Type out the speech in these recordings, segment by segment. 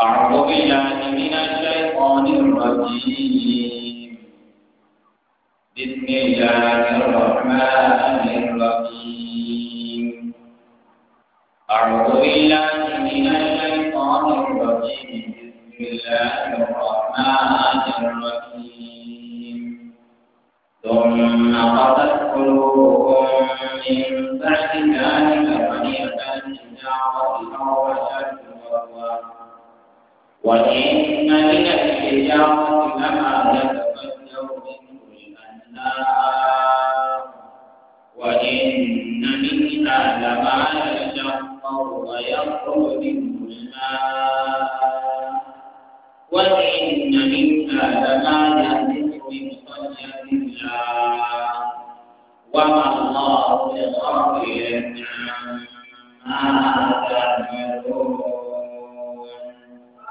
أعوذ بالله من الشيطان الرجيم بسم الله الرحمن الرحيم أعوذ بالله من الشيطان الرجيم بسم الله الرحمن الرحيم ثم قضت قلوبكم من بعد ذلك فنعم الحجارة أو أشد وإن من لما يتفجر منه الأنهار وإن منها لما يشقر ويخرج منه الماء وإن منها لما يهبط من خشية الله وما الله بغافل عما تعملون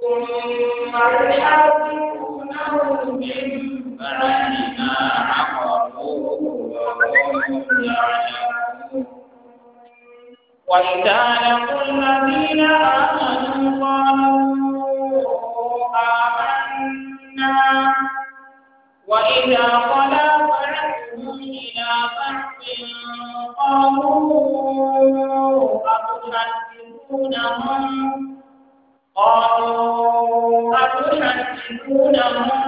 ثم يحرفونه من بعد ما الذين آمنوا قالوا آمنا وإذا خلا بعضهم إلى بعض قالوا أتنبئونهم قالوا أتحدثونهم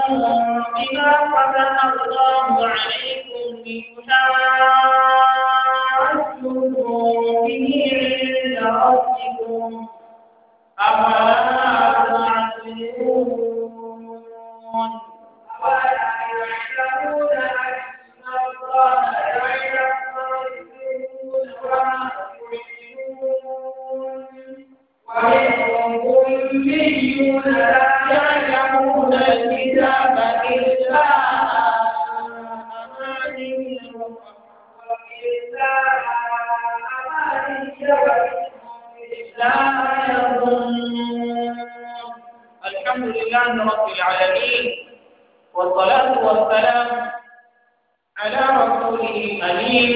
بما فتح الله عليكم ليحاجوكم به عند ربكم أفلا تعقلون أولا يعلمون أن الله لا يغفر وما يعلمون ومنهم أميون لا يعلمون الكتاب إلا أماني الحمد لله رب العالمين والصلاة والسلام على رسوله الأمين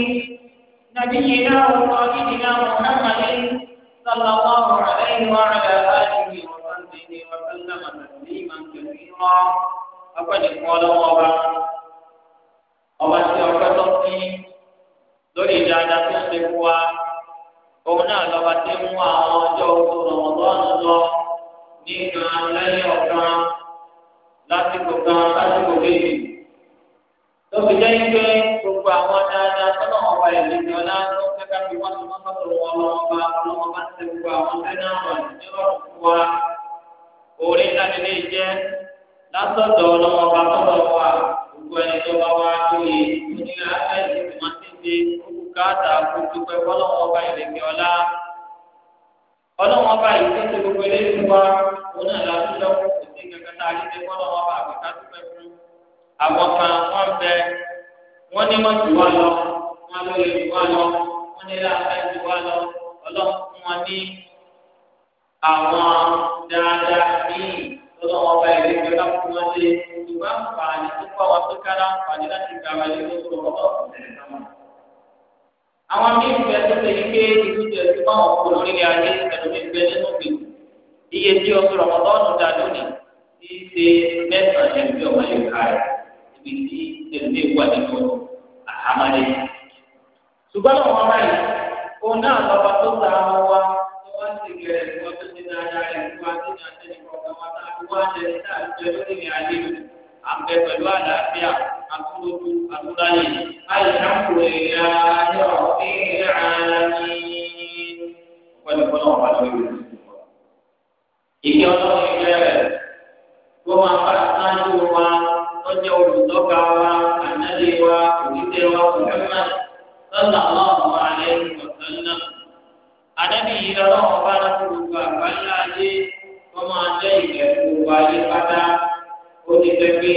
نبينا وقائدنا محمد صلى الله عليه وعلى آله وصحبه وسلم تسليما كثيرا أقد قال الله ọba tí ọpẹ́ tó ń bí lórí ìdájá tó ń léwu wa òun náà lọba tí ń mú àwọn ọjọ́ oṣù rọmọdọ́ọ̀nù lọ nínú lẹ́yìn ọ̀kan lásìkò kan lásìkò méjì tó fi jẹ́ ike gbogbo àwọn dáadáa tó náà wà ìlú ìjọba tó dábì wá sí mọ́tò wọn lọ́wọ́ bá wọn bá ti gbogbo àwọn sẹ́nà wọn nírọ̀rùn fún wa. Orí láti lè jẹ́ látọ̀dọ̀ lọ́wọ́ bá tọ́lọ̀ wa gbogbo ẹni tó bá wá lóye nílẹ̀ àtẹ̀lẹ́ ìgbìmọ̀ títí kókó káàtà gbogbo pẹ́ fọlọ́wọ́ bá ìrẹ̀kẹ́ ọlá. Ọlọ́wọ́ bá ìrẹ̀kẹ́ tó gbogbo ilé fún wa òun náà la tún lọ́wọ́ kò sí kankan tá a lè dé fọlọ́wọ́ bá àgbẹ̀ká tó fẹ́ fún. Àwọn kan wọ́n bẹ wọ́n ní mọ́tò wa lọ wọ́n lóye wọ́n lọ wọn ní láàbá ju wa lọ ọlọ́run fún wọn ní àwọn dáadáa bíi lọ́dọ̀ wọn bá ilé ìgbé bá fún wọn dé ìgbà àǹfààní tó kọ́ wọn tó kára àǹfààní láti gba àwọn ilé tó kọ́ wọn tó tẹ̀lé sọ́mọ́. àwọn míì fẹ́ tó ṣe ní pé ìlú jẹ̀ sí báwọn kò lórí ayé ẹ̀lómi fẹ́ nínú bì iye tí o sọ̀rọ̀ wọn lọ́dún dá lónìí tí ṣe mẹ́sàn-án ẹ̀mí ọ̀wọ́ yóò rẹ̀ ibi tí ẹ̀lómi wà nínú àhámọ́lé ṣùgbọ́n àwọn ọmọ yìí òun náà bàbá tó ta àwọn wa ni wọ́n ti gẹ̀rẹ́ ìwọ tó ti dáadáa ìlú wa ti ní àtẹnì kọ̀ọ̀kan wa náà ló wá jẹ ní náà jẹ lórí ní ayé mi àgbẹ̀ pẹ̀lú àlàáfíà àtúndójú àtúndáyé àìsàkùrẹ̀ ayọ̀ ìrànlẹ́ pẹ̀lú fún ọ̀pá lórí rẹ̀. Ìgbẹ́ ọlọ́run ìgbẹ́ rẹ̀ tó máa bá sáájú wa, tó jẹ́ olùdókà wa, ànádé wa, òdídé wa, òdídé wa sọ́dọ̀ àwọn ọmọ alẹ́ ìwọ̀sán náà. Àdẹ́bí yìí lọ́wọ́ ọba láti gbogbo àgbáńlá ayé wọ́n máa jẹ́ ìgbẹ́ gbogbo ayé pátá. Ó ti fẹ́ pé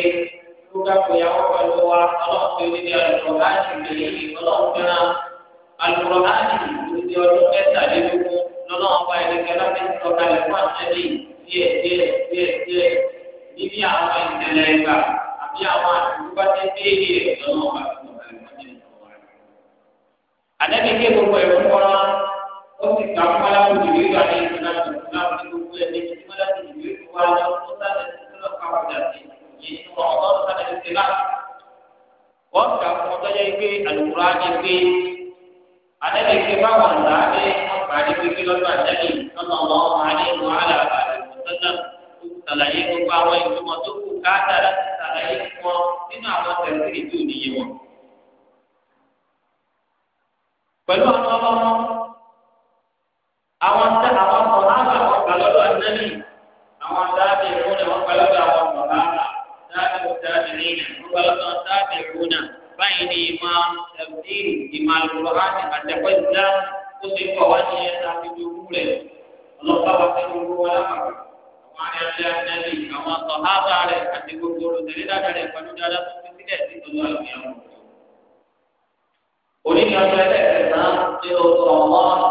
kó dàpọ̀ ìyàwó pẹ̀lú wa ọlọ́ọ̀fẹ́ níbi àlùkò láti gbèlè ọlọ́ọ̀fẹ́ náà. Àlùkò láti ìlú ti ọdún mẹ́tàlélógún lọ́nà ọba ìrẹ́kẹ́ láti sọ̀kalẹ̀ fún àtẹ́lẹ́ díẹ̀ díẹ̀ díẹ̀ díẹ̀ níbi àwọn ìṣẹ̀lẹ̀ ìgbà àbí àwọn àtìkú bá ti dé ilé ẹ̀ lọ́nà ọba ìgbà anabi ké gbogbo ẹ̀rọ kọ́ra ó sì ká kọ́lá òjòjì rà ní ìtura ìtura ní gbogbo ẹ̀ ní ìtura ní ìwé wa ní ọdún sáré ìtura káwọdà sí yìí ní wọn ọdún sáré ìtura náà. wọ́n ká fún ọjọ́ yẹ pé àlùkùrá ni pé anabi ké báwọn làálẹ̀ wọn bá ní pé kí lọ́dọ̀ àjẹ́lì lọ́nà wọn máa ní ìwọ àlàbà ìwòsàn sàlàyé gbogbo àwọn ìgbìmọ̀ tó kù káàtà láti sàlàyé fún ọ nínú àwọn tẹ̀síìrì tó níye wọn pẹ̀lú àwọn ọlọ́mọ àwọn tẹ àwọn sọ̀rọ̀ àwọn gbàlọ́dọ̀ àtẹ́lẹ̀ àwọn dáàbì ìrúnà wọn gbàlọ́dọ̀ àwọn sọ̀rọ̀ dáàbì dáàbì ìrìnà wọn gbàlọ́dọ̀ dáàbì ìrúnà báyìí ni ìmọ̀ ẹ̀fíìrì ìmọ̀ àlùkòrán àtẹ̀kọ́ ìdá ó ti kọ̀ wá ní ẹ̀ta fífi owó rẹ̀ ọlọ́pàá wa fẹ́ owó wọn lápapọ̀ àwọn àti oníkanjọ ẹlẹ́ẹ̀kẹsàn nínú ọ̀wọ́n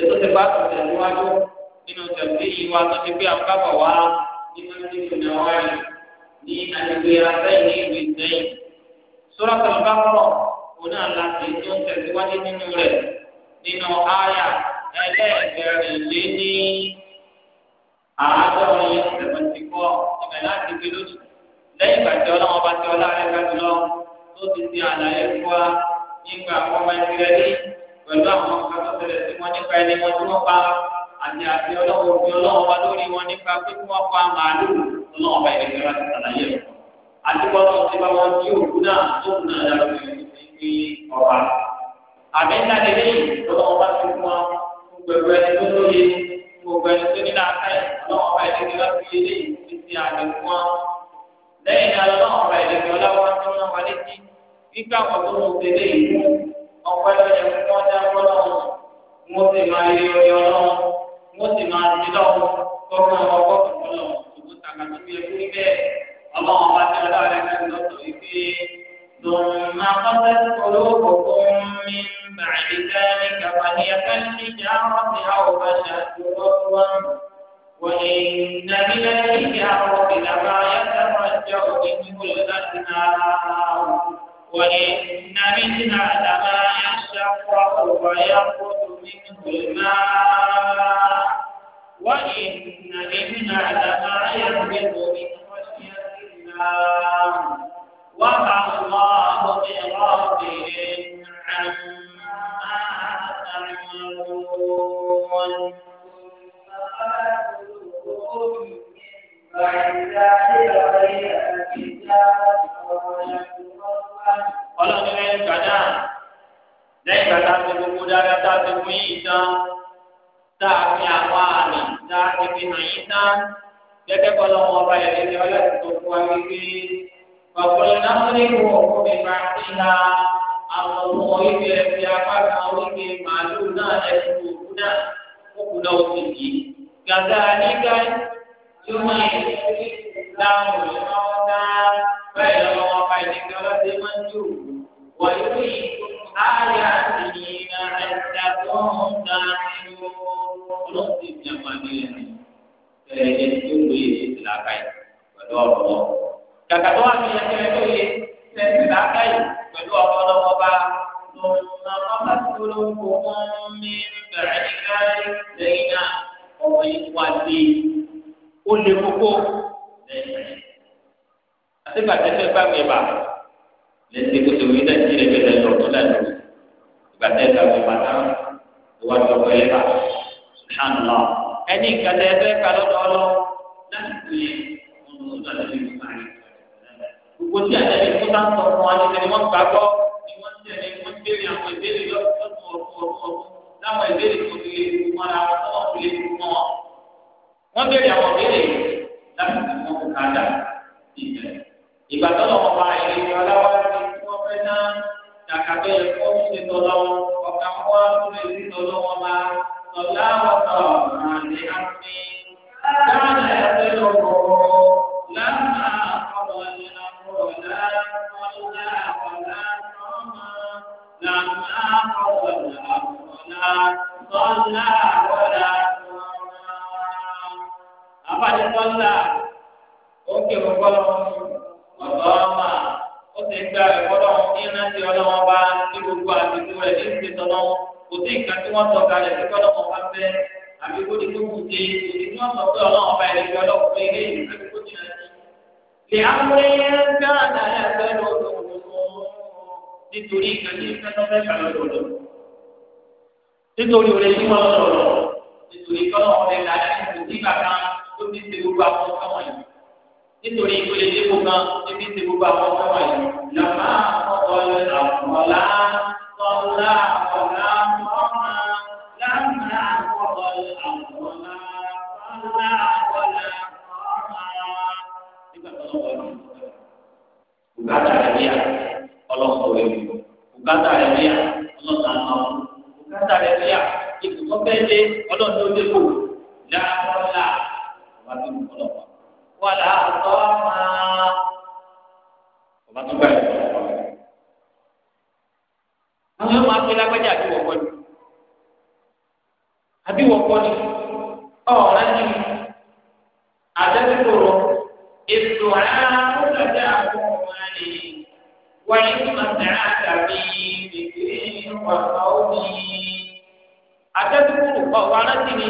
ètò ti bá tó tẹ̀síwájú nínú tẹ̀sí ìwà tó ti gbé àkàbọ̀ wá nínú ti ìpínlẹ̀ wáyé ní agbègbè asẹ́yìn ní ìlú ìsẹ́yìn. sọ́rọ́sọ̀ bá kọ̀ oní àlàkì tó ń tẹ̀síwájú nínú rẹ̀ nínú àyà ẹlẹ́ẹ̀kẹrin lé ní àádọ́rin ẹ̀fọ́ntikọ́ ìbẹ̀ láti gbé lóṣù lẹ́yìn ìgbà tí ọlọ́wọ́n bá ti ọlá rẹ̀ di àlàyé fún wa nípa àwọn ọmọ ìsirẹ́lì pẹ̀lú àwọn akọ́sẹ̀lẹ̀ tí wọ́n nípa ẹni wọn tí wọ́n pa àti àti ọlọ́wọ́ òbí ọlọ́wọ́ wa lórí wọn nípa pé kí wọ́n pa màálù ọlọ́wọ́ bá ẹ̀rẹ́ kẹrẹ́ àti sàlàyé rẹ̀. àtikọ́ tó ti bá wọn tí òkú náà tó kù náà yàrá òbí ní ọ̀pá. àmì ńlá lè léyìn ọlọ́wọ́ bá ti fún wọn fún gbogbo ẹni tó lóye fún gbogbo ẹni tó nílá àtàyè ọlọ́wọ́ bá ẹ̀rẹ́ kẹrẹ́ àti léyìn ti ti àgbẹ̀ fún wọn. lẹ́yìn náà ọlọ́wọ́ bá ẹ̀rẹ́ kẹrẹ́ nígbà kan tó ń ṣe léyìí ọ̀pẹ lọ́yẹ fún wọn dá wọn lọ́wọ́ wọn sì máa yẹ ọyẹ ọlọ́wọ́ wọn sì máa ti lọ́wọ́ tọ́kàn ọkọ̀ tó lọ́wọ́ ṣùgbọ́n tàkàtà bí ẹkú níbẹ̀ ọlọ́wọ́n bá ti ọlọ́wọ́ rẹ̀ fẹ́ lọ́sọ̀ wípé ثم قست قلوبكم من بعد ذلك فهي كالحجارة أو أشد قسوا وإن من الحجارة لما يتفجر منه الأنهار وإن منها لما يشتقق ويخرج منه الماء وإن منها لما يهبط من خشية الله وما الله بغافل عما تعملون فعند ذلك غير الكتاب ọlọ́run lẹ́yìn gbàdá lẹ́yìn gbàdá ti gbogbo dáadáa tá a ti fún yìí tán tá a fi àwọn àmì tá a ti fi hàn yìí tán gẹ́gẹ́ bọ́ lọ́wọ́ ọba yẹn lẹ́yìn ọlọ́run tó fún wa wípé bàbọ̀lẹ̀ náà lè wọ ọkọ mi máa ń fi ha àwọn ọmọ ibi ẹ̀fí apáta oríbi màálùú náà ẹ̀fí òkú náà òkú náà òsì yìí gàdá nígbà yóò máa ń fi láwọn ọ̀rẹ́ náà bẹ́ẹ̀ lọ́wọ́ ìdíkẹ́ ọlọ́dẹ máa ń jò wọ́n yóò yí ayé àti ìyìnà ẹ̀dá tó ń ta ní ọlọ́run ti fi àwọn àgbẹ̀lẹ̀ ní ẹ̀rẹ̀ yẹn tí ó lóye èsì làákàyè lè kókó àtìgbà tẹ́tẹ́ bá mi bà lẹ́sẹ̀ kó tòun yíyá sí ẹgbẹ́ rẹ lọ tó lẹ́nu ìgbà tẹ́tẹ́ bá mi bà náà ló wá lọ pẹ́ lẹ́bà subhanallah ẹni ìkàlẹ̀ ẹgbẹ́ kalọ́ lọ́lọ́ láti pè é wọn ló lọ sí ìgbà rẹ gbogbo tí àtẹ̀lé fún bá ń sọ fún wa ní sẹ́ni wọ́n gbàgbọ́ ni wọ́n tẹ̀lé wọ́n béèrè àwọn ìbéèrè lọ́sọ̀tún ọ̀tún ọ̀tún láwọn ìbéèrè tó fi lè fún wọn àwọn tó wọ́n fi lè fún wọn. wọ́n béèrè àwọn ìbéèrè láti fi wọn kó káàdà sí ìbẹ̀rẹ̀ ìbàdàn ọmọ bá ẹni ní ọláwá ní kí wọ́n fẹ́ ná dàkàtọ̀ yẹ kó ń ṣe tọ́lọ́ ọ̀kà wá lórí ìlú tọ́lọ́ wọn bá tọ́lá ọ̀tọ̀ àti àmì láàrín ẹgbẹ́ lọ́wọ́ láàrín àkọ́bọ̀ ní àbúrò láàrín ọ̀lá ọ̀mà láàrín àkọ́bọ̀ ní àbúrò láàrín ọ̀lá ọ̀mà. àbájọ́ tọ́lá ó kẹ́ wọ́n lọ́wọ́ ọ̀dọ́ ọ̀ma ó ti gba ìwọ́dọ̀ wọn ní láti ọlọ́wọ́n bá ní gbogbo àdìgbò rẹ̀ ní ìgbé tọ́lọ́wọ́ kò sí ìka tí wọ́n sọ kalẹ̀ tí kọ́lọ́wọ́n bá fẹ́ àbí kó ní gbogbo ṣe òsì tí wọ́n sọ pé ọlọ́wọ́n bá ẹ̀rẹ́ ìgbé ọlọ́wọ́ pé ilé ìlú àbí kó jìnnà sí. lè amúlẹ̀ yẹn ń gbá àdáyà fẹ́ lọ́dọ̀ nítorí ìka tí ìfẹ́ tó fẹ́ kàlọ́dọ̀ nítorí òde tí wọ́n lọ́dọ̀ nítorí kọ́lọ́wọ́n fẹ́ nítorí ìpele tí mo kan ibi tí gbogbo àwọn ọmọ wa yìí lọ́mọ ọ̀lẹ́ ọ̀la ọ̀la ọ̀la ọ̀la lọ́mọ ọ̀lẹ́ ọ̀la ọ̀la ọ̀la ọ̀la. Bùkátà rẹ̀ bíyà ọlọ́sọ̀ rẹ̀ bù. Bùkátà rẹ̀ bíyà ọlọ́sọ̀ àná. Bùkátà rẹ̀ bíyà ìbùkọ́ bẹ́ẹ̀ dé ọlọ́sọ̀ ó Dáa ọ̀la wà nínú ọlọ́pàá wàlá àtọ́ máa. ọba tó bá yẹ kọ́ ọ. àwọn ọmọ akpẹ́lẹ́ agbẹ́jà àti wọ̀kọ́ ni àbí wọ̀kọ́ ni ọ̀rẹ́ ni àdẹ́sítòrò ètò àkókòtà àkókòmá ni wáyé màtàrà àtàbí bèbèrè wàkà òbí. àdẹ́sítòrò ọ̀wá rántí ni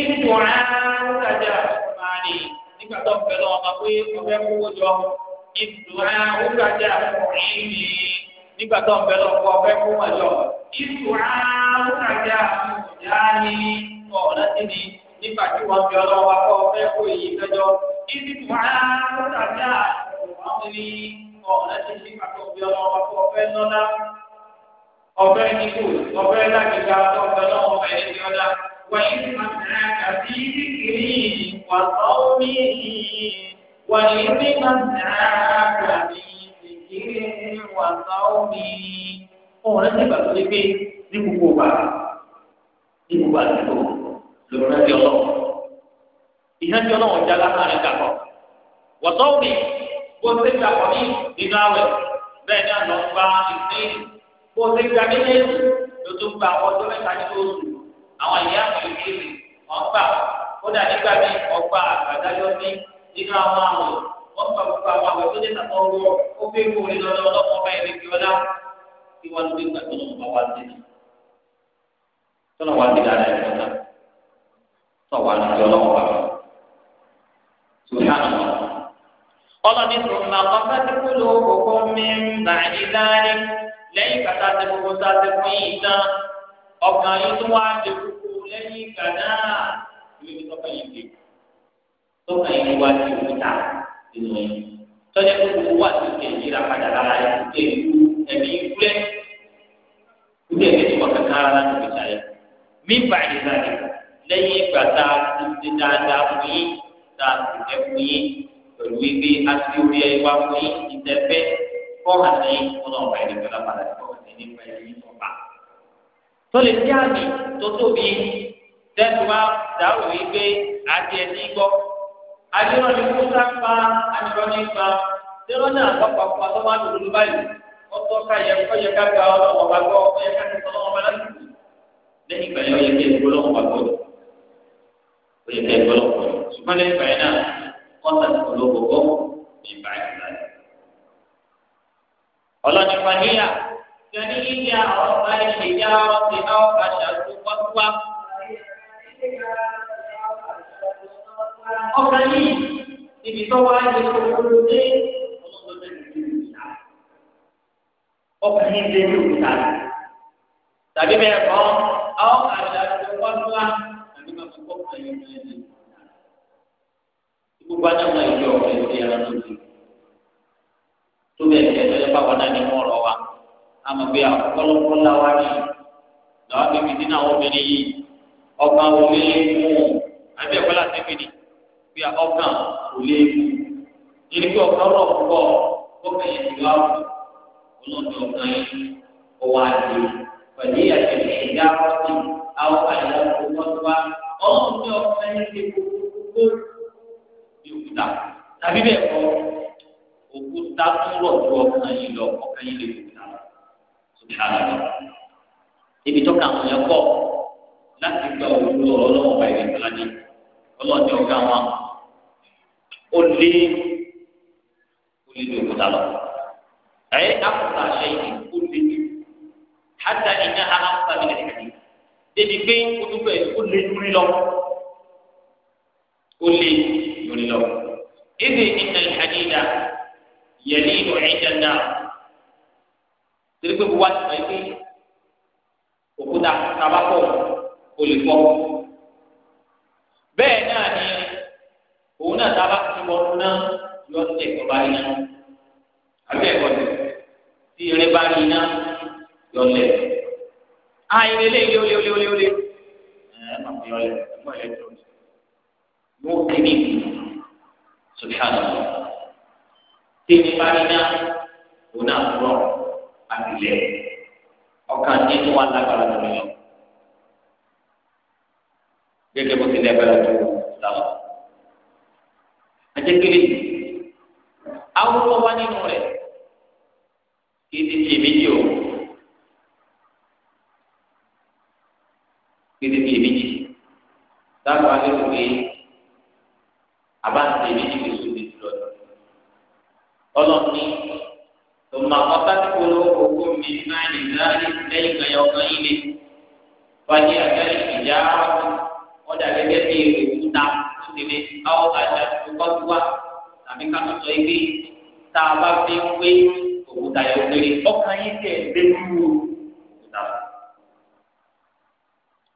ètò àkókòtà àkókòmá ni nígbà tó ń fẹ́ lọ́wọ́ máa pé ọ̀fẹ́ kówó jọ ìtura òǹgbàjà ọ̀rìn ni nígbà tó ń fẹ́ lọ́wọ́ pé ọ̀fẹ́ kówó jọ ìtura òǹgbàjà ọ̀jà ni ọ̀nà tí ni nígbà tí wọ́n fi ọlọ́wọ́ wá kọ́ ọ̀fẹ́ kó èyí kẹjọ ìtura òǹgbàjà ọ̀rìn ni ọ̀nà tí nígbà tó ń fi ọlọ́wọ́ wá kọ́ ọ̀fẹ́ nọ́lá ọ̀fẹ́ níkù ọ̀fẹ́ lágbègbè àtọ́fẹ́ lọ́wọ́ ọ̀fẹ́ ẹ̀jẹ̀ ọ̀dà. وحرمناك في ذكري وصومي وحرمناك في ذكري وصومي òun rántí ìgbà tó lé pé ní gbogbo ìgbà ní gbogbo àdúgbò lòun rántí ọlọ́wọ́ ìrántí ọlọ́wọ́ já lákàrin dàpọ̀ wọ́tọ́ mi bó ṣe dàpọ̀ ní nínú àwẹ̀ bẹ́ẹ̀ ni àná gba ìsìn bó ṣe gba méjèèjì ló gba ọjọ́ mẹ́ta nínú oṣù àwọn ìyá pẹ̀lú kéèlè ọgbà kódà nígbà mí ọgbà àgbàdájọ́ ní nínú àwọn àwọn wọn gba gbogbo àwọn àwẹ̀ tó dé sàkọ wọ ó fẹ́ wọ orí lọ́dọ̀ ọlọ́pàá ọba ẹni fi ọlá kí wọn gbé gbà tó lọ́wọ́ wá sí i tọ́nà wá sí dáadáa ẹ̀ lọ́ta tọ́ wá sí ọlọ́wọ́ wá lọ. sùhánù ọlọ́ni tó ń nàkọ́ sátìkú ló kókó mi ń bà ní lẹ́yìn kàtà tẹ gbogbo sátìkú yìí tán ọkàn yìí tó wá lè kúkú lẹ́yìn ìgbà náà ìwé tọ́ka yìí dé tọ́ka yìí wá sí òkúta nínú yìí tọ́jà tó kúkú wà sí ìkẹ́ ìyíra padà lára yìí kúkú èkú ẹ̀mí ìkúlẹ̀ kúkú ẹ̀mí tó wà kankan ara láti fi sáré mí báyìí sáré lẹ́yìn ìgbà tá a ti ti dáadáa fún yín tá a ti tẹ́ fún yín pẹ̀lú ibi àti orí ẹ̀ wá fún yín ìtẹ́fẹ́ kọ́ àtẹ̀yìn fún ọ̀rọ̀ ẹ̀ tó lè jẹ́ àmì tó tóbi tẹ́tù wa dàrú yìí pé adìẹ ní gbọ́ adìrọ̀ ní kúta pa adìrọ̀ ní pa adìrọ̀ náà lọ́pàá pa tó máa dòdò báyìí ọtọ́ káyẹ kọ́yẹ ká gba ọlọ́wọ́ bá gbọ́ ọyẹ ká tẹ̀sán ọlọ́wọ́ bá lásìkò lẹ́yìn ìgbà yẹn ó yẹ kí ẹ̀kọ́ lọ́wọ́ bá gbọ́ ó yẹ kí ẹ̀kọ́ lọ́wọ́ bá gbọ́ كنيجا أو الحجارة أو أشد قسوة ọkàn yìí ibi tó wá yẹ kó ló dé ọkàn yìí lé ní òkúta tàbí bẹ́ẹ̀ kọ́ àwọn àṣà tó wọ́n wá tàbí bá fi kọ́ ọkàn yìí lé ní òkúta gbogbo àjọyọ̀ ìjọ ọ̀rẹ́ ti ẹran tó ti tó bẹ́ẹ̀ kẹ́ ẹ̀ lọ́yẹ́ báwọn náà ní mọ́ ọ̀rọ̀ amagbe akọlọkọla wani lọ́wọ́ bíbí dínà obìnrin yìí ọkàn wò lé mú àbí ẹ̀kọ́ láti fi ni bí ọkàn wò lé mú yìí kí ọkàn rọ̀ púpọ̀ ọkàn yẹn ti wá wù ọlọ́dún ọkàn yẹn ọwọ́ àti pẹ̀lú ìyàtọ̀ ìyá ọtí àwọn àyà ọkọ̀ tó wá ọlọ́dún ọkàn yẹn ti gbogbo bí òkúta tàbí bẹ́ẹ̀ kọ́ òkúta tó rọ̀ ju ọkàn yẹn lọ ọkàn yẹn lè wù subhanallah ibi tó ka àwọn yẹn kọ láti gba òwúrọ̀ ọ̀rọ̀ lọ́wọ́ bá ìrìn ìtura ní ọlọ́ọ̀ni ọ̀gá wọn ó lé ó lé ní òkúta lọ ẹ̀ akọ̀tà àṣẹ yìí ó lé ní hàtà iná aláǹfà mi lè kàdé débi pé ó tún bẹ̀ ó lé lórí lọ ó lé lórí lọ. إذ إن الحديد يلين عند النار torí pé wá ti mọ̀ pé òkúta tabakọ̀ olùkọ́ bẹ́ẹ̀ náà ni òun náà tábà ti wọnú náà yọ tẹ̀ ọba iná àbí ẹ̀kọ́ tẹ̀ tí eré bá rí iná yọ lẹ̀ á ilé lé ilé olé olé olé yọ lẹ̀ ẹ̀mọ́ ẹ̀ tó ní tí eré bá iná òun náà rọrùn àbílẹ̀ ọkàn nínú wa lágbára lórí lọ. gẹ́gẹ́ bó ti lẹ́gbẹ̀rẹ́ tó lọ́wọ́. ajẹ́kẹ́lẹ́ awúrọ̀ wá nínú rẹ̀ kí ti ti méjì o kí ti ti méjì dábàá lérò pé àbá ti ti méjì fi sùn ní ìlú ọlọ́ọ̀ni tó máa kọ́ sáà ti kúrò. وقوم من بعد ذلك ذلك يومئذ فهي كالحجارة ودعك كثير نعم سنين أو أشد قسوة tàbí ká sọ ibi tá a bá fi ń pé òkúta yẹn péré ọkàn yín tẹ̀ lẹ́nu òkúta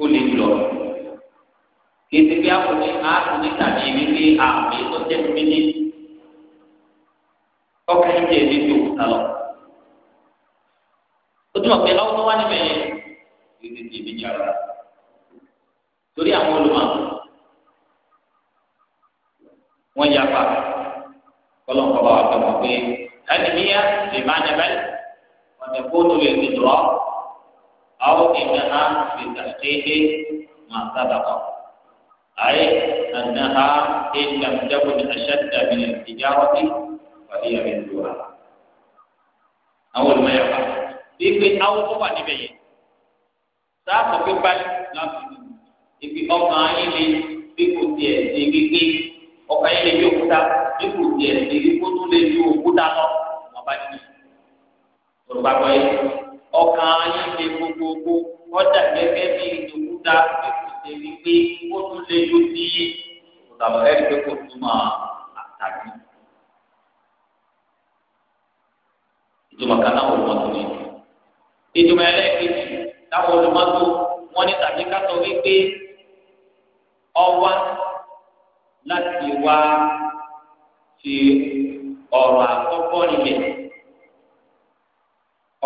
ó lè lọ. kété bí akọni àtúndì tàbí wípé àmì tó jẹ́ mímí ọkàn yín tẹ̀ lẹ́nu òkúta lọ ó túmọ̀ pé láwùjọ wá níbẹ̀ yẹn títí di ìbí jára torí àwọn olùmọ̀ wọ́n yà pa kọ́lọ́nkọ́ bá wà pé wọ́n pé ẹnìmíyà lè má nẹ́bẹ̀ wọ́n ti kó tó lè ti dùrọ̀ àwọn ènìyàn á fi tàṣíhé máa sábà kọ́. أي أنها إن لم تكن أشد من التجارة فهي مثلها أول ما يقع ìgbé awo tó wà níbẹ̀ yẹn sáàpù pípa láti ìgbé ọkàn ayé lè bí kò tiẹ̀ ṣe gbígbé ọkàn ayé lè bí òkúta bí kò tiẹ̀ ṣe gbígbó tó lè bí òkúta lọ wọn bá ti yorùbá gbọ́ yẹ ọkàn ayé lè gbogbogbò ọjà gẹ́gẹ́ bí òkúta bí kò tiẹ̀ gbígbé kó tó lè yó sí òkúta lọ ẹ̀rí pé kò tó máa àtàkì ìjọba kan náà wọ́n mọ̀ tó ní ìdùnnú ẹlẹ́ẹ̀kejì táwọn olùmọ́tò wọn ní tàbí kátó wípé ọwá láti wá ti ọ̀rọ̀ àkọ́kọ́ nílẹ̀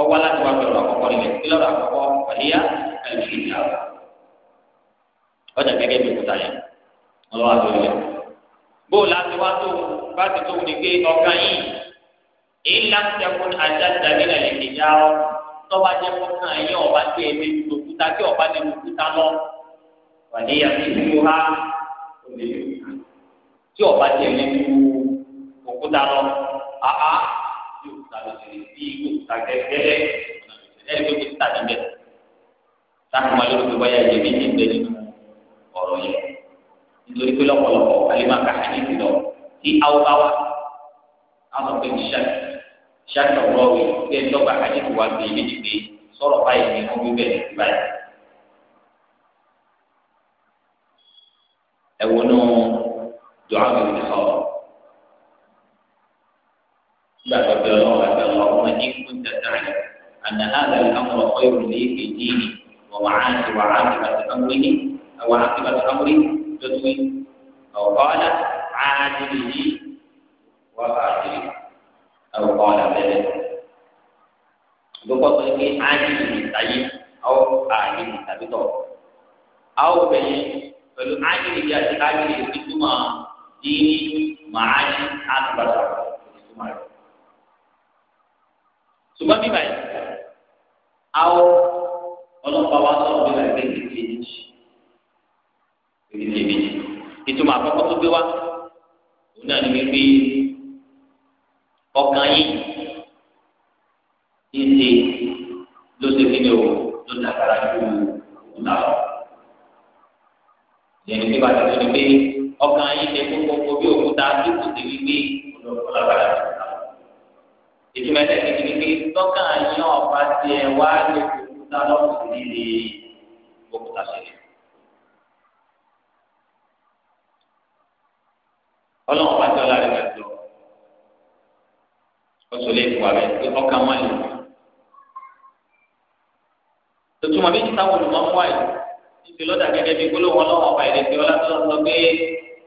ọwá láti wá ti ọ̀rọ̀ àkọ́kọ́ nílẹ̀ kí lọ́rọ̀ àkọ́kọ́ ọ̀níyá ẹ̀lùfì ìyá ọjà gẹ́gẹ́ bí òkúta yẹn ọlọ́wà lórí rẹ̀ bóò láti wá tó bá ti tó ní pé ọkàn yìí ìlànà tẹkùn àjàdà nílẹ̀ lè kéjà ọ́ tọ́wọ́ ajẹ́ fọ́kàn ẹ̀yìn ọba tí ẹ̀mí e tó kúta tí ọba ní mo kúta lọ wà ní yàtí ìlú ha òní tí ọba tí ẹ̀mí tó kúta lọ àhá tí òkúta lọ sí bí òkúta gẹ́gẹ́rẹ́ ẹ̀rí tó kúta níbẹ̀ táwọn ọmọ lórí bọ́yá ẹ̀jẹ̀ mi ti gbẹ nínú ọ̀rọ̀ yẹn nítorí pé lọ́pọ̀lọpọ̀ alẹ́ máa ka lọ kí awọ́ bá wà á sọ pé sani ọlọwi kí ẹni ọgbà hadithi wa gbé ibi dìgbé sọ̀rọ̀ báyìí ní ọbí bẹ́ẹ̀ ní báyìí. ẹ wo nù dùn àwọn ìlú sọ̀rọ̀ nígbà tó bẹ Ọlọ́run bá bẹ Ọlọ́run wọn ní kún tẹsẹ rẹ àná àgbà ìkàmù ọkọ ìrù ní èké díìní wọn wà á ti wà á ti bá ti kàmú ní wà á ti bá ti kàmú ní lọtú ọkọ á ti lè yí wọn bá ti lè yí. أو قال ذلك لقد قلت عاجل للتعيين أو عاجل للتعبيطه أو بين فالعاجل جاءت العاجل يكتما دين معاني عن بشر ṣùgbọ́n bíbá yìí àwọn ọlọ́pàá wa sọ̀rọ̀ bíbá yìí lè lè méjì lè lè méjì ìtumọ̀ àkọ́kọ́ tó gbé wa òun náà ni wípé ọkàn yìí ìdè ló ṣe kí ni o ló dàgbára ju òkúta lọ. ìyẹn ní bá ti tó ni pé ọkàn yìí ṣe gbogbogbò bí òkúta tí kò sí wípé olóògùn lágbára ju òkúta lọ. ìtumọ̀ ẹ̀sẹ̀ kejì ni pé tọ́kàn yìí ọ̀pá tiẹ̀ wá lè òkúta lọ́kùnrin nílé òkúta ṣẹlẹ̀. ọlọ́run bá jọ lára rẹ̀ jọ ọsọ lè fún wa bẹ pé ọkàn wọn lè tuntun wọn bí ti sáwọn olùmọ fún wa yìí títí lọ́dà gẹ́gẹ́ bí gbólóhùn ọlọ́wọ́ ọba ìrètí ọlá tó lọ pé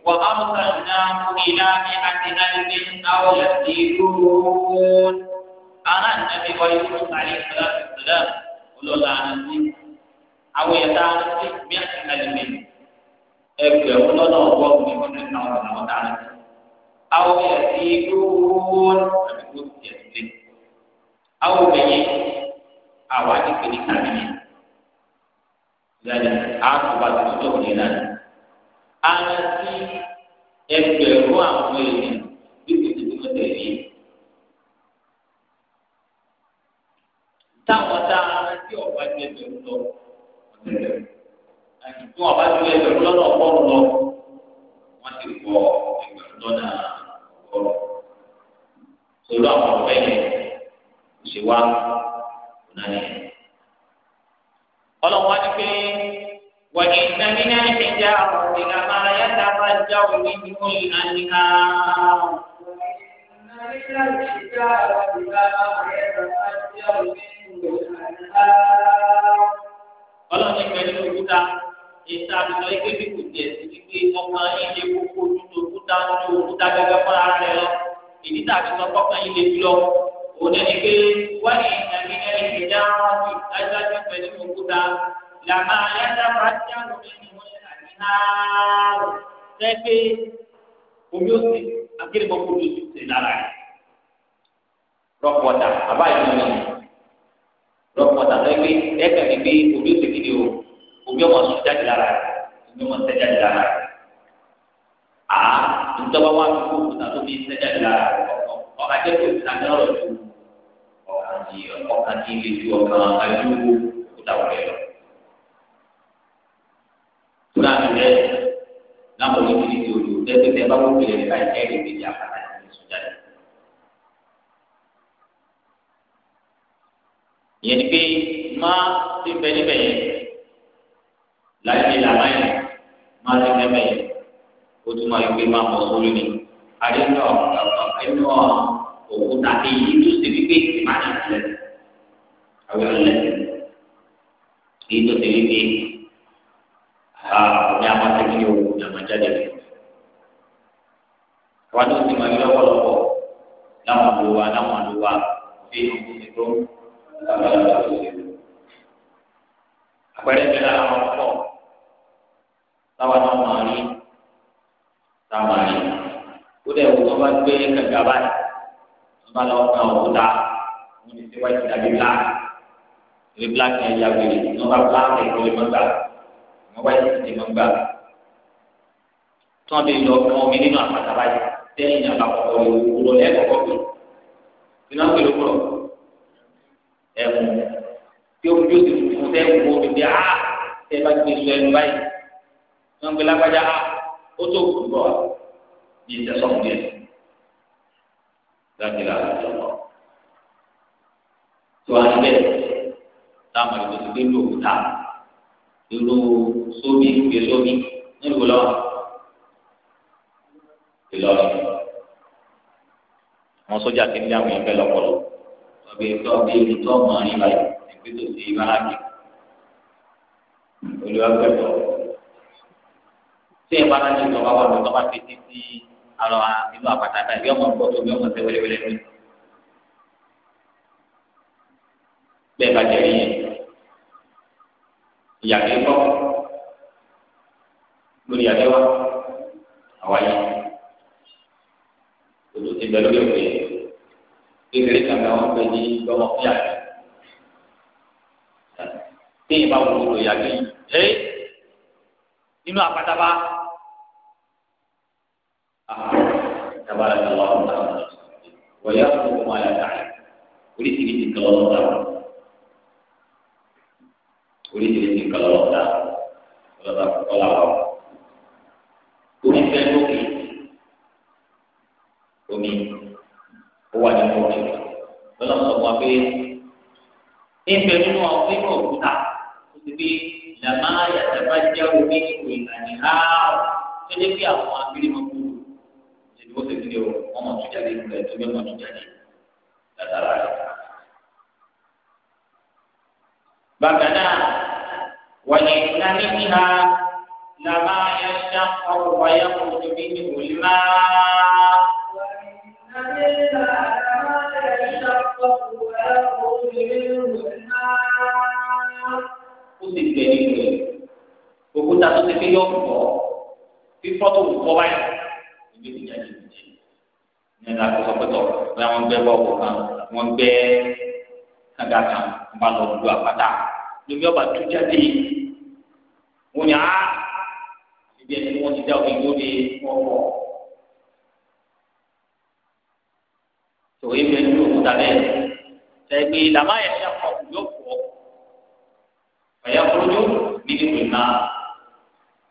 wà á mú sàlùmá ìlà ní àtìláńgbé àwọn ìlàtí lóòrùn ara nàbí wáyé fún sàlẹ ìfọlá ìfọlá olóòlà àti àwọn ẹ̀dá àti bí àtìláńgbé ẹgbẹ̀rún lọ́nà ọgbọ́n ní ọdún náà ọ̀nà ọ̀dà àti awo yasi duun àbíkó yasi lé awo bẹyẹ awo adi kele kabini yali akuba tuntun ní lana alasi ẹgbẹ̀rún àwọn èèyàn bíbí tuntun tó tẹ́lẹ̀ yìí táwọn tá alasi ọba ju ẹgbẹ̀rún lọ àti tí wọn bá ju ẹgbẹ̀rún lọ náà kọrù lọ wọ́n ti wọ ẹgbẹ̀rún lọ́nà ọ̀rọ̀. Sọlá àwọn ọ̀rẹ́ yẹn kò ṣe wá kò náà nìyẹn. Ọlọ́run wá ní pé وإن من الحجارة لما يتفجر منه الأنهار وإن من الحجارة لما يتفجر منه الأنهار ìta àbùtọ̀ yìí kébì kò tiẹ̀ sí wípé ọmọ ilé kókó dúdú òkúta dúdú òkúta gẹ́gẹ́ fún ara rẹ lọ ìdí tàbí sọ kọ́kàn ilé bí lọ òní ni pé wọ́n ní ìtàgé ẹni ìdá wọn ti dájúdájú pẹ̀lú òkúta làmà ayáta bá ti àwọn ẹni wọn ṣe àti náà sẹ́gbẹ́ omi ó sì akérèmọ́ kó lóṣù lára rẹ̀ rọpọ̀tà àbáyé lọ́wọ́ rọpọ̀tà lẹ́gbẹ́ ẹ̀kẹ́ mi gbé omi ó sì o omi ọmọ sùn jáde lára rẹ̀ omi ọmọ sẹ jáde lára rẹ̀ a ntọ́ba wa fi kó òkúta tó fi sẹ jáde lára rẹ̀ ọkọ ajẹ́ kó òkúta ní ọ̀rọ̀ ju ọ̀kan di ọ̀kan di ilé ju ọ̀kan ajúwò òkúta wọlé lọ. Tura mi rẹ̀ láwọn oníkiri ti olú lẹ́gbẹ̀ẹ́ tẹ́ bá wọ́pẹ̀ lẹ́yìn ká ẹ̀kẹ́ rẹ̀ méjì àpáta ní sùn jáde. Ìyẹn ni pé má ti bẹ níbẹ̀ yẹn láti ìlànà yìí máa ti mẹ́mẹ́ yìí ó tún máa gbé máa bọ̀ sórí ni àdínú ẹnu òkúta èyí tó ṣe wípé ìmáàlì lẹ àwọn ẹlẹ èyí tó ṣe wípé ọ̀gá amáṣẹ́kí o ìyàmájáde rẹ àwọn tó ti máa gbé lọ́pọ̀lọpọ̀ láwọn ló wa láwọn ló wa bí ìṣe tó àbẹ̀lẹ̀ tó ṣe. àpẹẹrẹ bẹ̀rẹ̀ àwọn ọkọ̀ táwa náà máa rí táwa rí ó dẹ̀ wò wọ́n bá gbé kànga báyìí wọ́n bá lọ kan òkúta wọ́n ti ṣe wáyé tàbí bíláàkì ìwé bíláàkì yẹn ya wèrè wọ́n bá bíláàkì ìwé máa gbà wọ́n wáyé títí máa gbà tí wọ́n bí lọ kan omi nínú àpáta báyìí sẹ́yìn àbákọ̀ọ́ ìwúrọ̀ lẹ́kọ̀ọ́ pé kí wọ́n pè lókùrọ̀ ẹ̀mú tí ó fi ojú fún fún sẹ́yìn wo mi bí a tẹ́ bá gbé sọ báyìí wọn gbé lágbájá a ah, ó tó kù bọ ní ìtẹsọmù díẹ̀ láti ra àjọ lọ tó a níbẹ̀ táwọn ìlú ti gbé lò ó ta ìlú sómi gbé sómi nílùú lọ Ìlọrin àwọn sójà ti ń àwọn ẹgbẹ́ lọpọlọ ọbẹ tó ọbẹ ìlú tó ọmọ àríwá yìí ẹgbẹ́ tó ti ìbára kì olùwàgbẹtọ tí ẹ bá náà ní ìjọba wà lọ tọ́ba fi títí àlọ́ inú àpáta náà ìwé ọmọ gbọ́ tó bí ọmọ tẹ wẹ́lẹ́wẹ́lẹ́ mi. bẹ́ẹ̀ bá jẹ́ yẹn ìyàgbé kọ́ lórí àdéhùn àwa yìí òtò ti bẹ̀rù lórí òkè kékeré kan náà wọ́n pè ní gbọ́mọ fíà tí ìbá wò lórí yìí nínú àpáta bá. تبارك الله وتعالى ويخلق ما لا تعلم oríṣiríṣi kan lọ́wọ́ ta oríṣiríṣi kan lọ́wọ́ ta lọ́wọ́ ta kọ́lá wa omi fẹ́ lókè omi ó wà nínú omi lọ́nà sọ fún wa pé ìfẹ́ nínú nínú òkúta ó ti fi làmáyà tẹ́fà jẹ́ omi ìwé ìlànà ìhà tó lé bí àwọn abirimọ̀ kúrò ó sì ti di o wọn mọ tó jáde ìgbà tó bẹ mọ tó jáde látara rẹ. bákan náà wọ́n yẹ ká níbi ha làmá yẹ ṣá ọ̀rọ̀ wáyé kò tóbi ní òlì máa. Ó sì gbẹ̀ nínú rẹ̀. Òkúta tó ti fi yọ̀ pọ̀ fífọ́ tó wù kọ́ báyìí. Ìgbésí jáde nínú àkókò pẹtọ bóyá wọn gbẹ bọọbù kan wọn gbẹ kàga kan wọn bá lọ lu àpáta lómi ọba tó jáde wọn yà á ibi ẹni tí ti dá omi yóò di ọwọ́. tòwé bẹ ní òkúta bẹ́ẹ̀ sẹgbẹ làmá yẹn ṣe àpò yóò pọ ọyà kúrò ní ìlú náà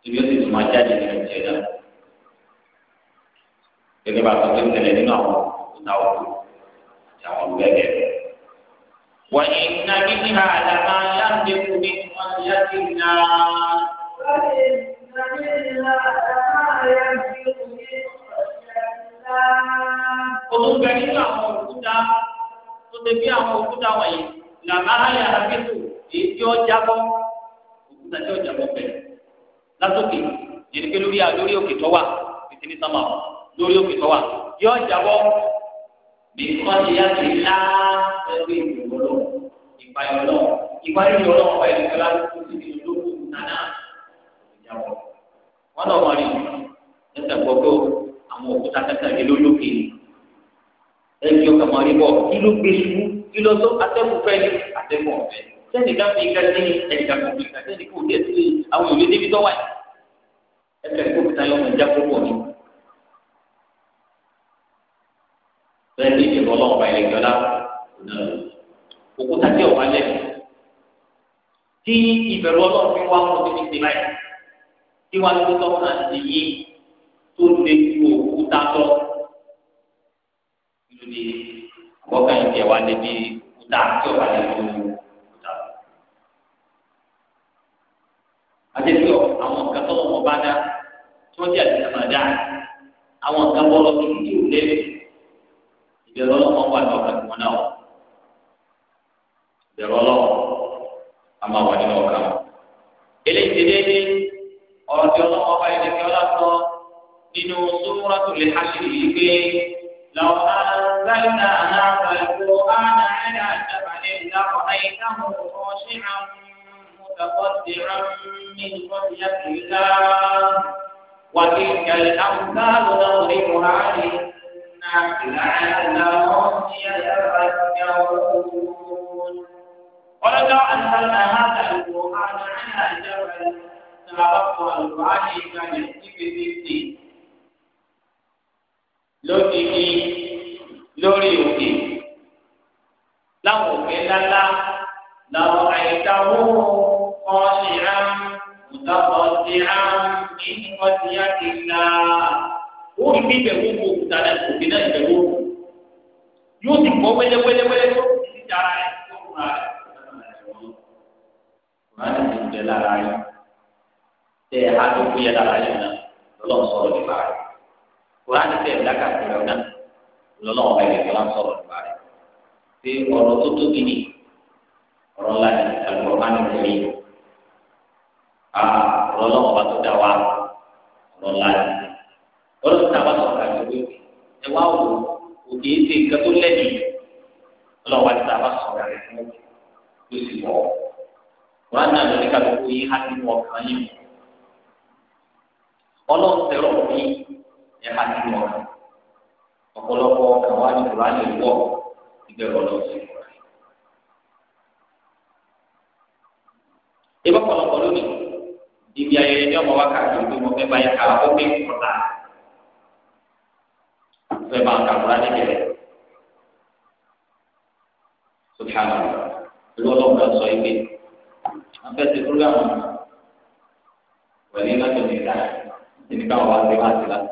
ibi ó sì tún máa jáde ní ìrìnàjò náà gẹ́gẹ́ bá tó ń tẹ̀lé nínú àwọn òkúta òkú àti àwọn olùgbẹ́gẹ́ rẹ̀. wọ́n yìí ń ná nínú àlá máa ń láǹdẹ̀kù ní wọ́n ti yá sí iná. olùgbẹ́ nínú àwọn òkúta tó ti bí àwọn òkúta wọ̀nyí làmáhàyà àbíkù èyí tí ó jábọ́ òkúta tí ó jábọ́ bẹ̀rẹ̀ lásòkè yẹn ni pé lórí àlórí òkè tó wà títí ní sámà wọn lórí òkè tó wà yọ jábọ́ bí wọ́n ti yá ti lá ẹ̀rọ ìgbòho lọ ìpayọ̀ lọ ìparí yọ lọ́wọ́ ọ̀pá ẹ̀rọ ìgbòho lọ́wọ́ ti di olóko nàná ìjábọ̀ wọn náà wọ́n rí ẹsẹ̀ gbọ́ pé àwọn òkúta kẹta ní lólókè ẹ̀jọ̀ kàmọ́ rí bọ̀ kí ló gbé ṣubú kí ló tó atẹ́kùn fẹ́ ni atẹ́kùn ọ̀fẹ́ sẹ́ni ká fi ká sí ẹ̀ka kò fi ká sẹ́ni kò dé sí àwọn òye débi tó wáyé ẹ̀ka ìkókòtà yọ̀ bẹ́ẹ̀ ní ìdìbò ọlọ́run ọba ìlẹ̀kẹ́ ọlá ọ̀nà òkúta tí ọ̀wá lẹ̀ tí ìbẹ̀rù ọlọ́run fi wá wọn níbi ìdìbò yìí tí wọ́n ti tọ́ náà ti yí tó lè ju òkúta lọ lórí àbọ̀kàn ìdí ẹ̀wá níbi òkúta tí ọ̀wá lẹ̀ tó òkúta lọ. àtẹ̀sí àwọn nǹkan tọ́wọ́ wọn bá dá tí wọ́n jẹ́ àti sàmàdá àwọn nǹkan bọ́ lọ sí ìdí ìbẹ̀rù ọlọ́wọ́ wà ní ọkàn tí wọ́n náà ìbẹ̀rù ọlọ́wọ́ a máa wà nínú ọkàn. eléyìí ti déédéé ọ̀rọ̀ tí ọlọ́wọ́ bá ilé kí ọlá sọ nínú Suratul Hashr yìí pé لو أنزلنا هذا القرآن على جبل لرأيته خاشعا متصدعا من خشية الله وتلك الأمثال نضربها للناس ولو أنزلنا هذا القرآن على جبل لعرفنا القرآن كان يأتي بمثله lókìkí lórí òkè láwọn òkè ńláńlá làwọn àyíkáwó kan ṣe rán mùtàkọ ṣe ó rí bí ìbẹ̀wò wo òkúta náà kò dé náà ìbẹ̀wò wò yóò sì gbọ́ wẹ́lẹ́wẹ́lẹ́wẹ́lẹ́ tó ti ti dára rẹ̀ tó kúra rẹ̀ máa ń ti bẹ lára rẹ̀ tẹ ha tó kú yẹ lára rẹ̀ náà lọ́lọ́ sọ̀rọ̀ nípa rẹ̀ kúra ní tẹ̀ lákàtì rẹ̀ náà lọ́lọ́ ọ̀rẹ́ rẹ̀ lọ́lọ́ sọ̀rọ̀ nípa rẹ̀ pé ọ̀rọ̀ tó tóbi ni ọ̀rọ̀ ńlá ni àlùkò máa ń tẹ̀lé ọ̀rọ̀ lọ́wọ́ bá tó dá wa ọ̀rọ̀ ńlá ni. tó sì wọ̀ ọ́. Wọ́n á náà lórí kálukú yìí á ti wọ̀ kan yìí. Ọlọ́run tẹ̀rọ mi ẹ̀ á ti wọ̀ Ọ̀pọ̀lọpọ̀ ọkàn wa ní Kùránì wọ̀ ìbẹ̀rù ọlọ́run sí wọ̀. Ibà pọ̀lọpọ̀ lónìí, ibi ayẹyẹ ni ọmọ wa káàkiri pé mo fẹ́ báyìí ká ó gbé kọ̀ọ̀tà. Fẹ́ bá ń ka Kùránì bẹ̀rẹ̀. Subhanallah lọ́lọ́gbà sọ ilé afẹ́sẹ̀ fúlàmù wẹ̀lẹ́ láti nìyà ìdí káwọn wá sí láti láti.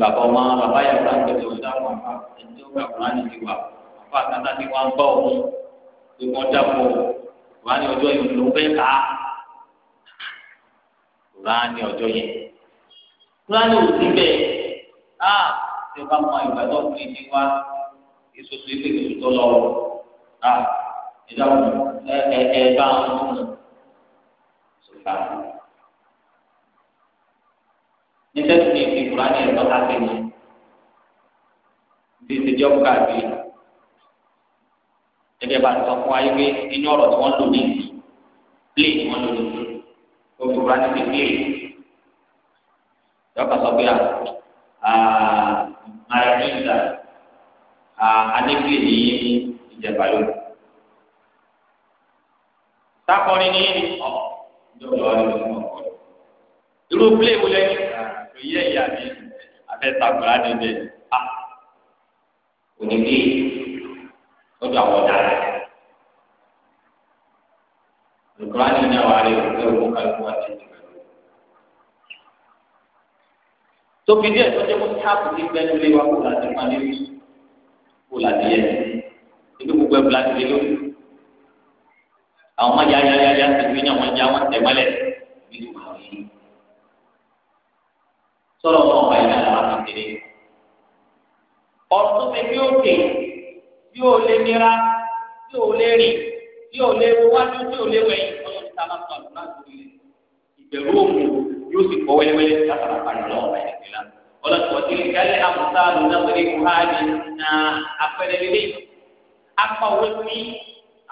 bàbá ọmọ bàbá yẹn fúlàmù tẹ̀lé ọ̀dà wọn fà ẹjọ́ gbà wọn láti ti wà àfa àtàtà ti wà ń bọ̀ ọ̀hún tí wọ́n dàpọ̀ wọn ní ọjọ́ yìí ló bẹ́ẹ̀ ká wọn ní ọjọ́ yẹn. fúlàmù ò sí bẹ́ẹ̀ á ah! ṣe bá mọ ìgbà tó fi ti èso tó ilé ìtòtò lọ́wọ́ à ah, ẹ̀dá ẹ ẹ ẹ bá wọn fún un sọ̀tà. níṣẹ́ tó ní ìfi kúránì ni. káfíń ní ti ti jọ́ káàbí ẹgbẹ́ bá sọ fún ayé pé inú ọ̀rọ̀ tí wọ́n lò ní plé ni wọ́n lò ní gbogbo kúránì ti plé yọkà sọ pé à ààrẹ nígbà àdébíyè ní ìjẹ̀bà lónìí sákọrin ní ọ ìjọba wa ló fún ọkọ irú plé wo lẹ́yìn kò yẹ ìyá mi afẹ́sàgbọ́n á dé a onídé lọ́dọ̀ àwọn ọ̀daràn lùkúrá ní ìyá wa rẹ òkè òkú kálukú wa ti di pẹ̀lú. tóbi díẹ̀ tó jẹ́ kó táàpù ti gbẹ́ lórí wa kó láti pàdé kó láti yẹ ibi gbogbo ẹ̀ bùlá ti dé lórí àwọn ya ya ya tẹ̀lé ní àwọn ẹja wọn tẹ̀ mọ́lẹ̀ bí wọ́n lọ yìí. sọ̀rọ̀ náà wà ní àlàáfà kékeré. ọ̀rọ̀ tó fi bí òkè bí ò lè nira bí ò lè rìn bí ò lè wájú bí ò lè wẹ̀yìn ọlọ́run ti ta láti ọ̀dún láti rí rẹ̀. ìbẹ̀rù òògùn yóò sì kọ́ wẹ́lẹ́wẹ́lẹ́ látara parí ọlọ́run wà ní ìlà. ọlọ́tọ̀ tí kálí àmúta lónà apẹ̀rẹ̀ lélẹ́yìn apàwọ̀ ní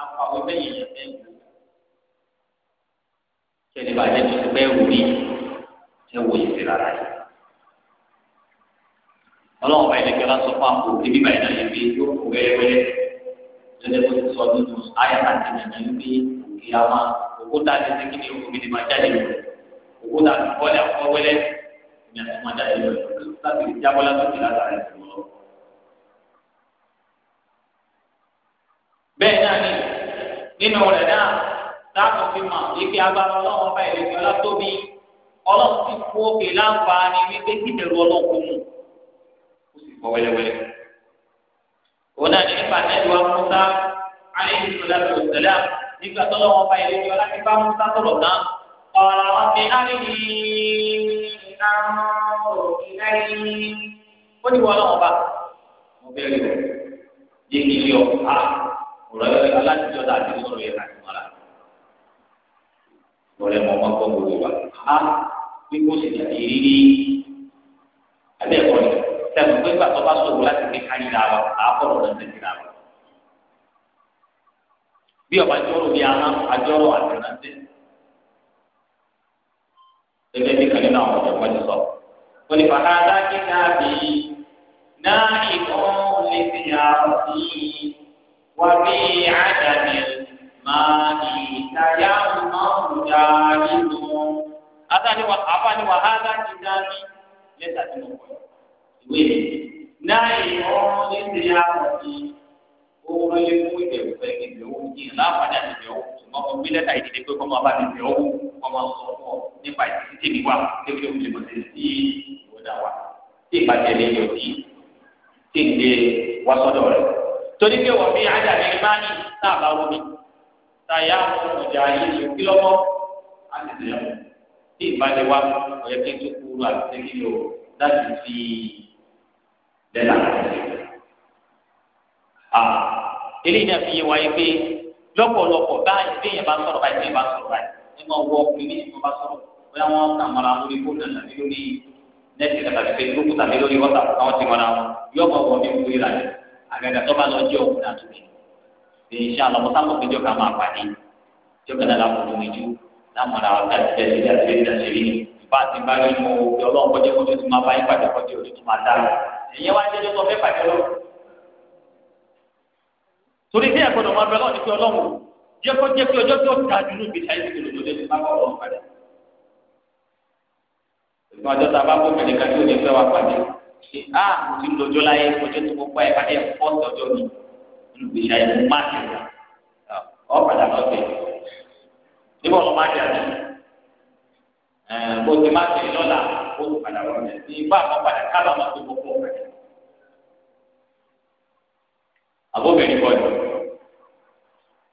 apàwọ̀ lẹ́yìn ẹ̀mí tí ẹni bá jẹ́ tó ti pẹ́ wò rí ẹ wò yìí sí rárá yìí. ọlọ́run bá ilé kẹlá sọ fún àpò ibi báyìí náà yẹ pé yóò kó wẹ́rẹ́wẹ́rẹ́ lọ́dẹ bó ti sọ nínú àyà àti nàìjíríà pé òkè àmà òkúta ti ti kíni òkú gidi máa jáde lọ òkúta ti bọ́lẹ̀ àkọ́kọ́ wẹ́lẹ́ ní àtúmọ̀dá yìí lọ láti lè jábọ́ látòkè látàrí ìfowó lọ. bẹ́ẹ̀ náà ni nínú rẹ̀ láàbò fi mọ̀ wípé agbára ọlọ́run ọba ìrètí ọlọ́tóbi ọlọ́run ti kú òkè láǹfààní wípé kíbẹ̀rù ọlọ́run kò mú ó sì fọ wẹ́lẹ́wẹ́lẹ́. òun náà ní nípa nẹ́ẹ̀dì wa Musa alayhi salatu wa salam nígbà tó lọ́wọ́ ọba ìrètí ọlá ti bá Musa sọ̀rọ̀ náà ọ̀rọ̀ wọn ti áríyí ìnáwó ìnáyí ó ní wọn lọ́wọ́ bá mo bẹ̀rẹ̀ yé kí ilé ọ̀ oleh mọ̀ máa kọ́ gbogbo wa á wíwó sì dàbí rírí abẹ́ ẹ̀kọ́ ni sẹ́nu pé gbàtọ́ bá sọ̀rọ̀ láti fi kárí ra wa àákọ̀rọ̀ rẹ̀ tẹ̀sí ra wa. bí ọba jọrọ bí aná àjọrọ àtẹnáńtẹ gẹ́gẹ́ bí kan nínú àwọn ọ̀jọ̀gbọ́n ti sọ. ó ní bàtà dájú náà bí náà ìkọ́ mani tayammamu jahilun adani wa abani wa hadha kitabi leta tino kwa iwe naye ono ni yao ni ono ni mwite kwa kile uji na baada ya leo mambo bila taidi ni kwa kama baada leo kwa masoko ni pa sisi kwa ndio mle mtesi wadawa ti badele hiyo ti ti ndio wasodore torí pé wọ́n fi àjà ní ìmáàní náà bá wọ́n mi táyà ọjà yìí kí lọ́wọ́ á ti tẹ̀lé wọn tí ìbálẹ̀ wa ọ̀yẹ́ kí n tó kúrú àti tẹ́lẹ̀ yìí o láti fi lẹ́la eléyìí náà fi yé wa yé pé lọ́pọ̀lọpọ̀ báyìí bí èèyàn bá sọ̀rọ̀ báyìí bí èèyàn bá sọ̀rọ̀ báyìí ẹ máa wọ ọkùnrin ní ìfọ̀n bá sọ̀rọ̀ bóyá wọn kà mọ́ra lórí fóònù tàbí lórí nẹ́ẹ̀tì tàbí facebook tàbí lórí whatsapp káwọn ti mọ́ra wọn yóò máa wọ ọdún ìwé rà ní àgàgà tó bá lọ jẹ́ òkúta tó yẹ insha Allah mọta kọ péjọ ká máa pàdé jọkẹ náà lápò tó méjì láwọn ará ọ̀tá ìdílé ìdílé àti ìdílé àṣírí ìbá àti bá rí mu òkè ọlọ́run kọjá kó tó ti máa bá yín pàdé kọjá òde tó máa dá ìyẹn wá jẹjọ sọ fẹ́ pàdé lọ. torí sí ẹ̀kọ́dọ̀ máa bẹ lọ́ọ̀ni pé ọlọ́run jẹ́ kó jẹ́ pé ọjọ́ tó ga jù ní ìgbésí ayé ìgbèlú lóde ti máa bá ọlọ́run pàdé. ìgbọ́n ọjọ́ tá a bá kó mẹ́lẹ́ka tí ó ní fẹ́ wá pàdé ṣe á mo ti lọ́jọ́ láyé ọjọ́ tó gbọ́ nínú ìgbésí ayé mo máa jẹ ọ padà lọ bẹ níbo lọ máa jẹ àti bó ti máa jẹ lọ́la ó ti padà lọ bẹ ní ibà kan padà kábà máa tó gbogbo ọ̀rẹ́ àbóbìnrin kọ́ ni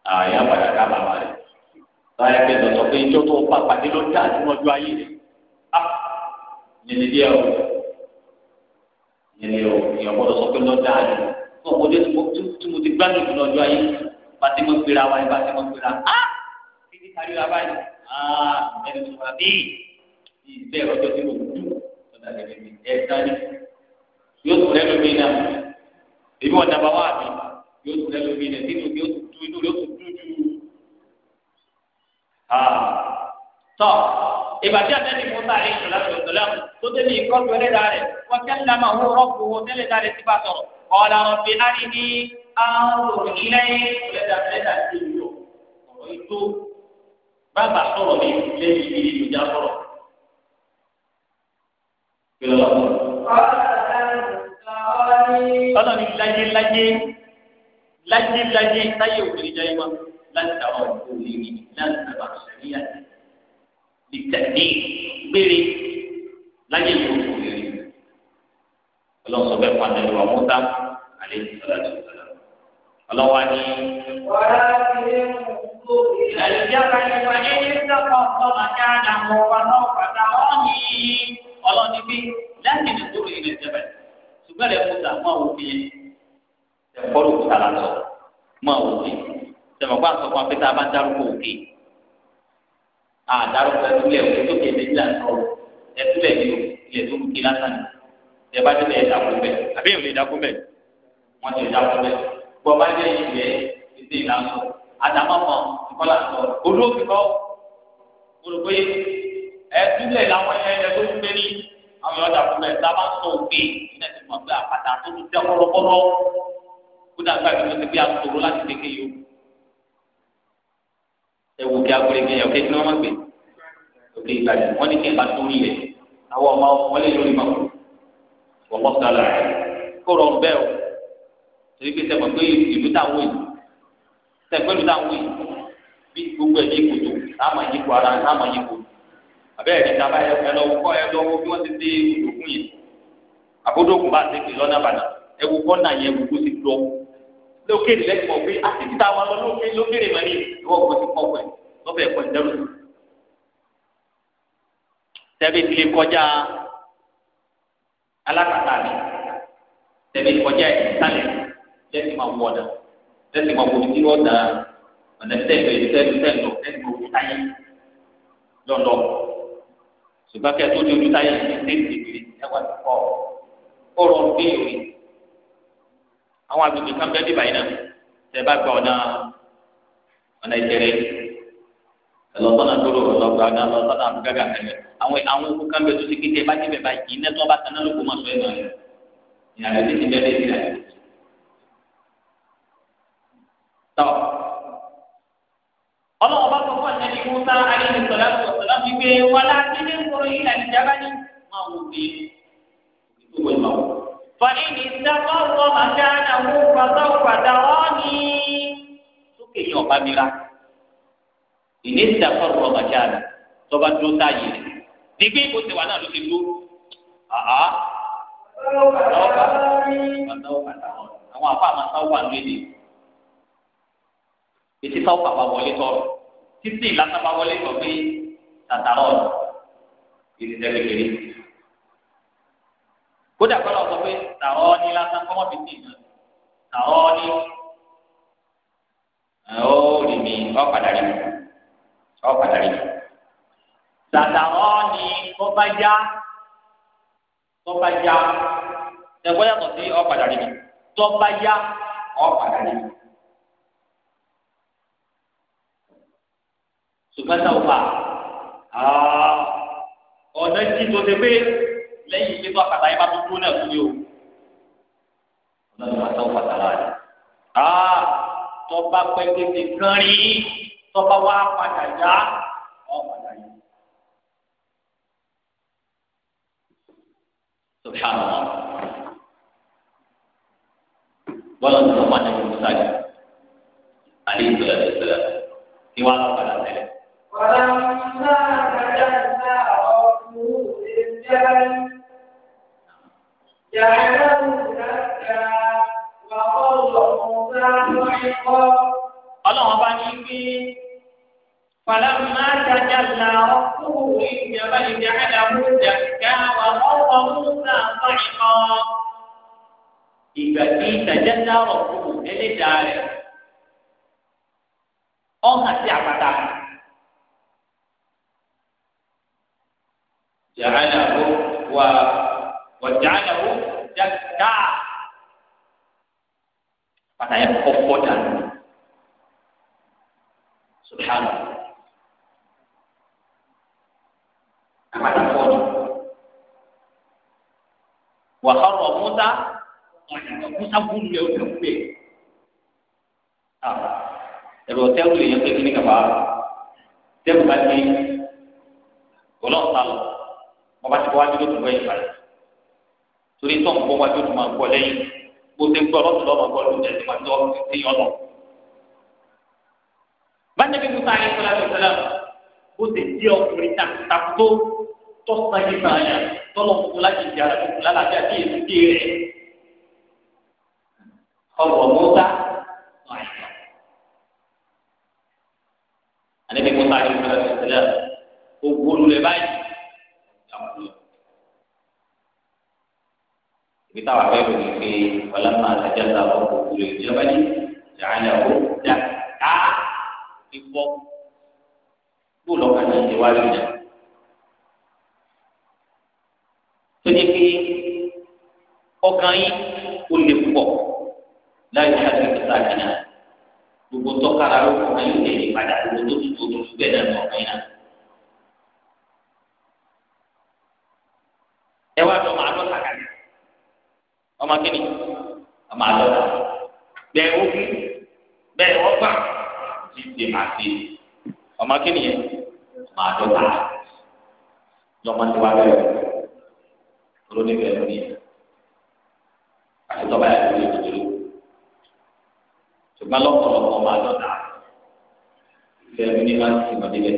àyà padà kábà máa rẹ̀ báyà pé lọ́sọ̀ pé ijó tó pa pàdé ló dá àtúmọ̀jú ayé rẹ̀ á ah, yẹn díẹ̀ o yẹn o èèyàn gbọ́dọ̀ sọ pé lọ́dá àdúgbò ọ̀pọ̀ dé tí mo ti gbádùn jùlọ ọjọ́ ayé bàtí mo gbéra wáyé bàtí mo gbéra á títí kárí ra báyìí á ẹni tó wà bíi ìbẹ́ ọjọ́ tí mo dùn ọ̀dà lẹ́lẹ́ mi ẹ̀ dání yóò tún lẹ́nu mi náà èmi wọn nàbà wà mí yóò tún lẹ́nu mi náà nínú yóò tún inú yóò tún dún jù tọ́ ìbàdí àtẹ́ni mọ́tà ẹ̀yìn ìṣọ̀lá ìṣọ̀lá tó dé ní ìkọ́jú ẹlẹ́dàá rẹ̀ wọ́n tẹ́lẹ̀ náà máa wọ́n rọ́ọ̀kù wọ́n tẹ́lẹ̀ náà rẹ̀ ti sọ̀rọ̀. قال رب أرني أنظر إليك lẹ́dà lẹ́dà sí ìlú ọ̀rọ̀ ètò bàbá sọ̀rọ̀ mi lẹ́yìn ìdí ìjà sọ̀rọ̀. Ọlọ́run ni láyé láyé láyé láyé táyé òkèlè jáyé wa láti àwọn òkèlè yìí láti àbá sẹ́ríyà lè tẹ̀lé gbére láyé ìlú òkèlè. Ọlọ́run sọ bẹ́ẹ̀ fún àtẹ̀lẹ́wà mọ́tà. عليه الصلاة والسلام الله وعلي ولكن إلى الجبل فإن تفضل مكانه وسوف تراني الله نبي لكن انظر إلى الجبل سبحان موسى ما هو فيه ẹ̀kọ́rò òkúta lásọ máa wò ó sẹ̀mọ̀gbà sọ fún apẹ́tà bá dárúkọ òkè àdárúkọ ẹ̀túlẹ̀ òkè tó kéde nílà sọ ẹ̀túlẹ̀ ni ilẹ̀ tó kéde lásán ẹ̀ bá délé ẹ̀dàkú bẹ̀ àbí ìwé ẹ̀dàkú bẹ̀ wọn ti dá fún bẹ gbọ bá dé ìgbẹ ìdè ìlànà àdàmọmọ ìkọlà sọ olóògbé kọ olùgbé ẹdúlẹ làwọn ẹyẹ tó ń gbé ní àwọn ọjà fún bẹ tá a bá ń sọ òkè ní ẹsẹ mọ pé àpàtà tó ti dẹ kọlọkọlọ kó dàgbà tó ti gbé àtòrò láti kéke yó ẹwù kí agbèrè kéèyàn kéèké ní wọn má gbé òkè ìgbàdàn wọn ní kí n bá tó ń lẹ àwọn ọmọ wọn lè lórí mọ wọn mọ sálà kó rọrùn bẹ́ẹ̀ o èyí pé sẹ́wọ̀n pé ìlú táwọn yìí sẹ́wọ̀n ìlú táwọn yìí bí gbogbo ẹ̀yìn kòtò táwọn yìí kò ara táwọn yìí kò àbẹ́rẹ́ ní taba ẹ lọ kọ́ ẹ lọ bí wọ́n ti dé òkun yìí àbódókun bá tètè lọ́nà bàdà ẹ wo kọ́nà yẹn gbogbo ti lọ lókè lẹ́kọ̀ọ́ pé àtẹ̀tẹ̀ ah, táwọn lọ lókè lókèrè mọ́ ní ìwọ́ òkú ti kọ́ pẹ̀ lọ́bẹ̀ ẹ̀kọ́ ìdẹ́rù tẹ́bí ti lè kọjá alákàtà mi tẹ́bí kọjá ẹ̀ sálẹ̀ lẹ́sìn máa wọ ọ̀dà lẹ́sìn máa wọ omi tí ọ̀dà ọ̀dà tẹ̀lé tẹ̀lé tẹ̀lé lẹ́sìn máa wọ táyé lọ́lọ́ ṣùgbọ́n kí ẹ tó di ojú táyé ní tẹ́sí ìbìrì ẹwà ti kọ́ ó rọrùn bí ìrì àwọn agbègbè kan bẹ́ẹ̀ bíbáyìí náà tẹ bá gba ọ̀nà ọ̀nà ìjẹrẹ ẹlọ́sọ́nà dúró ọ̀lọ́gba ọ̀nà ọlọ́sọ́nà àbúgágà kẹlẹ̀ àwọn àwọn ewu kan bẹ́ẹ̀ tó ti kéde bá ti bẹ̀ báyìí iná tó bá taná lóko mọ̀ sọ́yìn náà ìyàrá ti ti bẹ́ẹ̀ lé Musa alayhi salatu wa salam wípé wàlá kíndé kúrò yìí láti jábá ní máa wò pé ìwé máa wò. Fọ̀lì ní sábà wọ màdá àwọn pàtó pàtó wọ́n ní sókè yìí ọ̀bá mi ra. Ìní sábà wọ màdá àná tọ́ba dúró táyé rẹ̀. Dígbé ìbò tiwa náà ló ti dúró. Àhá. Pàtó pàtó pàtó àwọn àfa àmọ́ sáwọ́ wà lóde. Ètí sáwọ́ pàpà wọlé tọrọ títí ìlànà wọlé sọ pé tàtàrọ ìdíjẹ kékeré kódà kọlọ sọ pé tàrọ ní lásán kọmọ fi tì náà tàrọ ní ó rí mi ọ padà rí mi ọ padà rí mi tàtàrọ ní kọfà já kọfà já ẹgbẹ́ yàtọ̀ sí ọ rí mi tọ́ba já ọ rí ṣùgbọ́n tá ò bá ah, ọ̀nà jí tó ṣe pé lẹ́yìn ilé tó àkàtà yẹn bá tó dúró náà fún yìí o ọ̀nà ìgbà ah, tó wà tààrà rẹ̀ tọ́ba pẹ́kẹ́tẹ́ kan rí tọ́ba wá padà já ọ̀ padà yìí. subhanallah bọ́lá ń sọ fún àdéhùn sáyẹn àdéhùn sọ̀rọ̀ àdéhùn sọ̀rọ̀ kí wọ́n tẹ̀lé. فلما تجلى ربه للجبل جعله دكا وقوله موسى صعقا ọlọ́run bá ní bí فلما تجلى ربه للجبل جعله دكا وقوله موسى صعقا ìgbà tí ìtajà rọ̀ fún ẹlẹ́dàá rẹ̀ ọ̀hún àti àpáta. جعله و وجعله دكا pada yang kokodan subhanallah kepada kokodan wa kharra Musa Musa bulu ya udah gede ah kalau tahu yang kayak gini kepala dia berarti kalau salah ọba ti bọ wájú ló tún bọ yìí balẹ̀ torí tó ń bọ wájú ló máa ń bọ lẹ́yìn bó ṣe ń gbọ́ lọ́sùn lọ́mọ gbọ́ ló ń jẹ́ ìgbà tó ti ti yọ̀ lọ. bánẹ́bí musa ayé sọlá tó sẹlẹ̀ bó ṣe di ọkùnrin takutako tó sáyé sáyà tọ́lọ̀ fún láti di ara tó kù lálàáfíà bí èsì dé rẹ̀ ọ̀rọ̀ mọ́tà náà anabi musa alayhi salatu wa kita pakai begini walam saja tahu kulit siapa ni jangan aku dah ah ibu pulau kan yang diwalinya jadi pi ọkàn yìí ó lè pọ̀ láì ní àti ìpèsè àjìnà gbogbo tọ́kara ló kọ́ ọkàn yìí lè yí padà gbogbo tó tutù ẹ wá dọ̀ màá lọ́ta kàlẹ́ ọmọ kìnnì màá lọ́ta bẹ́ẹ̀ ó kú bẹ́ẹ̀ wọ́n gbà ti dè màá ti ọmọ kìnnì yẹn màá lọ́ta lọ́mọ tí wàá bẹ̀rẹ̀ olóní bẹ̀rẹ̀ ní àti tọ́ba yà lórí ìdúró ṣùgbọ́n lọ́pọ̀lọpọ̀ màá lọ́ta fẹ́ẹ́ ní máa ń sìn níbẹ̀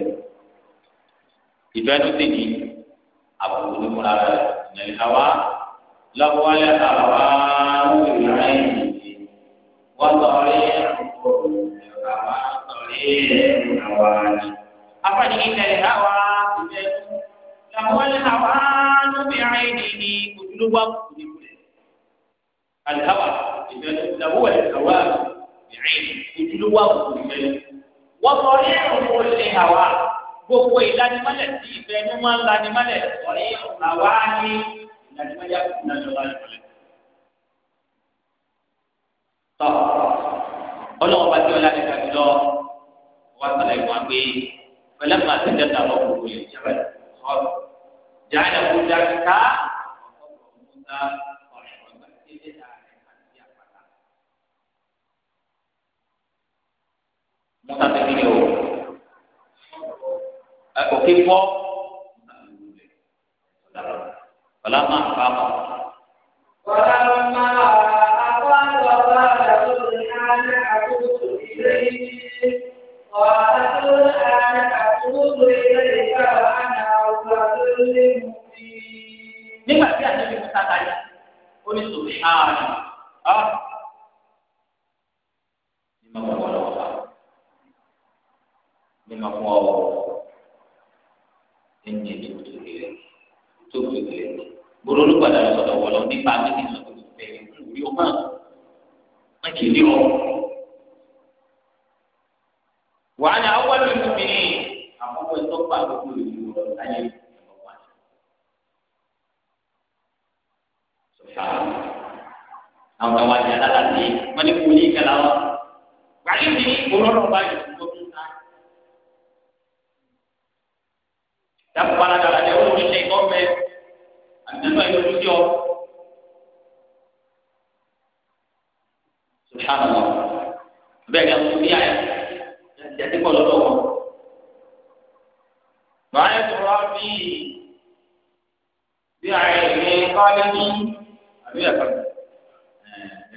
ìfẹ́ tó ti ní àbùkù ní múra rẹ̀. الهوى لغو الهوى بالعين وطريق الهوى طريق الهوى أفنيت الهوى لهو الهوى بعينه كل وقت الهوى لهو الهوى بعينه كل وقت وطريق الهوى gbogbo ìlanimọ́lẹ̀ tí ìfẹ́ ẹnu máa ń lanimọ́lẹ̀ ọ̀rẹ́ àwa ni ìlanimọ́lẹ̀ àkùnrin náà lọ́la nìkọ́lẹ̀. tọ́ ọlọ́wọ́ bá tí ọlá ní kàbí lọ wà sọ̀rọ̀ ìwọ̀n pé pẹ̀lẹ́ máa ti dẹ́ta lọ gbogbo yẹn jẹ́bẹ̀ sọ́ọ̀rọ̀ jáde kó dájú ká Musa tẹ̀lé o òkè fọ́ ọ̀là máa fà mọ́. Wàlá máa àwọn àgbàgbà àdàtò ní àná àkókò ilé ọ̀hà tó àná àkókò ilé ìgbà àná ọ̀gbà tó lé mu sí. Nígbà tí àdébí mú sátáyà, ó ní sòmí ààrẹ. Ní ma fún ọ lọ́wọ́ bá. Ní ma fún ọ lọ́wọ́ ẹni ẹni tó lè rẹ tó lè rẹ gbọ́dọ̀ ló padà sọ̀rọ̀ wọlọ nípa kíni sọ̀rọ̀ tó fẹ́ orí ọmọ má kì í lé ọ. wàá ní àwọn ọmọ ìlú mi ní àkọ́kọ́ ẹ̀tọ́ pa àkókò ìlú rẹ láyé ẹ̀rọ wa. àwọn kan wá ní wọn ní kò ní ìkẹlẹ àwọn. wàá ní ìdí òróró báyìí tó dàpọ̀ paradàlà ní ọ̀rọ̀ oníṣẹ́ ikọ́ mẹ àdúgbò yóò lójú ọ. sùhánù wọn bẹ́ẹ̀ ni àwọn bíyà yẹn ti kọ́ lọ́dọ̀ wọn. màá yẹ sọ̀rọ̀ bí bí ààrẹ mi kọ́ lé ní àbí ẹ̀ka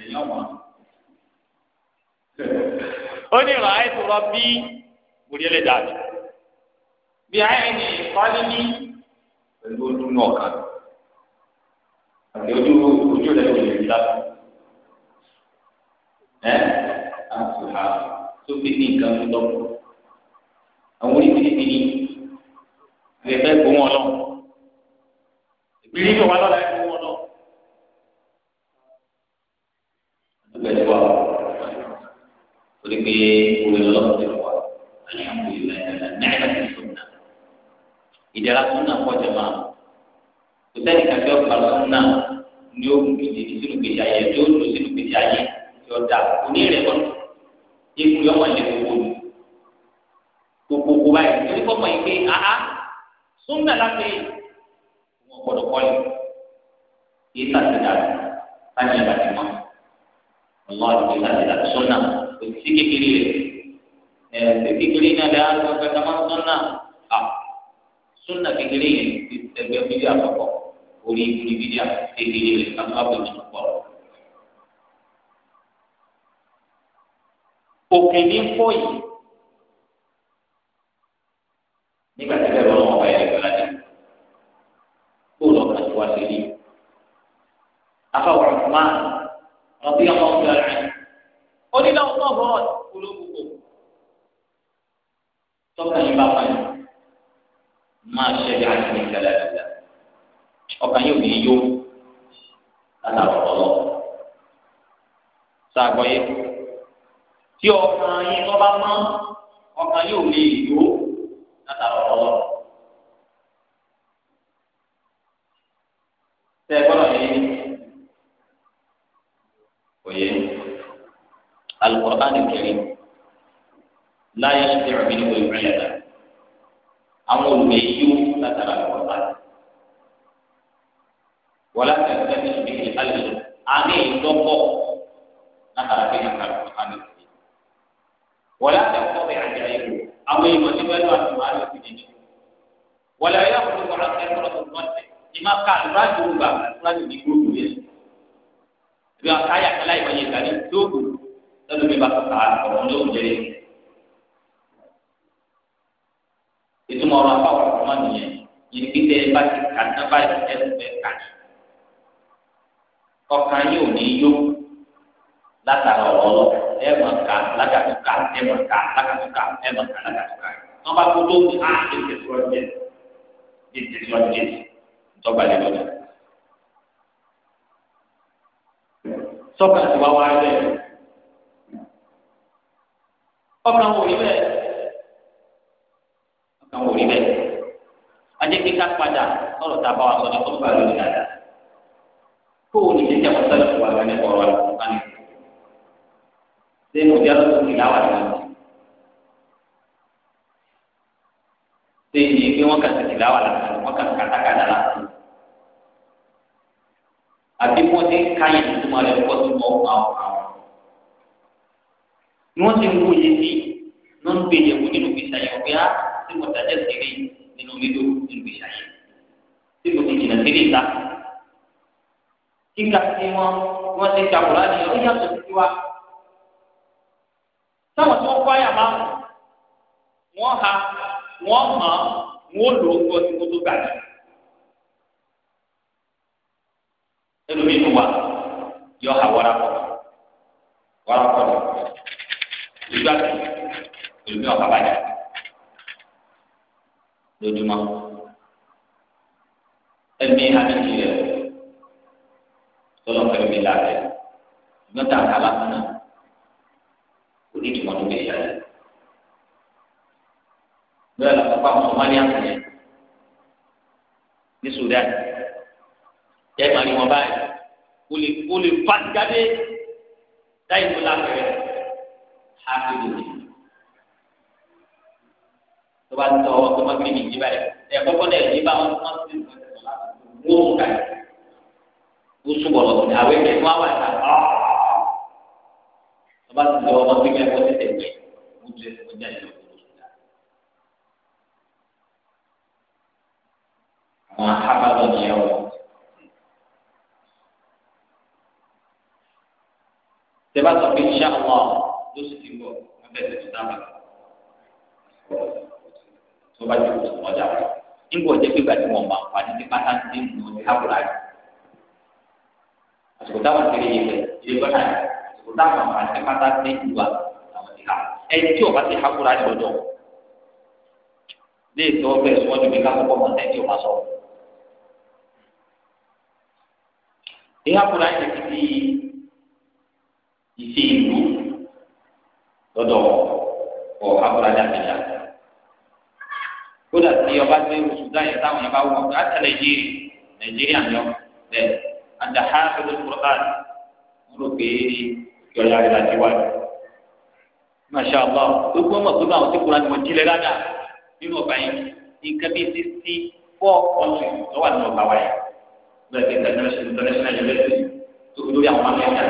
ẹ̀yọ́ wọn. ó ní ìrọ̀ àìsàn rọ bí mo rí ẹlẹ́dàá mi bí àìní ìkọ́lé ní pẹ̀lú ojú ní ọ̀kan àti ojú ojú rẹ̀ kò lè rí lásán ẹ́ àtúhà tó fi ní nǹkan tó lọ́pọ̀ àwọn oníbìrìbì ni ìrẹ̀ fẹ́ gbó wọn lọ ìbílí yóò wá lọ́la ẹ̀ gbó wọn lọ. Àdúgbò ẹ̀ wá torí pé òwe lọ́wọ́ ti wà ìdára tó náà kọjá máa kò sẹ́ni kàfẹ́ ọ̀pá lọ́sùn náà ní ogun gidi sínú gbèsè ayé tí ó lò sínú gbèsè ayé tí ó dà òní rẹ̀ kọ́ ikú yọ wọn lè gbogbo ni gbogbogbò báyìí torí kọ́kọ́ yìí pé aha súnmọ́ láti wọn gbọ́dọ̀ kọ́lé yìí láti dà láti yàrá ti mọ́ ọlọ́run yìí láti dà sọ́nà òtítí kékeré rẹ̀ ẹ̀ kékeré náà dáa lọ́kọ̀ọ́ súnà kékeré yẹn ti ẹgbẹ́ bídíà àkọ́kọ́ orí ìbúrí bídíà kékeré rẹ̀ kátó àbòjì pọ̀. òkè ní fọ́ yìí Yo ẹ mọ̀ kàlá kàtúkà wọn bá kó tó ní áà ní tẹsíwájú yẹn ní tẹsíwájú yẹn ntọ́gbà lè lọ́dọ̀. sọ́kà ti wá wáyé bẹ́ẹ̀ ọkàn wò rí bẹ́ẹ̀ ọkàn wò rí bẹ́ẹ̀ ajé kíkà padà lọ́rọ̀ tá a bá wa sọ ní kọ́ńtà lónìí dáadáa kó o ní jẹ́jẹ́ mọ́tàlá fún wa lẹ́nu ọ̀rọ̀ àlùkò kan ní. sẹ́nu ìyá lọ́sọ̀rọ̀ ìlà wà nínú. tìláwà lásán wọn kàn kàtàkàtà lásán àbí wọn ti ń ka yẹn tuntun máa lẹ kó tó mọ ọkọ àwọn àwọn ni wọn ti ń wú yẹn sí ní wọn ń gbé yẹn wú nínú gbèsè ayé wọn bí a ti mọ dájẹ kiri nínú mílò nínú gbèsè ayé tí mo ti jìnnà kiri ta kíkà sí wọn wọn ti ka kura ni yàtọ̀ sí wa táwọn tí wọn kọ àyà máa wọn ha wọn mọ wọ́n lò ó gbọ́ sí tó gbàdá. ẹlòmíì ló wà yọ ha wárakọ̀ wárakọ̀ lọ ìgbà tó ẹlòmíì ọ̀ka bàjẹ́ lójúmọ́ ẹ̀mí àdìsí rẹ̀ tọ́lọ́ pẹ̀lú mi láàrẹ̀ mẹ́ta àkàlà náà onídìmọ̀ ló lè yára bẹ́ẹ̀ lọ́kọ̀ọ́kọ́ àwọn Somalia kan yẹn ní Sudan jẹ́ ìmọ̀ àríwọ̀n báyìí kò lè kò lè fàtìjáde láì tó lápẹ̀rẹ̀ ákéde ní. tó bá tọ ọwọ́ tó má gbé ní ìdí báyìí ẹ̀ kọ́kọ́ náà ìdí bá wọn tó má ti ń sọ̀rọ̀ láti wọ́n mú kàyé ó súnmọ́ lọ́wọ́ ní àwọn ẹ̀kẹ́ wọn wà ní àná. tó bá ti tọ tó má gbé ní ẹ̀kọ́ tẹ̀tẹ̀ gbé ó jẹ́ ọjà ìlú. wọn hábà lọ́nà yẹn wọ̀. tẹ́lá sọ pé iṣẹ́ àwọn ló sì ti bọ̀ wọ́n bẹ̀rẹ̀ tẹ̀sí dábàá. tó bá ti kùtù wọn dà wọ́n. nígbà ọjọ́ pé gbàdúrà wọn máa wà ní ti pátá ní ìlú ní àbúrò àjò. àsìkò táwọn ti rí yìí bẹ̀ ilé gbọ́dọ̀ àjò àsìkò táwọn máa ti pátá ní ìlú à àwọn ti hà. ẹni tí ọba ti àbúrò àjò lọ́dọ̀ lè tọ́ bẹ́ẹ̀ sọ́jú mi ká kọ́kọ́ mọ̀ ìhàkùnrin àti títí ìṣe ìlú lọ́dọ̀ ọ̀ àkùnrin àti àtẹ̀yà. kódà tí ọba gbé Sudan yẹn táwọn yẹn bá wọ̀ ọ́ àti nàìjíríà nàìjíríà ni ọ́ bẹ́ẹ̀ àdàhà ló kúrò báyìí wọ́n rò pé ìjọba rẹ̀ láti wáyé. masha allah gbogbo ọmọ tó bá àwọn tí kúrò àti wọn jílẹ̀ dáadáa nínú ọgbà yẹn nǹkan bíi sixty four countries lọ́wọ́ àti ọgbà wáyé bẹ́ẹ̀ bí international international university tó fi lórí àwọn amẹ́ríkà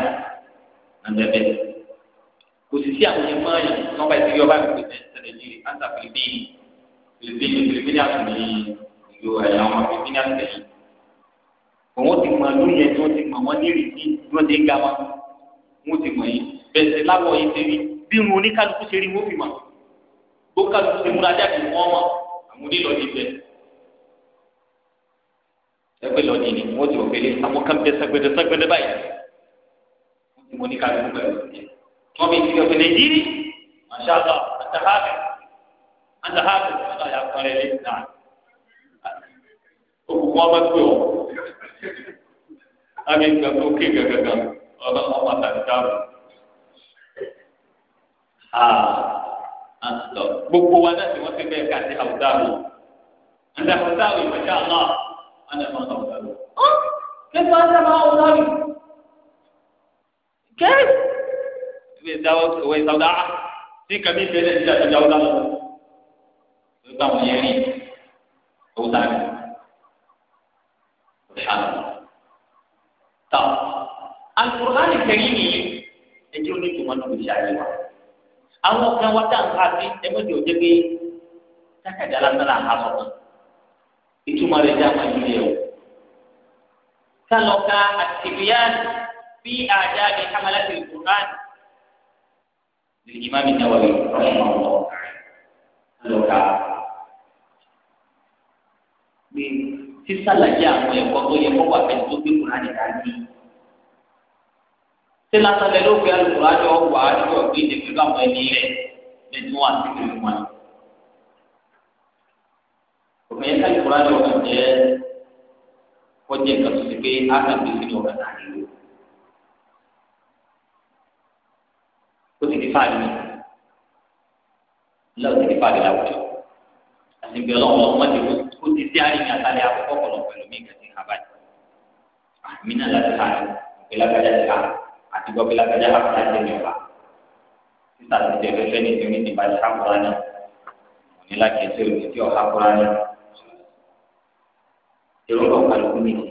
nàbẹ́ bẹ́ẹ̀. kò sì sí àwọn ẹ̀mọ́ yẹn tí wọ́n bá ti rí ọba ìpè tẹ̀lé ní ansa philippine philippine philippine àti ìlú ẹ̀yà ọmọ philippine àti ẹ̀yìn. òun ti mọ lórí ẹ̀ tí wọ́n ti mọ wọ́n ní ìrìsí tí wọ́n ti ń ga wọn wọ́n ti mọ yìí bẹ́ẹ̀ lábọ̀ yìí ti rí bí irun oníkálukú ṣe rí wọ́n fi mọ̀ gbókàlùkù ṣe múra jáde ẹgbẹ́ lọ́ọ̀dì ni wọ́n ti òkèlè àwọn kan bẹ sẹgbẹdẹ sẹgbẹdẹ báyìí mo ní ká ló gbẹ wọn bí ìdílé òkèlè yìí masha Allah àtàhàbẹ àtàhàbẹ ọlọ́ọ̀ yà kọ́ ẹ̀lẹ́ náà òkú wọn bá pè ọ́ àmì ìgbàgbọ́ òkè gàgàgà ọlọ́ọ̀ ọmọ àtàkì dáhùn gbogbo wa náà ti wọ́n ti bẹ́ẹ̀ ká sí àwùjọ àwọn àti àwùjọ àwọn ìmọ̀ṣẹ́ àlọ́ọ̀. أنا ما أقبله كيف أنا ما أقبله كيف ìdáwọ́ ìsọdá tí kàmí ìfẹ́lẹ́ ti àtàjà ọ̀dà lọ. Ìgbà wọn yẹn rí owó tá a rí. Ìhàlọ́. Tọ́ Alukùránì kẹ́yìn nìyí ẹjẹ́ onítùmọ̀ náà lè ṣàyẹ̀ wá. Àwọn kan wá dáhùn ká sí ẹgbẹ́ tí ò jẹ́ pé sákàjà lásán là ń ha sọ̀tún ìtumọ̀ rẹ̀ dá wọn nílé o. sálọ̀ka àtìbíyàn bí àdá mi kámẹ́lá ti kúrán lè ní má mi náwó yìí ọ̀hún ọ̀hún sálọ̀ka. pé sísàlàyé àwọn ẹ̀kọ́ tó yẹ kó wà fẹ́ tó gbé kúrán dání. ṣé lásán lẹ ló fi alùpùpù àjọ wà á jọ gbé ìdè pẹ̀lú ẹni rẹ̀ lẹ́nu àti ìlú wọn pé káyọ̀ kura ni ọ̀gá jẹ́ kọjá ìgbà tó ti pé ákàtúntì sí ọ̀gá náà nílò. ó ti di fáàlì lọ́wọ́ ti di fáàlì láwùjọ àti ìgbẹ́ ọlọ́wọ́ ọmọdé ó ti di àárín àtàlẹ́ àkọ́kọ́ ọ̀pọ̀lọpọ̀ ẹlòmíì kẹsì abáyé àmì náà láti ká ìgbélágbájá ti ká àti gbọ́ ìgbélágbájá àkàtà ìjẹ́ ní ọba títà ti tẹ̀lé fẹ́ni tí onídìbàjẹ́ àkùrá náà onílàkẹ́sẹ̀ òní tí ọ̀hà àkùrá náà. èrò ọ̀kàlùkù méjì.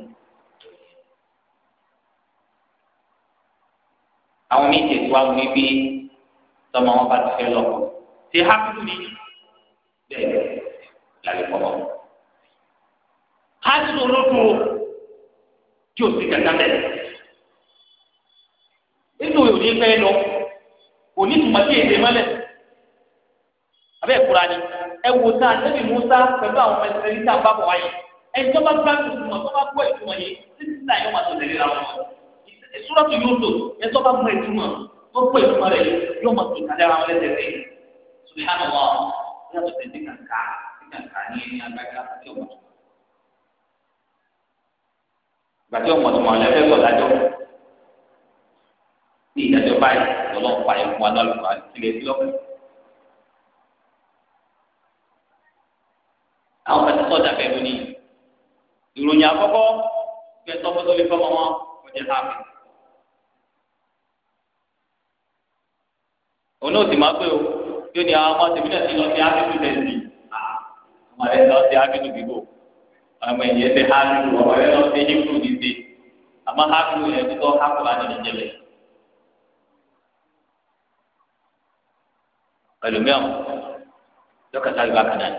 àwọn méjì tó àwọn ibi tọmọ wọn bá ti fẹ́ lọ ṣe hápìlú ni bẹ́ẹ̀ lálẹ́ pọ̀ wọn. hápìlú olódùn tí o sì gàdá bẹ́ẹ̀. nínú òní fẹ́ lọ òní tùmọ̀ sí mọ́lẹ̀ ni ẹ sáà Musa pẹ̀lú ẹjọ́ bá bá ìtumọ̀ tó bá gbọ́ ìtumọ̀ yìí títí náà yóò máa tó tẹ̀lé ra wọn. ìsúrọ̀tù yóò tó ẹjọ́ bá gbọ́ ìtumọ̀ tó gbọ́ ìtumọ̀ rẹ̀ yóò máa tó tẹ̀lé ra wọn lẹ́sẹ̀ rẹ̀. subhanahu wa yàtọ̀ tẹ̀lé kàǹkà kàǹkà ní ẹni agbára àti ọmọ tó. gbàtí ọmọ tó wọn lẹ́fẹ̀ẹ́ sọ̀ dájọ́ ní ìdájọ́ báyìí lọ́lọ́pàá ayọ̀ fún wa lálùkọ́ àti ilé ìlọ́pàá àwọn ọmọ ti sọ̀dà bẹ́ẹ̀ lónìí ìròyìn àkọ́kọ́ bẹ́ẹ̀ tọ́kọ tó lè fọmọ wọn kò jẹ́ hafi. òun ò sì máa pé o tí ó ní àwọn ọmọ tèmi náà ti lọ sí ábídù lẹ́sìn ọmọ rẹ lọ sí ábídù bíbò ọmọ ìyẹn ti hábídù ọmọ rẹ lọ sí hebrew níbi àmọ́ hábídù yẹn ti tọ́ hábùlá nínú ìjẹlẹ̀. pẹ̀lú mẹ́wọ̀n lọ́kàtà ìgbà kan náà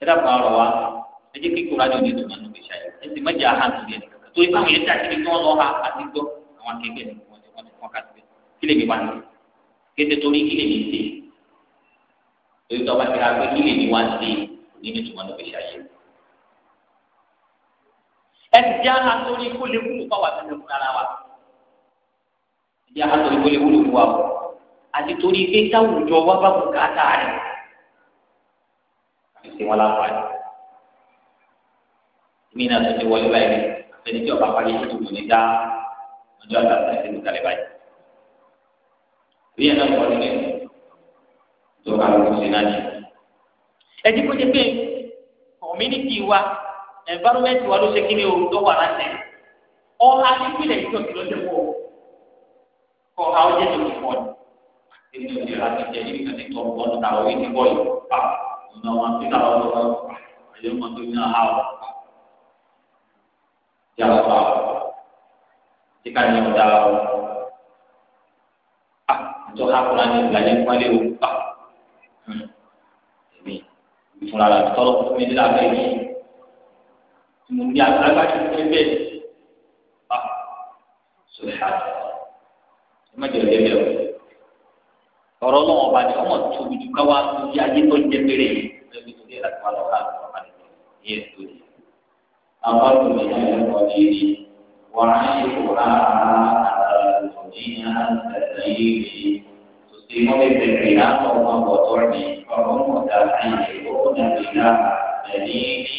ẹ dákun àrọ̀ wa ẹ jẹ́ kí kóra ní òní tó máa ń gbé ṣáyé ẹ sì mẹ́jẹ̀ aha nù yẹn torí báwọn yẹn dá síbi tí wọ́n lọ ha àti gbọ́ àwọn akẹgbẹ́ ni wọ́n ti wọ́n ti fọ́n ká síbẹ̀ kí lèmi wá nílẹ̀ kété torí kí lèmi ṣe torí tọ́ba ti ra pé kí lèmi wá ṣe òní ní tó máa ń gbé ṣáyé ẹ ti jẹ́ aha torí kó lè wúlò fáwọn àtẹnudẹ́ fún ara wa ẹ jẹ́ aha torí kó lè wúlò fún wa àti torí pé táwùjọ wa bá bùkátà rẹ̀ àti ṣe wọn láǹfààní mí náà tó ti wọlé báyìí àtẹni tí ọba parí ètò ìlú ní dá ọjọ́ àtàtà ìlú kalẹ̀ báyìí. ìyẹn náà kọ́ nílẹ̀ tó bá lóko sí náà jù. ẹ ti kó jẹ pé community wa environment wa ló ṣe kí ni o tó wà láti ọ̀hà nípìnlẹ̀ ìjọsìn ló ṣe wọ̀ kọ́ àwọn jẹ́ tó ti pọ̀ ní ètò ìlera ti jẹ níbi kan ní tó ń bọ́ ní tàwọn ìdíbọ̀ yìí pa ọ̀nà wọn tàwọn ọ̀rọ̀ ayé wọn tó ní àhà ọ̀ jàǹfà tí ká ní ọ̀dà ọ̀ à tó hákùnrin ní ìgbàlẹ̀ pọ́nlé o à èmi ìfúnra rà ini. fún mi nílà bẹ́ẹ̀ yìí tí mo ní agbára tó fún mi bẹ́ẹ̀ à sọ̀rọ̀ ṣáà ẹ má jẹ́ ọ̀dẹ́ bẹ́ẹ̀ o ọ̀rọ̀ náà ọba ni ọmọ tóbi ju káwá أقل من القليل وعيشها على الدنيا التسليم تسلم بالقيام وهو تعمي فهم متعلقون بها دليله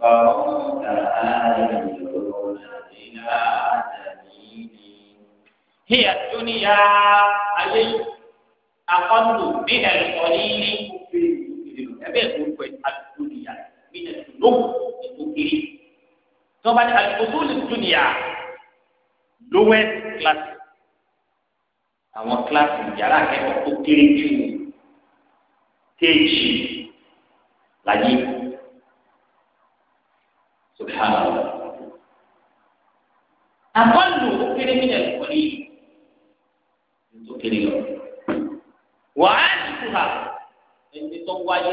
فهم متعلقون بها هي الدنيا عليه أقل من القليل أبي أقول الدنيا nínú ìlú ìlú kiri tí wọ́n bá ní àlùkòtò lè dúnìyà lowest class àwọn kíláàsì yàrá akẹ́kọ̀ọ́ tó kéré jù téèjì láyé subhanallah àkọlù tó kéré nínú kiri yìí tó kéré lọ wàá dùkú ha ẹni tó wáyé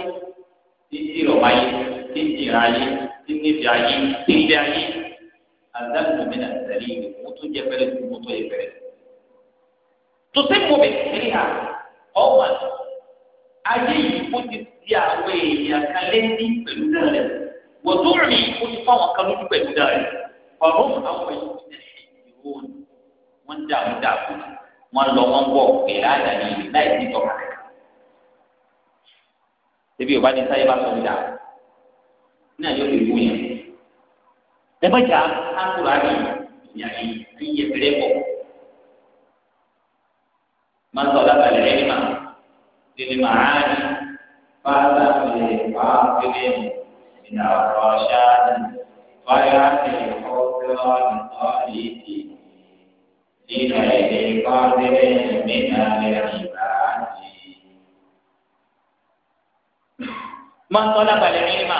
títí rọ̀ wáyé tí ń jìnnà ayé tí ń nífẹ̀ẹ́ ayé tí ń lé ayé adágún mi nà sẹ́lẹ̀ yìí mo tún jẹ fẹ́rẹ́ tó mo tó yẹ fẹ́rẹ́. tòsí mo bẹ sílẹ̀ à ọ̀wà ayé yìí mo ti di àwọn èèyàn kan lẹ́ni pẹ̀lú náà rẹ̀ rìn mo ti fọ́ àwọn kan lójú pẹ̀lú náà rẹ̀ ọ̀rọ̀ àwọn èèyàn ti dẹ̀ ṣe ìwọ́n wọ́n dààmú wọn lọ wọn bọ̀ pẹ̀lú àdàlẹ́ yìí láì ní tọ́ka ebi ò bá ní sáyé bá sọ ń dààmú náà yóò lè wúyà ẹgbẹ́jà akura ni ìyá yìí yẹ fẹ́rẹ́ pọ̀ máa ń sọ lábàlẹ̀ ẹni mà nínú màá ní fáta fèrè fà fèrè ìdá ọ̀rọ̀ ṣáàdì fáyà fèrè ọ̀rọ̀ ọ̀rọ̀ ìdí nínú èdè kọ́ńtẹ́rẹ́ mẹ́ta mẹ́rin ìbáraẹni. máa ń lábàlẹ̀ ẹni mà.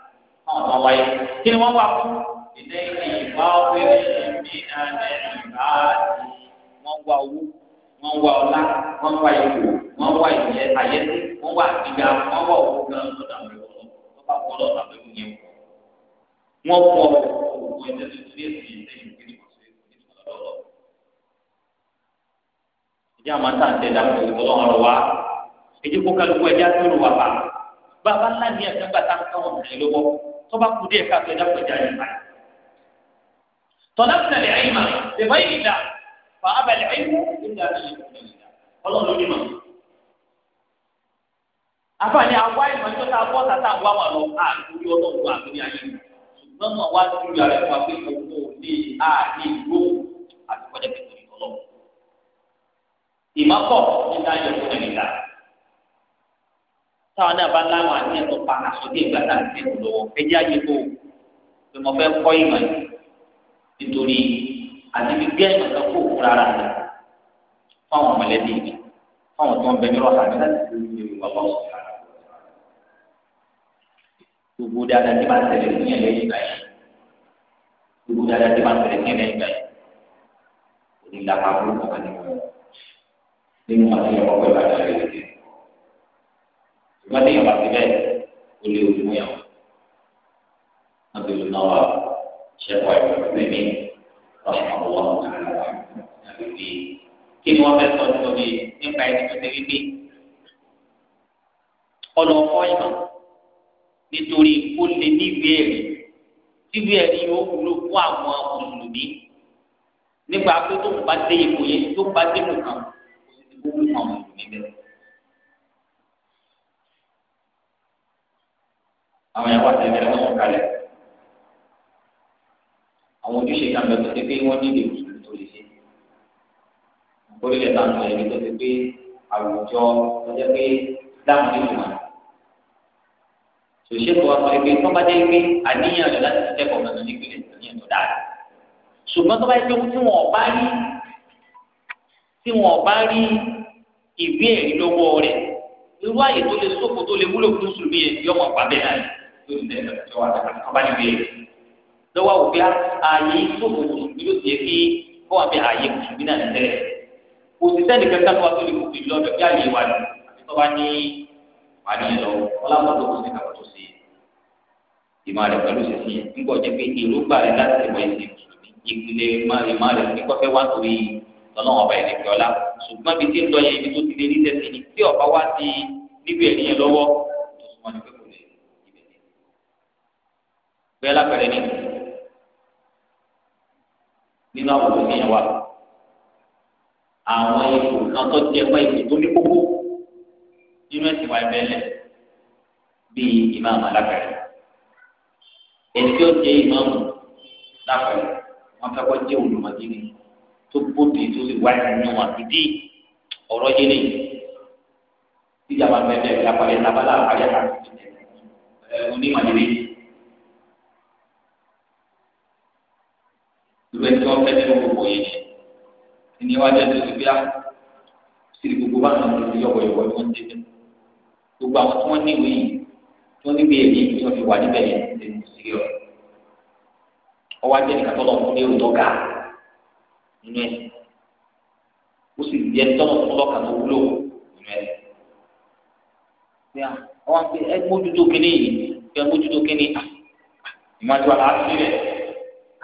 àwọn wáyé kí ni wọ́n wá fún ìdẹ ìbá obìnrin mi àná ìbá àti wọ́n wá owó wọ́n wá ọlá wọ́n wá ipò wọ́n wá ìyẹ àyẹsí wọ́n wá àgbéga wọ́n wá owó gan lọ́dọ̀ àwọn ẹ̀kọ́ wọ́n bá wọ́n lọ́dọ̀ àwọn ẹ̀kọ́ yẹn wọ́n pọ̀ òkú ẹ̀jẹ̀ tó ti rí èsì ìdẹ ìkiri ìjà máa ń tà ń tẹ̀ dàpọ̀ ìtọ́lọ́wọ́n lọ wá èjì kó kálukú ẹ̀jẹ̀ á tó lù wà bá bàbá ńlá ni ẹ̀ka gbàtà ń káwọn ọ̀nà ìlú bọ́ tó bá kú díẹ̀ káàtó ẹ̀dá pẹ̀já yẹn báyìí. tọ́lá fúnlẹ̀ ẹ̀yìn mà bẹ̀bá yìí dà fà abẹ́lẹ̀ ẹ̀yìn nígbà tí yẹn kò lè dà ọlọ́run ló ní mà. àfààní àwa ìmọ̀ tó ta bọ́ tata àwa wà lọ àdúrí ọlọ́run wà lórí ayé ṣùgbọ́n mà wá dúró yàrá ẹ̀fọ́ pé owó lè àdé ìgbó àti kọjá pẹ̀lú ìkọlọ́. ìmọ̀kọ̀ nígbà yẹn kò lè dà táwọn náà bá láwọn àníyàn tó pa àsọdí ìgbà náà ti ń lọ́wọ́ ẹjẹ́ ayé kó pé mo fẹ́ kọ́ ìmọ̀ yìí nítorí àti fi gé ìmọ̀ kan kó òkú rárá rẹ̀ fáwọn mọ̀lẹ́bí mi fáwọn tó ń bẹ nírọ̀ àmì láti fi ìwé ìwà wọn sọ̀rọ̀ gbogbo dáadáa tí máa tẹ̀lé ní ẹ̀lẹ́ ìgbà yìí gbogbo dáadáa tí máa tẹ̀lé ní ẹ̀lẹ́ ìgbà yìí onílàpá burúkú kan nínú nínú àti ọ̀pọ̀ pẹ̀lú àti ẹ̀rọ ṣùgbọ́n tí yàrá ti bẹ́ẹ̀ ó lé ojú yàn wọ́n ti lù náà wà ṣẹ́kọ̀ ẹ̀rọ mímí lọ́sàn-án wọ́n àbí bí kí ni wọ́n fẹ́ sọ fún mi nípa ẹni tó ti rí bí ọ̀nà ọ̀fọ́ ìmọ̀ nítorí kó lè ní ìwé ẹ̀rí ẹ̀rí yóò wúlò fún àwọn mùsùlùmí nígbà pé tó ń bá dé ipò yẹn tó bá dé ipò kò sí gbogbo àwọn mùsùlùmí bẹ́ẹ̀. àwọn ìyàwó àti ẹ̀mí wọn sùn kalẹ̀ àwọn ojúṣe kan bẹ tó ṣe pé wọ́n nílò ìṣòro tó lè ṣe orílẹ̀ náà lọ ẹni tó ṣe pé àwùjọ tó jẹ́ pé dáhùn nínú wọn ṣòṣèlú wa sọ pé tó bá jẹ́ pé àníyàn rẹ̀ láti ṣiṣẹ́ pọ̀ mọ́tò ní ìpínlẹ̀ ìpínlẹ̀ tó dáa ṣùgbọ́n tó bá jẹ́ pé wọ́n bá rí tí wọ́n bá rí ìwé ẹ̀rí lọ́wọ́ rẹ̀ irú àyè tó lè sóko tó lè wúlò fún sùnmí ẹ̀ yọmọ pàbẹ́ náà tó ń dẹ́nu tó wà lọ́wọ́ ọba níbi ẹ̀ lọ́wọ́ òbí ààyè tó kò mùsùlùmí ló ti yẹ kí kó wà bí ààyè mùsùlùmí náà tẹ́lẹ̀ kò sí sẹ́ni kẹta tó wà tó lè kó bìí lọ́dọ̀ bí ààyè wà ní àti tó bá ní wà ní lọ ọlọ́mọ tó kò sí kàwé tó sí ìmọ̀ rẹ̀ pẹ̀lú sísè yẹn nígbà ọjọ́ pé èròǹgbà rẹ̀ láti mọ ẹsẹ̀ mùsùlùmí ìpìlẹ̀ ìmọ̀ rẹ̀ ní kọ́fẹ́ wá torí tọ́lọ́wọ́n ọba bẹ́ẹ̀ lápẹ̀rẹ̀ ní nínú àwùjọ ní ìyàwó àwọn ipò kan tó jẹ pé ipò tó ní kókó nínú ẹ̀sìn wa ẹ̀bẹ̀ lẹ̀ bíi ìmáàmù alápẹ̀rẹ̀ ètò jẹ ìmáàmù lápẹ̀rẹ̀ wọn fẹ́ kọ́ jẹ́ olùmọ̀gírí tó bóde tó sì wáyé nínú àbídí ọ̀rọ̀ yẹlẹ̀ ìjàmbá bẹ́ẹ̀ bẹ́ẹ̀ lápẹ̀rẹ̀ lábàlá àpáyà onímọ̀ yẹlẹ̀ ìwé tí wọ́n fẹ́ nínú gbogbo yìí ni ìní wájú ẹ̀sìn ti bíá síbi gbogbo bá àwọn olùdí ọ̀wọ̀ ìwọ̀ ni wọ́n ti dé gbogbo àwọn tí wọ́n ní ìwé yìí tí wọ́n níbi èyí tí wọ́n fi wà níbẹ̀ yẹn ti mú sí rẹ̀ ọwọ́ ajé nìkan tọ́lọ̀ fún ní òótọ́ ga nínú ẹ̀ ó sì yẹ tọ́lọ̀ fún lọ́kà tó wúlò nínú ẹ̀ wọ́n pe ẹ mójútó kínní yìí ẹ mójútó kínní ìmọ̀ àti wàhálà á sílẹ̀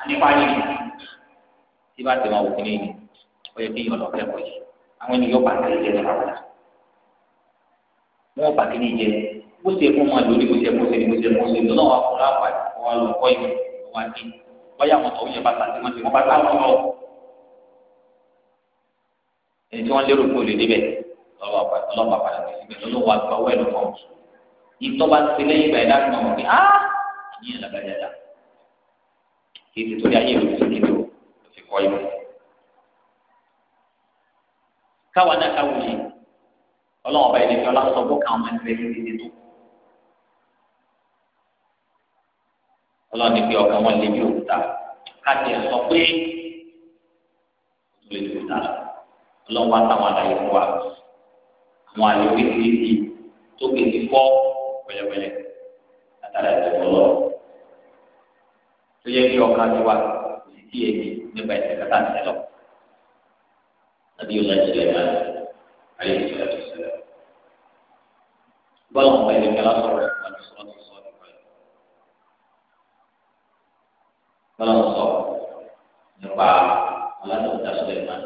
yìí tí bá ti máa wò kíní yìí ó yẹ kí yọ̀ lọ kẹ́kọ̀ọ́ yìí àwọn ènìyàn bá kíní jẹ sáwọ́dà wọ́n bá kíní jẹ bó ṣe fún wọn lórí bó ṣe bó ṣe bó ṣe bó ṣe lọ́nà wà fún láǹfà wọn lọ kọ́ yìí wọ́n á dé wáyà wọn tọ̀ yẹ bàtà tí wọ́n ti wọ́n bá sáwọn lọ. ẹni tí wọ́n lérò pé olè débẹ̀ lọ́wọ́ padà sí ibẹ̀ lọ́wọ́ àgbà wẹ́ẹ̀lú fọ́ọ̀mù ìtọ́ba ti lẹ́yìn ìgbà yẹn láti mọ̀ mọ́ pé á ìyẹn làbàjá dà kí ètò ìyá yẹn lò sí kíkọ́ kọ́ ìmọ̀ káwa náà ká wòye ọlọ́wọ́n ọba ìlẹ̀kẹ́ ọlọ́sọ bó káwọn máa ń tẹ̀lé títí tó ọlọ́wọ́n ní pé ọkàn wọn lè bí òkúta káàkiri sọ pé lè tó ta ọlọ́wọ́ àtàwọn àlàyé fún wa àwọn àlè oríṣiríṣi tó kéde fọ́ pẹ̀lẹ́pẹ̀lẹ́ látara ìtọ́jú ọlọ́wọ́ tó yẹ kí ọkàn ti wá sí ti ẹ̀mí nípa ẹsẹ̀ kátà sẹ́lọ̀ àbí ọ̀la ìṣẹ̀lẹ̀ máa ayé ìṣẹ̀lẹ̀ tó ṣẹlẹ̀. bọ́lá ọ̀pọ̀ ẹ̀dẹ̀ kẹlá sọ̀rọ̀ ẹ̀kọ́ ní sọ́ọ́ tó sọ́ọ́ nípa ẹ̀. bọ́lá ọ̀sọ̀ nípa aládùúgbò ṣẹlẹ̀ máa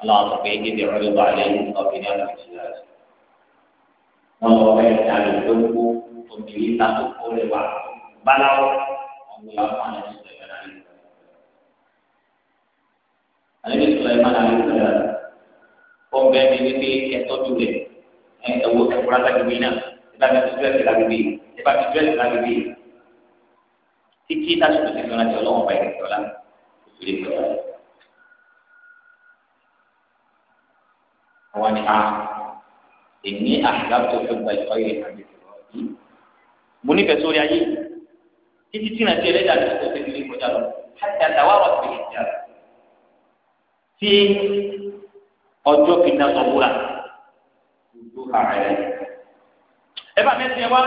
aláwọ̀ pé kéde ọ̀rẹ́ bá alẹ́ yìí kọ́ bí ní àlọ́ ìṣẹ̀lẹ̀ àti. wọ́n lọ bẹ́ẹ̀ ní alẹ́ gbogbo obìnrin látòkó rẹwà báláwo ọ̀gbìn ànábì Sulaiman alayisalaam ó ń bẹ mi wípé ẹtọ́jú rẹ ẹwọ ẹkùnrin alágbèbí náà ẹbá mi ti dúrẹ́sì lágbèbí ẹbá mi dúrẹ́sì lágbèbí títí lásìkò tí fúnra jẹ ọlọ́wọ́n bá ìrẹsì ọ̀la òṣèré fi ọ̀la. àwọn ni a èmi àgbàtò fún gba ìkọ́ ìrìn àjò ìrọ̀ yìí mo nífẹ̀ẹ́ sórí ayé títí tí ìrántí ẹlẹ́dàá ti sọ sí lọ láti àtàwárọ̀ sí ìjà rẹ̀ tí ọjọ́ kìíní àtọ̀ wúrà gbogbo ara rẹ̀. ẹ bá mẹ́sìn ẹ wá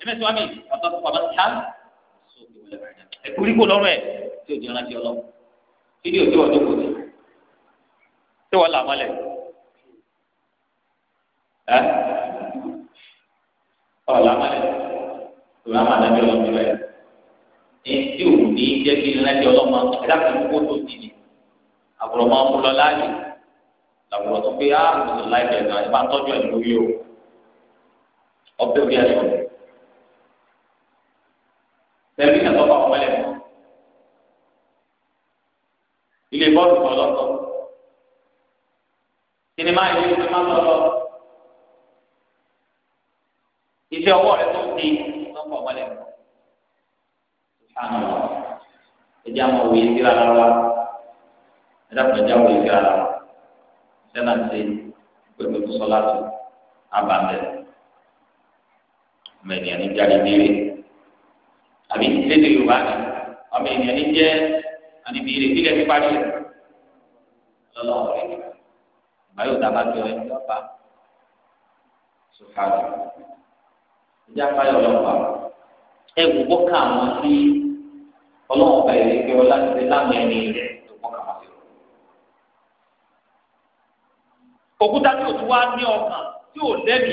ẹ mẹ́sìn wá mi ọ̀tọ̀ tó pàmò sáà sọ ìwé rẹ̀ ẹ kúrí kó lọ́rùn ẹ̀ tí òjò rántí ọlọ́ fídíò tí wọ́n jókòó sí tí wọ́n là mọ́lẹ̀ ẹ ọ̀ là mọ́lẹ̀ tó rà máa dábẹ́ ọlọ́run bẹ́ẹ̀ ẹ tí òun ní jẹ́ kí rántí ọlọ́run ẹ dákun kó tó ti ní àbúrò máa mú lọ láàyè làbúrò tó pé á ah, àbúrò láì bẹ̀rẹ̀ náà ẹ bá tọ́jú ẹ̀ lórí o ọbẹ̀ orí ẹ̀sọ́ tẹ̀lé ìyàtọ̀ bá wọn lẹ̀ ilé bọ́ọ̀lù kan lọ́tọ̀ sinimá yìí sinimá lọ́tọ̀ iṣẹ́ ọwọ́ rẹ tó ń di lọ́pọ̀ wọn lẹ̀ sùpàmù ẹ̀jẹ̀ àwọn òye síra lára ẹlẹ́kọ̀ọ́jà wò ìfẹ́ ara wa sẹ́nà ṣe pẹ̀lú sọ́lá tó abàmẹ́ ọmọ ènìyàn ní jáde nílé àbí lédè Yorùbá ni ọmọ ènìyàn ní jẹ́ àdìbí rẹ̀ kílẹ̀ ti parí rẹ̀ lọ́lọ́wọ́ rẹ̀ ìgbà yóò dábàá tó ẹ̀ ní ọ̀pá sùkàdù ìjà fáyọ̀ ọlọ́pàá ẹ̀ wò bọ́kà wọn sí ọlọ́wọ́ bá yẹ kí ọlá ti lámẹ́ni rẹ̀. òkúta tí o ti wá ní ọkàn tí o lẹ́mí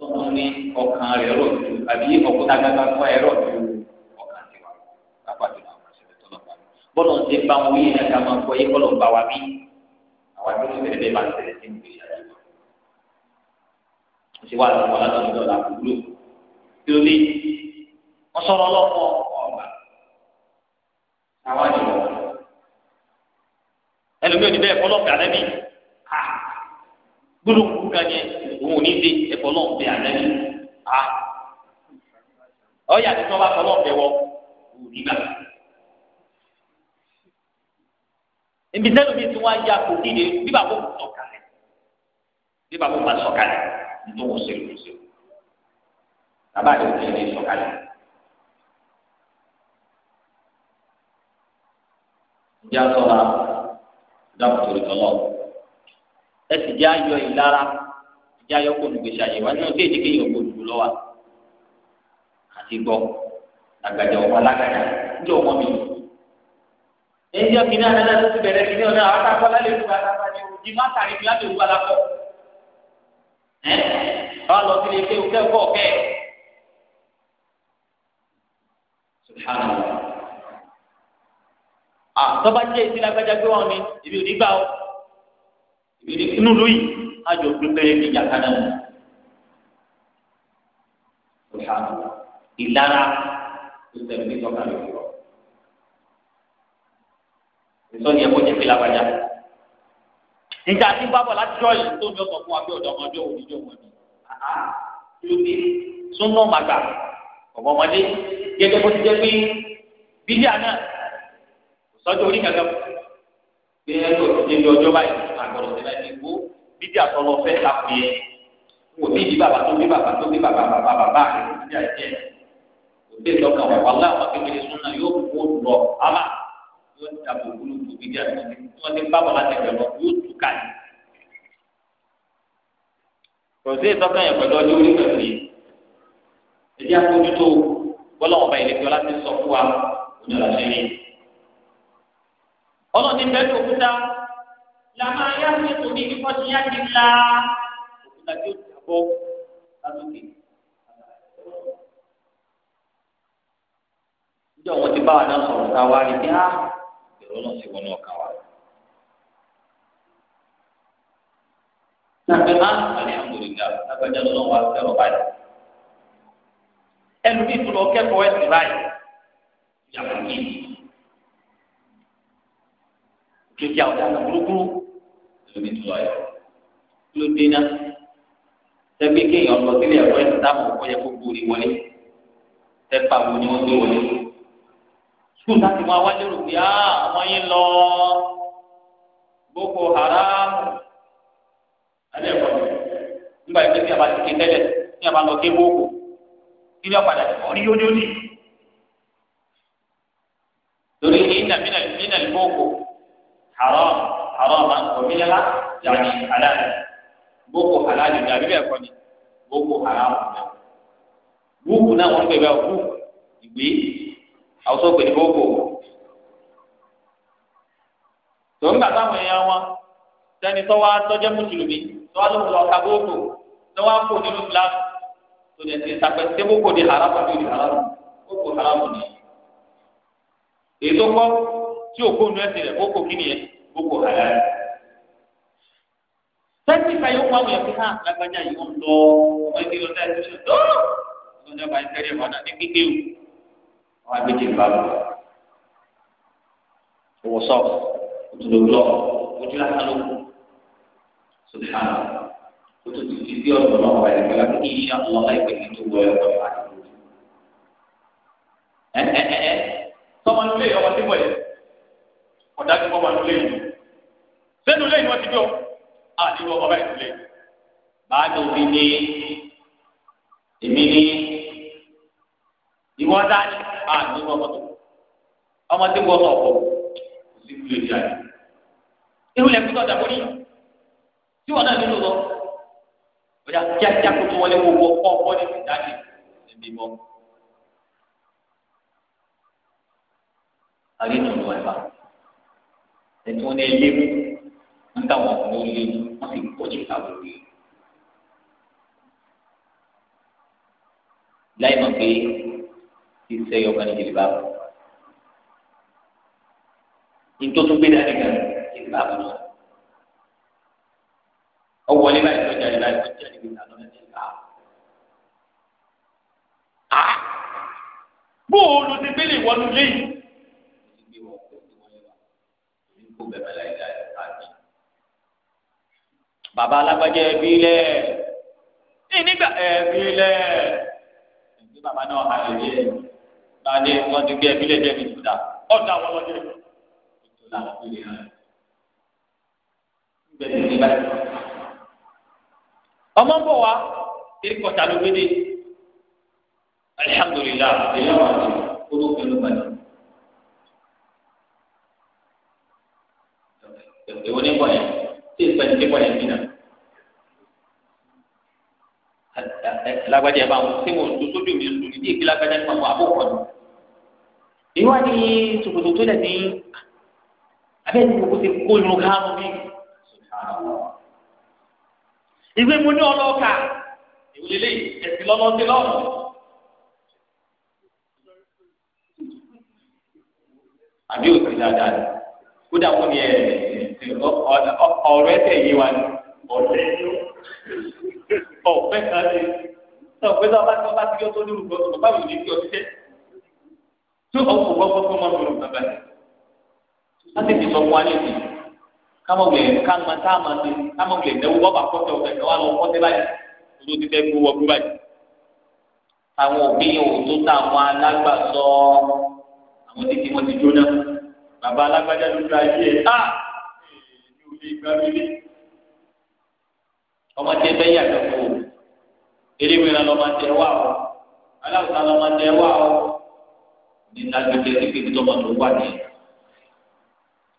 ọlọ́run ní ọkàn rẹ̀ rọ̀ ju àbí òkúta gbàgbà fún ẹ rọ̀ ju ọkàn tiwa lápàtì náà wọ́n ṣẹlẹ̀ tọ́lọ̀ pa bọ́lọ̀ ń ṣe bá wọn yé ẹ̀ka máa ń kọ́ yé kọ́lọ̀ ń bá wa bí àwa tó ń bẹ̀rẹ̀ bẹ́ẹ̀ máa ń tẹ̀lé sí ìgbésí ayé wa. ó wá lọ́wọ́ látọ̀dọ̀ dọ́là àbúrò kí wọ́n sọ̀rọ̀ ẹlòmíràn ní bẹ́ẹ̀ kọ́lọ́ kúlù ń kúkà yẹn òun ò ní ṣe ẹ̀kọ́ náà bẹ àlẹ́ mi a ọ̀yà tí wọ́n bá kọ́ náà bẹ wọ òun nígbà. ibi sẹ́nu mi ti wá ya kò dìde bí bàbá òun sọ kalẹ̀ bí bàbá òun bá sọ kalẹ̀ nítorí òun ṣe lòun ṣe bàbá àti òun ṣe sọ kalẹ̀. ìyá sọ̀rọ̀ dáàbò torí tọ́lọ́ọ̀ ẹ sì jẹ́ ayọ̀ ìlara ìjẹ́ ayọ̀ kò nùgbèsè àyè wá nínú tí èdè kéèyàn kò dùn lọ́wọ́ àti gbọ́ àgbàjà ọmọ alágbàjà ńjọ ọmọ mi. ẹnjẹ kìnìún adájọ́ tó ti bẹ̀rẹ̀ kìnìún náà àwọn akọ lálẹ́ ìlú alágbàjà ìdí má tàrí mi láti ìlú alákọ. ẹ ọ lọ sí ilé kéwù kẹ́kọ̀ọ́ kẹ́ ẹ̀. subhanallah. àtọ́bàjẹ́ ìsìlágbàjà gbé wọn ni ìbí ò ní gbà ó inú lóyè àjọ pípẹ́rẹ́ ní jàkadà wọn. ìlara tó tẹ̀lé ní sọ́kà lè fọ́. ìsọ̀nì ẹ̀kọ́ jẹ́ fìlà wájà. níta tí ń bábọ̀ láti jọ́ yìí tó ń yọ̀tọ̀ fún abẹ́ ọ̀dọ́ ọmọdé òní jọ wọn ni. lóde súnmọ́ màgbà ọ̀gbọ́n ọmọdé gẹ́gẹ́ bó ti jẹ́ pé bíjà náà sọ́jọ́ orí kankan bí ẹgbẹ́ òṣìṣẹ́ bí ọjọ́ báyìí gbọ́dọ̀ sí láti gbó bíjà tọlọ fẹ lápò yẹ wò ní ìdí bàbá tó bí bàbá tó bí bàbá bàbá bàbá rẹ ní àjẹ òde lọkàn wà wà láwọn kékeré súnà yóò kó lọ àmà yóò dàbò gbólógbò bíjà tó ní wọn ní bábọ láti ẹgbẹ lọ yóò tù ká yìí. kò sí ìtọ́kàn yẹn pẹ̀lú ọjọ́ orí pẹ̀lú yìí ẹ̀dí àkójútó bọ́lọ́wọ́n bá ìlẹ́kẹ́ bẹ́ẹ̀ tó kúta làmà yára tó ní kíkọ́ ti yá ti la òkúta tí ó ti bọ́ lásòkè. Ìjọ wọn ti bá wa náà sọ̀rọ̀ ká wá rí bí á ìrọ̀ náà sí wọn náà kà wá. Tàbí á àlẹ́ àmúrìnga lágbájá lọ́nà wa fẹ́ràn báyìí. Ẹnu bí ìtura kẹ́kọ̀ọ́ ẹ̀sìn báyìí yàtọ̀ kí. Kìkì àwọn ọ̀daràn burúkú lómi tó lọ yọ ló dé ná tẹgbẹ kéèyàn lọ sílé ẹ̀kọ́ ẹsẹ táàbù kó yẹ kó gbòòrè wọlé tẹpà wo ni wọn gbé wọlé sukùl láti mọ awájú rò pé àwọn yín lọ Boko Haram alẹ́ ẹ̀kọ́ nígbà yìí pé kí a bá ti ké tẹ́lẹ̀ kí a bá lọ ké boko kí ni ọ̀padà ọ̀rí yóò ní torí ní nàmínà boko haram haraman wa milala yani halal boko halal ni àbí bẹ́ẹ̀ kọ́ ni boko haram ni buku náà wọ́n pè bẹ́ẹ̀ bu ìgbé àwùjọ pè ní boko tó ń gbà táwọn èèyàn wọn sẹ́ni tó wá tọ́jẹ́ mùsùlùmí tó wá lóhùn lọ́ka boko tó wá kó nínú fúlàmù tó lè ti sàpẹ́ sí boko di haram àbí di haram boko haram ni èyí tó kọ́ tí òkú nu ẹsẹ̀ rẹ̀ boko kí ni yẹn gbogbo halal sẹ́ńtì kan yóò wáwọ̀ yẹn fi hàn lágbájá yìí ń lọ wọ́n ti ọ̀dà ẹ̀sìn ṣe tó wọ́n ní ọba yìí tẹ́lẹ̀ mọ́ná ní pípé o wọ́n á gbé jẹ ìbámu owó sọ òtúndòwúlọ ojú lásán ló kù sùdìhàn o tó ti fi bí ọ̀dọ̀ náà wà lẹ́gbẹ̀ẹ́ láti kí iṣẹ́ ọ̀nà láìpẹ́ kí tó wọ ẹ̀kọ́ ìpàdé ẹ̀ ẹ̀ ẹ̀ sọmọ nílé ọmọ tí mo yẹ ọ̀dájú wọn wà lólè yìí sẹ́nu lẹ́yìn wọn ti jọ àdìrò ọba ìtúlẹ̀ báàdó mi ní èmi ní ìwọ́n dání àdìrò ọmọ tó ọmọ tí wọ́n sọ̀ pọ̀ sí ìlú èdè àyè irú lẹ́kùn tó dàbọ̀ nìyàn tí wọ́n náà nínú lọ ọjà kíákíá kó tó wọlé wọ́wọ́ ọ̀pọ̀ ní ìdájì ẹ̀mí mọ́. àríyànjú ẹ̀ bá ẹni wọn ní ẹ léwu ń táwọn ọkùnrin ó léwu wọn sì pọ̀ jù táwọn òbí. láì mọ̀ pé iṣẹ́ yọkan ní jìlìbá bọ̀. nítorí gbé dání kan jìlìbá bọ̀ náà. ọwọ́ ní báyìí lọ́jà ìlà ìtọ́jú ẹ̀dínwó ìlànà lọ́nà jìlìbá. bó o lo ti gbélé ìwọ́nú léyìí. bẹ̀rẹ̀ láìka ẹ̀ káàdì. bàbá alágbájá ẹbí lẹ̀ nígbà ẹbí lẹ̀ ẹbí bàbá náà hà lè yẹ báyìí wọ́n ti gbé ẹbí lẹ̀ jẹ́ mi kúta ọ̀dà wọn lọ́jọ́ ètò làwọn fi lè hàn. bẹ́ẹ̀ ni báyìí ọmọ ń bọ̀ wá erikọta ló gbé dé alihamudulilayi ẹ̀yọ́ wa ti olóògbé ló bá èwo ní bọ̀yẹn tí ìsọ ní bọ̀yẹn bí náà lágbájá ẹ̀ bá wọn tí mo tó sójú mi lù ní bí èké lágbájá ní pàpọ̀ àbúkọ̀ ni ìwà ni tòkòtò tó lẹ̀ ní abẹ́ ní kòkòtò kó irun kárùn bí ìwé mo ní ọlọ́ọ̀ka ìwé lélẹ́yìn ẹ̀sìn lọ́lọ́ọ̀dé lọ́rùn. àbí òsì dáadáa kódà wọn ni ẹ ẹsìn ọ̀rọ̀ ẹsẹ̀ yìí wà ní ọ̀rẹ́ ọ̀fẹ́ kan ní ọ̀fẹ́ tó bá tó bá tó tó ní olùkọ́ tó bá wù ní kí ọtí tó ọkọ̀ gbọ́gbọ́ fún ọmọ mi bàbá rẹ̀ wọ́n ti fi sọ fún wa ní ìsìn káma wulẹ̀ káma táàmà ti káma wulẹ̀ dẹ́wọ́ bọ́ba kọ́tẹ́ ọ̀fẹ́ ẹ̀ wà lọ kọ́tẹ́ báyìí olú ti fẹ́ gbowó ọgbó báyìí àwọn òbí yòó tó fi gbàgbé lé ọmọdé bẹ́ẹ̀ yàtọ̀ fún o eléwéra lọ́mọdé wà o aláwùjọ lọ́mọdé wà o ní nàgbèjẹ ní kébi tó mọ̀tò wà ní.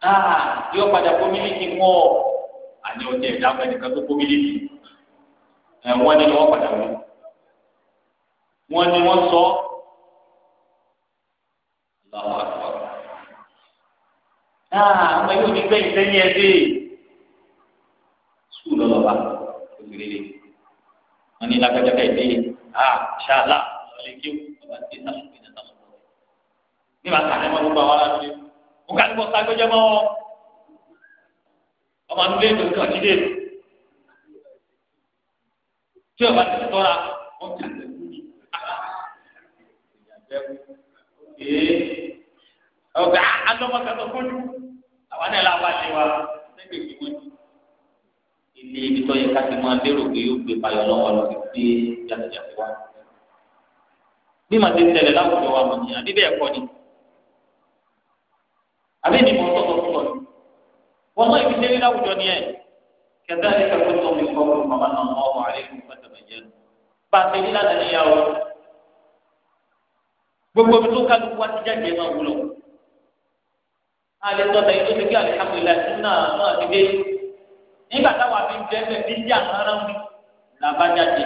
aa ah, yóò padà kó mílíkì mọ́ ọ àní ọjà ẹ̀dá ẹnìkan tó kó mílíkì wọ́n ní wọ́n padà wọ́n wọ́n ní wọ́n sọ lọ́wọ́ àgbà. aa ọmọ yóò ní bẹ́ẹ̀ sẹ́yìn ẹ̀ dé sukuu lọ lọba òsèré lè wọn ní lágbàjọkẹ ìdílé a ṣáàlà ọlẹ kí o bàbá ti sàmù pé náà sàmù lọ ní bá kàdé mọ gbogbo àwọn aláàbí mo ká gbọ́ sagbẹjẹ mọ ọmọ nulẹ ètò ìtọ jíde tí o bá ti tọ́ra ó ti tẹ̀ ee ọgá alọmọkàtọ fún àwọn náà la wá lé wa ṣẹgbẹ ìgbìmọ̀ yìí ilé ibi tó yẹ ká ti máa lérò pé yóò gbé payọ lọ́wọ́ lọ sí pé jàdùjàdù wa. bí màá ti tẹ̀lé láwùjọ wa mọ̀ ní àbí bẹ́ẹ̀ kọ́ ni. àbí èmi kan tọ́tọ̀ fún ọ wọn náà ibi tẹ́lẹ̀ láwùjọ ni ẹ̀ kẹta ẹ̀ kẹta tó mi kọ́ fún màmá náà mọ́ ọmọ àlẹ́ fún fún àtàbàjẹ́ bá a tẹ̀lé láti ní yàwó gbogbo mi tó kálukú wá ti jáde náà wúlò. alẹ́ tọ́ta nígbà táwa fi ń bẹ́ẹ̀ bí díà rárá wí làbájáde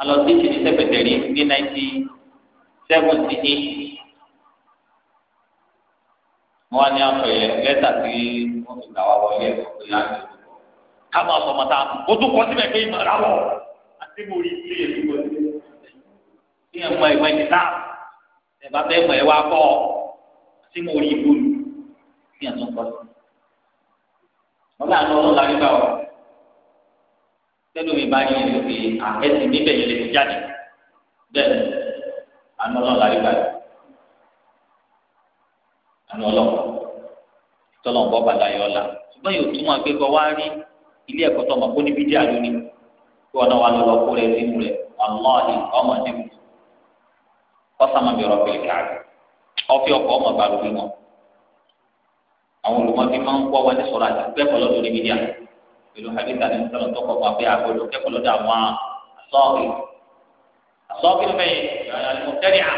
alọ́sí ti ní sẹ́pẹ̀tẹ̀rì ní nineteen seventy eight wọ́n á ní àpẹ lẹ́tà tí wọ́n fi gbà wá wọlé ẹ̀kọ́ pé á lè ká máa sọmọ tá o tún kọ síbẹ̀ pé ìmọ̀ làwọ̀ àti mo rí ilé ìlú wọlé ní ẹ̀mọ́ ìmọ̀ ìdílá ẹ̀bá bẹ́ẹ̀ mọ̀ ẹ̀ wá kọ́ ọ àti mo rí ìlú ní ẹ̀tún kọ́ wọn lànà ọlọ́la nígbà wọn tẹlifí bá yẹn lókè àkẹ́sì níbẹ̀ yẹn lè fi jáde bẹ́ẹ̀ àná ọlọ́la nígbà yẹn àná ọlọ́la tọ́lọ̀ ń bọ́ padà yọ ọ́ la ṣùgbọ́n yóò túmọ̀ pé kọ́ wá rí ilé ẹ̀kọ́ tó ọmọ kó ní bídíà lónìí kí wọn náà wà lọ́lọ́ kó rẹ̀ sínú rẹ̀ ọmọ níbi kọ́sàmọ́ mi rọ̀ pẹ̀lú káàdì ọ̀fẹ́ ọmọ gbàlódé wọn àwọn olùmọ́bí máa ń kọ́ wa ní sọ̀rọ̀ àti kẹ́kọ̀ọ́ lọ́dún ní mídíà pẹ̀lú hadith àti sọ̀rọ̀ tọkọ̀ fún abẹ́ àgbọ̀dọ̀ kẹ́kọ̀ọ́ lọ́dún àwọn asọ́ọ̀kì asọ́ọ̀kì mẹ́yìn àlùmọ̀tẹ́rì à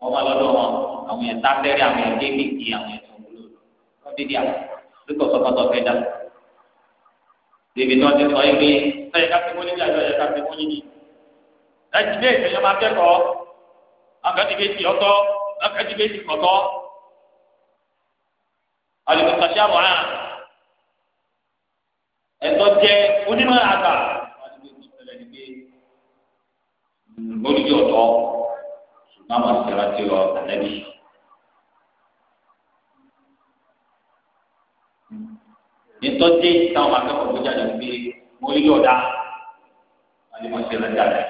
wọ́n máa lọ́dún wọn àwọn yẹn táfẹ́rì àwọn yẹn débìkì àwọn yẹn tó ń wúlò lọ́dún mídíà lókọ̀ sọ́kọ́tọ̀ fẹ́ dà débi tí wọ́n ti sọ yìí pé sẹ́yìn ká ti mú níbi àjọ yẹn ká ti mú níbi láti dé ìfẹ̀yọ́ máa kẹ́kọ̀ọ́ akadìbẹ́sì alùpùpàṣẹ àwọn ẹ̀tọ́ jẹ onímọ̀ àgbà olùdí ọ̀tọ̀ ṣùgbọ́n àwọn ìṣẹ̀lá ti rọ ànẹ́bí. nítọ́jú táwọn akẹ́kọ̀ọ́ tó jáde gbé olùdí ọ̀dà àlùmọ̀ ìṣẹ̀lá jáde.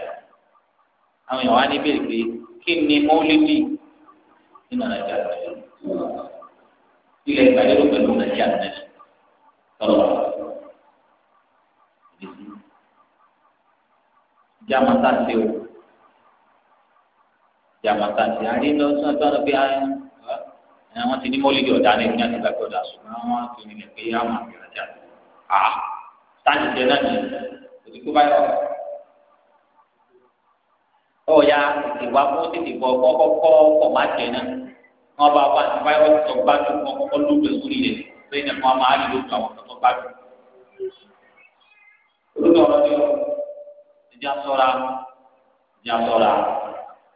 àwọn èèyàn wá níbẹ̀ pé kí ni mọ́lídì nínú àlàjá rẹ̀ wò ilẹ̀ ìgbàlérò pẹ̀lú nàìjí àtẹ̀lẹ́ tọ́lọ̀ ìdíjí jamata ti o jamata ti a rí lọ sí ọjọ́ náà pé àwọn ti ní mọ́lìdì ọ̀dà ní ìpínlẹ̀ àti ìgbàgbọ́ ọ̀dà ṣùgbọ́n àwọn ti ní ilẹ̀ pé àwọn àmì ìrajà à táàtì jẹ náà nìyẹn òtí kó báyọ̀ ọ̀ya ìwà fún títì bọ̀ kọ́kọ́ kọ́ kọ̀ má jẹ náà wọn bá wà ní báyọ̀ tó gbádùn wọn kọ́kọ́ lóògbé sórí rẹ̀ lẹ́yìn náà wọn máa rí lóògbé àwọn tó gbádùn. olùdó ọ̀rọ̀ ni ó ìjà sọ́ra ìjà sọ́ra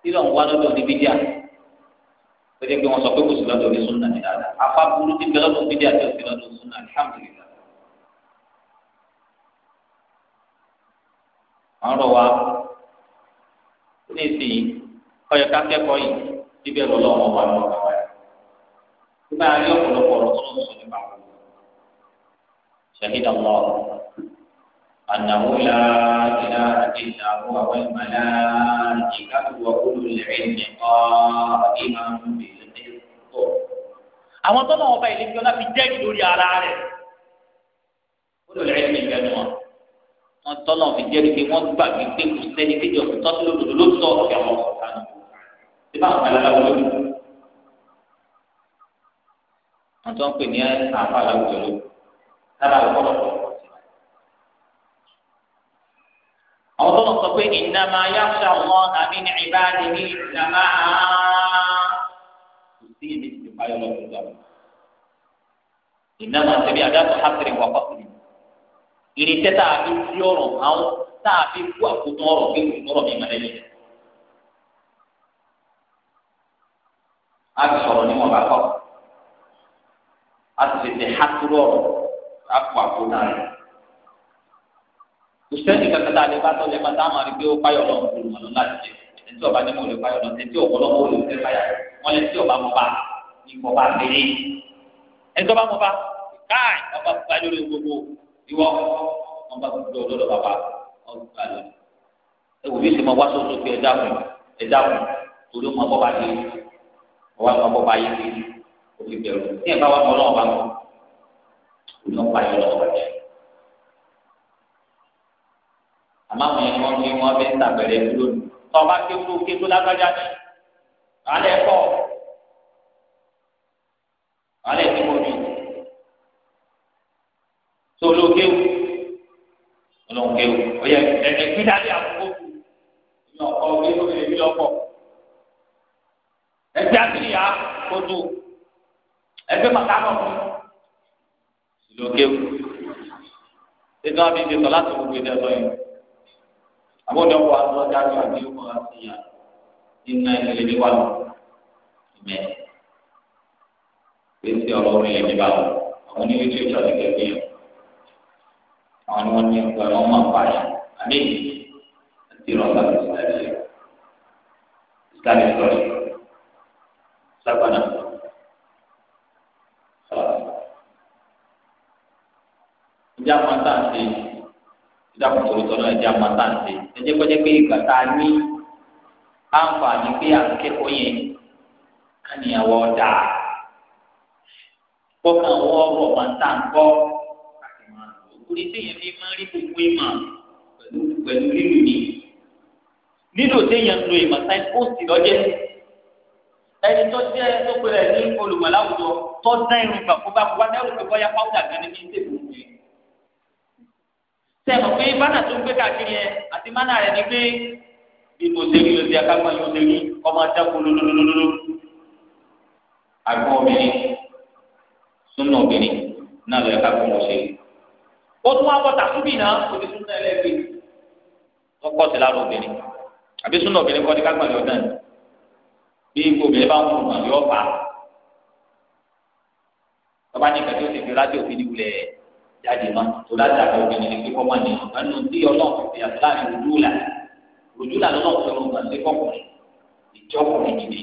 kí ló ń wá lọ́dọ̀ níbi díà ó jẹ́ pé wọ́n sọ pé kò sí lọ́dọ̀ ní súnà ní dáadáa afá burú ti bẹ lọ́dọ̀ níbi díà tó sí lọ́dọ̀ súnà alhamdulillah. àwọn ọ̀rọ̀ wa ní ìsìn ọ̀yọ̀ ká yìí síbẹ̀ lọ́lọ́ ọmọ wa lọ́wọ́ nígbà rí ọ̀pọ̀lọpọ̀ ọ̀rọ̀ tó ń sọ nípa wọn. شهد الله أنه لا إله إلا هو والملائكة وأولو العلم قائما بالقسط àwọn tó náà ọba ìlẹ́jọ́ náà fi jẹ́rìí lórí ara rẹ̀ olùrẹ̀ ní ìgbẹ́nu wọn wọn tọ́ náà fi jẹ́rìí pé wọ́n gbà pé kò sẹ́ni kéjọ tó tọ́sí lòdòdó ló sọ ọ̀gá wọn sọ̀tàn nípa àwọn aláwọ̀ lórí wọn tó ń pè ní àfa làwùjọ ló lára ọ̀pọ̀lọpọ̀ àwọn tó ń sọ pé innama yakhsha Allaha min ibadihi al-ulama kò sí èmi ti bá lọ sí ìjọba innama tẹbi àdáàtọ hàtìrì wà pàtìrì ìrìntẹ tá a fi fi ọ̀rọ̀ àwọn tá a fi kú àkótó ọ̀rọ̀ pé kò tọrọ mi màlẹ yẹn. a ti sọ̀rọ̀ níwọ̀n bá kọ́ láti lè fi hàtúrọ̀ àpò àpò náà rẹ̀. kùsẹ́ẹ̀nì kankan tá a lè bá tọ́ lè bá tá a máa rí pé ó páyọ̀ lọ́wọ́ olùmọ̀ lọ láti jẹ ẹni tí ọba ní mo lè páyọ̀ lọ ẹni tí ọ̀pọ̀ lọ́wọ́ olè fẹ́ páyà wọn lè tí ọba mo bá ní mo bá fèrè ẹni tó bá mo bá káì ọba gba lórí gbogbo ìwọ wọn bá gbogbo ọlọ́dọ̀ bàbá ọgbà lórí ewu bí sèmo wá sọ́sọ́ pé ẹ dákun ẹ dákun torí ọmọ bọ́ bá yé ọwọ́ ọmọ kò fi bẹ̀rù tí ẹ̀ bá wà lọ́wọ́ bá lọ kò ní ọ̀pá yọ lọ́wọ́ bàjẹ́. àmọ́ àwọn yẹn wọ́n fi wọ́n fi ń tàbẹ̀rẹ̀ dúró ní tọ́ bá ké tó ké tó lágbájá ní alẹ́ kọ́ alẹ́ tí mo ní tó ló kéwù ọlọ́run kéwù ọ̀yẹ́ ẹ̀ẹ́dẹ̀ kí dáadé àkókò ìyọ̀kọ̀ kéwù ẹ̀mí ọkọ̀ ẹ̀jẹ̀ àti ìyá kó dùn ẹgbẹ́ pàtàkì ọ̀hún lókè o ṣètò àbí ṣe sọ láti gbogbo ìdẹ sọ yìí àbọ̀dé ọkọ̀ àtúntò dájú àbí ọkọ̀ àtìyà nínú ìdílé ní wàlú ìmẹ̀ pèsè ọ̀rọ̀ orin lè ní báwọn àwọn oníwé tí ó tọ́ ní kẹ́kẹ́ yẹn àwọn ni wọ́n ní ọgbà wọn máa pa yẹn àbí àti ìrọ̀lá ìsìlámì ìsìlámì sọ̀rọ̀ ẹjẹ amata ṣe ìdàpọ̀ tòótọ́ náà ẹjẹ amata ṣe ẹjẹ kọjá pé ìgbà tá a ní àǹfààní pé à ń kẹ́kọ̀ọ́ yẹn kánìyàwó ọ̀dà kọ́kàn wọ́n rọ̀ máa ń tà ń kọ́ orí téèyàn fi máa rí gbogbo ìmọ̀ pẹ̀lú pẹ̀lú rírì ni nílò téèyàn lo ìmọ̀ sáyẹn pósìtì lọ́jẹ́ ẹni tó jẹ́ tó pẹ̀lẹ́ ní olùmọ̀láwùjọ tó dá irun gbà kó bá wá dẹ́rù pé bọ́yá pàwùdà gan ni kí n tètè sẹ́nu pé bánà tó ń gbé káàkiri yẹn àti mánà rẹ̀ ni pé bí mo ṣe rí lóde akágbọ́n yóò ṣe rí ọmọ adáko lólólólóló àgbọn obìnrin súnà obìnrin náà lọ́ọ́ ẹ̀ka fún ọ̀ṣẹ́ ó tún wá bọ́ tàkúbì náà kò ní súnà ẹlẹ́gbẹ̀ẹ́ wọ́n kọ́ sí lára obìnrin àbí súnà obìnrin kọ́ ní kágbọ́n yóò dán bí ipò obìnrin bá ń fún un yóò fà á bàbá ní ìgbà tí ó ti fi rádìò fi ní wulẹ̀ ẹ̀ jáde mọ́ tó látàrí obìnrin ní kíkọ́ wọn ni ọ̀gá nínú tí ọlọ́run fi àti láàrin rúdúlà rúdúlà lọ́lọ́run fẹ́ràn ọ̀gá sí kọkùnrin ìjọkùnrin nìyí.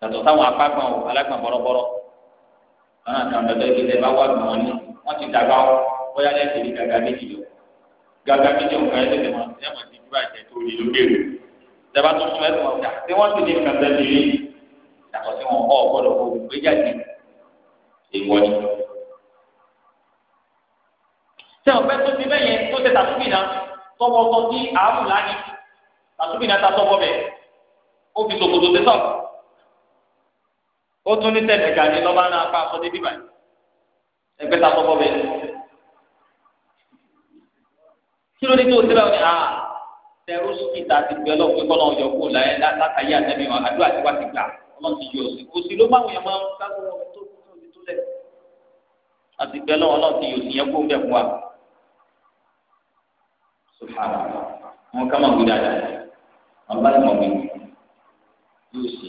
yàtọ̀ táwọn apágbọ̀n ò alágbọ̀n bọ́rọ́bọ́rọ́ wọn àti àwọn ọ̀dọ́ ìgbésẹ̀ bá wà gbọ̀n wọn ni wọ́n ti dàgbà ó bóyá lẹ́sẹ̀ ní gàgà méjì lọ gàgà méjì ọ̀gá ẹlẹ́sẹ̀ wọn ṣẹ́ wọn ti dúró àjẹ tó rí lókèrè ìjọba tó sún ẹ̀sùn ọ̀gá tí wọ́n ti ní nǹkan tẹ́lẹ̀ yàtọ̀ sí wọn ọ̀ gbọ́dọ̀ kó gbéjáde èèwọ̀ ni tẹ ọ̀pẹ tó ti bẹ́yẹn tó ṣe tàtúbìnà tọwọ́ tọ́ sí àábù láàyè tàtúbìnà ta tọwọ́ bẹ̀ ó fi ṣòkòtò ṣe sọ̀ ó tún ní tẹ̀lẹ̀ gàdí lọ́ba náà pa àkọ́dé bíbà ẹgbẹ́ ta tọwọ́ bẹ̀ kí ló ní tó ṣe báwọn ni a ah, tẹ̀rù síta ti gbẹ lọ pé kọ́nà ọ̀yọ́ kò láyé látàyè àtẹ̀mí wa àdúrà ti wá ti gbà ọlọ́run ti yọ òsì òsì ló máa ń yàn máa ń sáré ọ̀rọ̀ tó tó tó lẹ̀ àti gbẹ lọ́wọ́ ọlọ́run ti yọ òsì yẹn kó bẹ̀ fún wa subhanallah wọn kà máa wí dáadáa wọn bá lè mọ wí yóò ṣe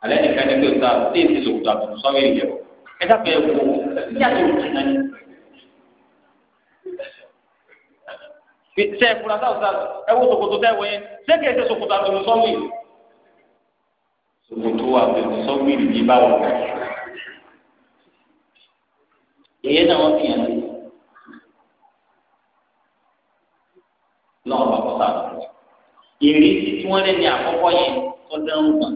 alẹ́ nìkan ní pé o ta tí èsì lòkùtà tó sọ́wọ́ èyí ẹ̀ ẹ dábẹ́ ẹ̀ wò yíyàtọ̀ òkè náà ni. tẹ furasa ọsà ẹwọ ṣòkòtò tẹ wọnyẹ sẹkẹ ẹsẹ ṣòkòtò àbẹnú sọwìn ṣòkòtò àbẹnú sọwìn yìí bá wọn. èyí náà wọn fi hàn lọ́wọ́ bá kọ́ sáà lọ́wọ́. ìrísí tí wọ́n lé ní àkọ́kọ́ yẹn tó dáhùn mọ́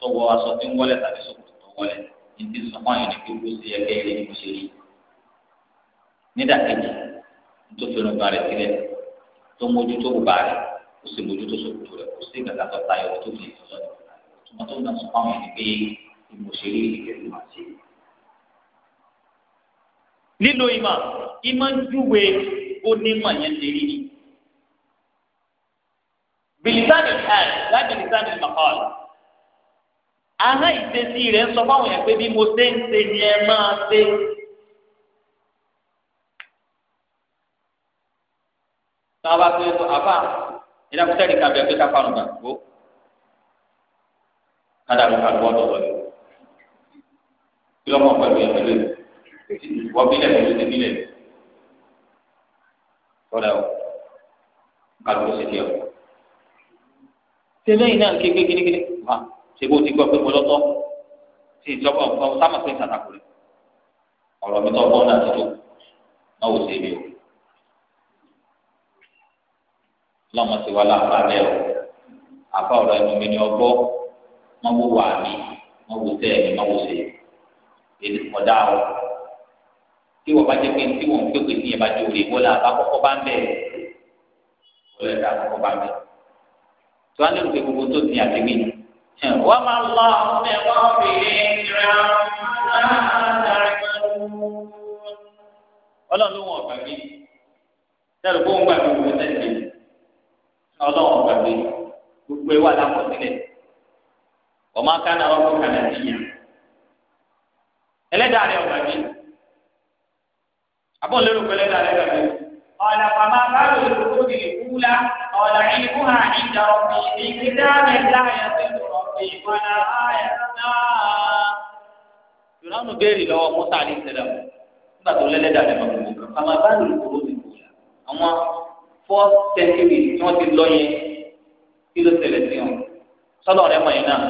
tó wọ aṣọ tí ń wọlé tàbí ṣòkòtò tó wọlé ní ti sọ fún àyàn ní kí gbèsè ẹgbẹ́ ilé ni mo ṣe rí. nídàkejì tó fi rìn balẹ̀ sílẹ̀ tó mójútó bùbá rẹ̀ kó sì mójútó ṣòkòtò rẹ̀ kó sì gàgà tó tayọ tó fi ìtọ́jọ́ tó tó ń dà sọ fún àyàn ní pé ìmọ̀ṣẹ́rí ìkẹ́lẹ́ máa ṣe lílo ìmọ̀ ìmọ̀ júwe onímọ̀ yẹn ti rí bilisan al لا la bilisan al-maqal aha ìṣesí rẹ̀ ń sọ fáwọn yẹn pé bí mo ṣe ń ṣe ni ẹ máa ṣe. táwọn bá tó yẹ tó àbá ìdákùtẹ́ nìkan bẹ̀ pé ká fáwọn gbà gbó kádà ló ká gbọ́ dọ̀dọ̀ yìí kí lọ́mọ pẹ̀lú ṣe lẹ́yìn náà ké ké kíníkíní wà ṣe bó ti gbọ́ pé mo lọ́tọ́ ṣe ìjọba ọ̀pọ̀ sámà pé sàtàkù rẹ̀ ọ̀rọ̀ mi tọ́ bọ́ọ̀ náà ti tó náà wò ṣe mi o lọ́mọ ti wá láàbà rẹ̀ o àbá ọ̀rọ̀ ẹnu mi ni ọgbọ́ wọ́n wò wà mí wọ́n wò tẹ́ mi wọ́n wò ṣe èdè ọ̀dà o tí wọ́n bá jẹ́ pé tí wọ́n ń pépè sí yẹn bá jó rè wọ́n bá kọ́kọ́ bá ń bẹ̀ wọ́n lẹ̀ dá bá ń bẹ̀ tí wọ́n á lérò pé gbogbo tó ti àtẹ̀wé ni. wọ́n máa ń lọ ọ̀hún ẹ̀ wọ́n fi ìrìnà ọlọ́run ló wọ̀n gbàgbé sẹ́rù kó ń gbàgbé gbogbo tẹ̀sí ọlọ́run gbàgbé gbogbo ẹ̀ wà lákọsílẹ̀ ọmọ akánà ọkọ̀ kàdà níyà ẹlẹ́dàá rẹ̀ ọ̀gbàgbé abọ́ ń lérò pé ẹlẹ́dàá rẹ̀ gbàgbé. قال فما بال الكتب الأولى قال علمها عند ربي في كتاب لا يضل ربي ولا آية Fìránù béèrè lọ́wọ́ Mọ́tà àlè ìṣẹ̀lẹ̀ mọ́. Nígbà tó lẹ́lẹ́dà rẹ̀ mọ̀ lóko kan, àmọ́ bá lòlù kúrò ní ìgbòlá. Àwọn fourth century tí wọ́n ti lọ yẹn kí ló ṣẹlẹ̀ sí wọn. Sọ́dọ̀ rẹ̀ mọ̀ yẹn náà.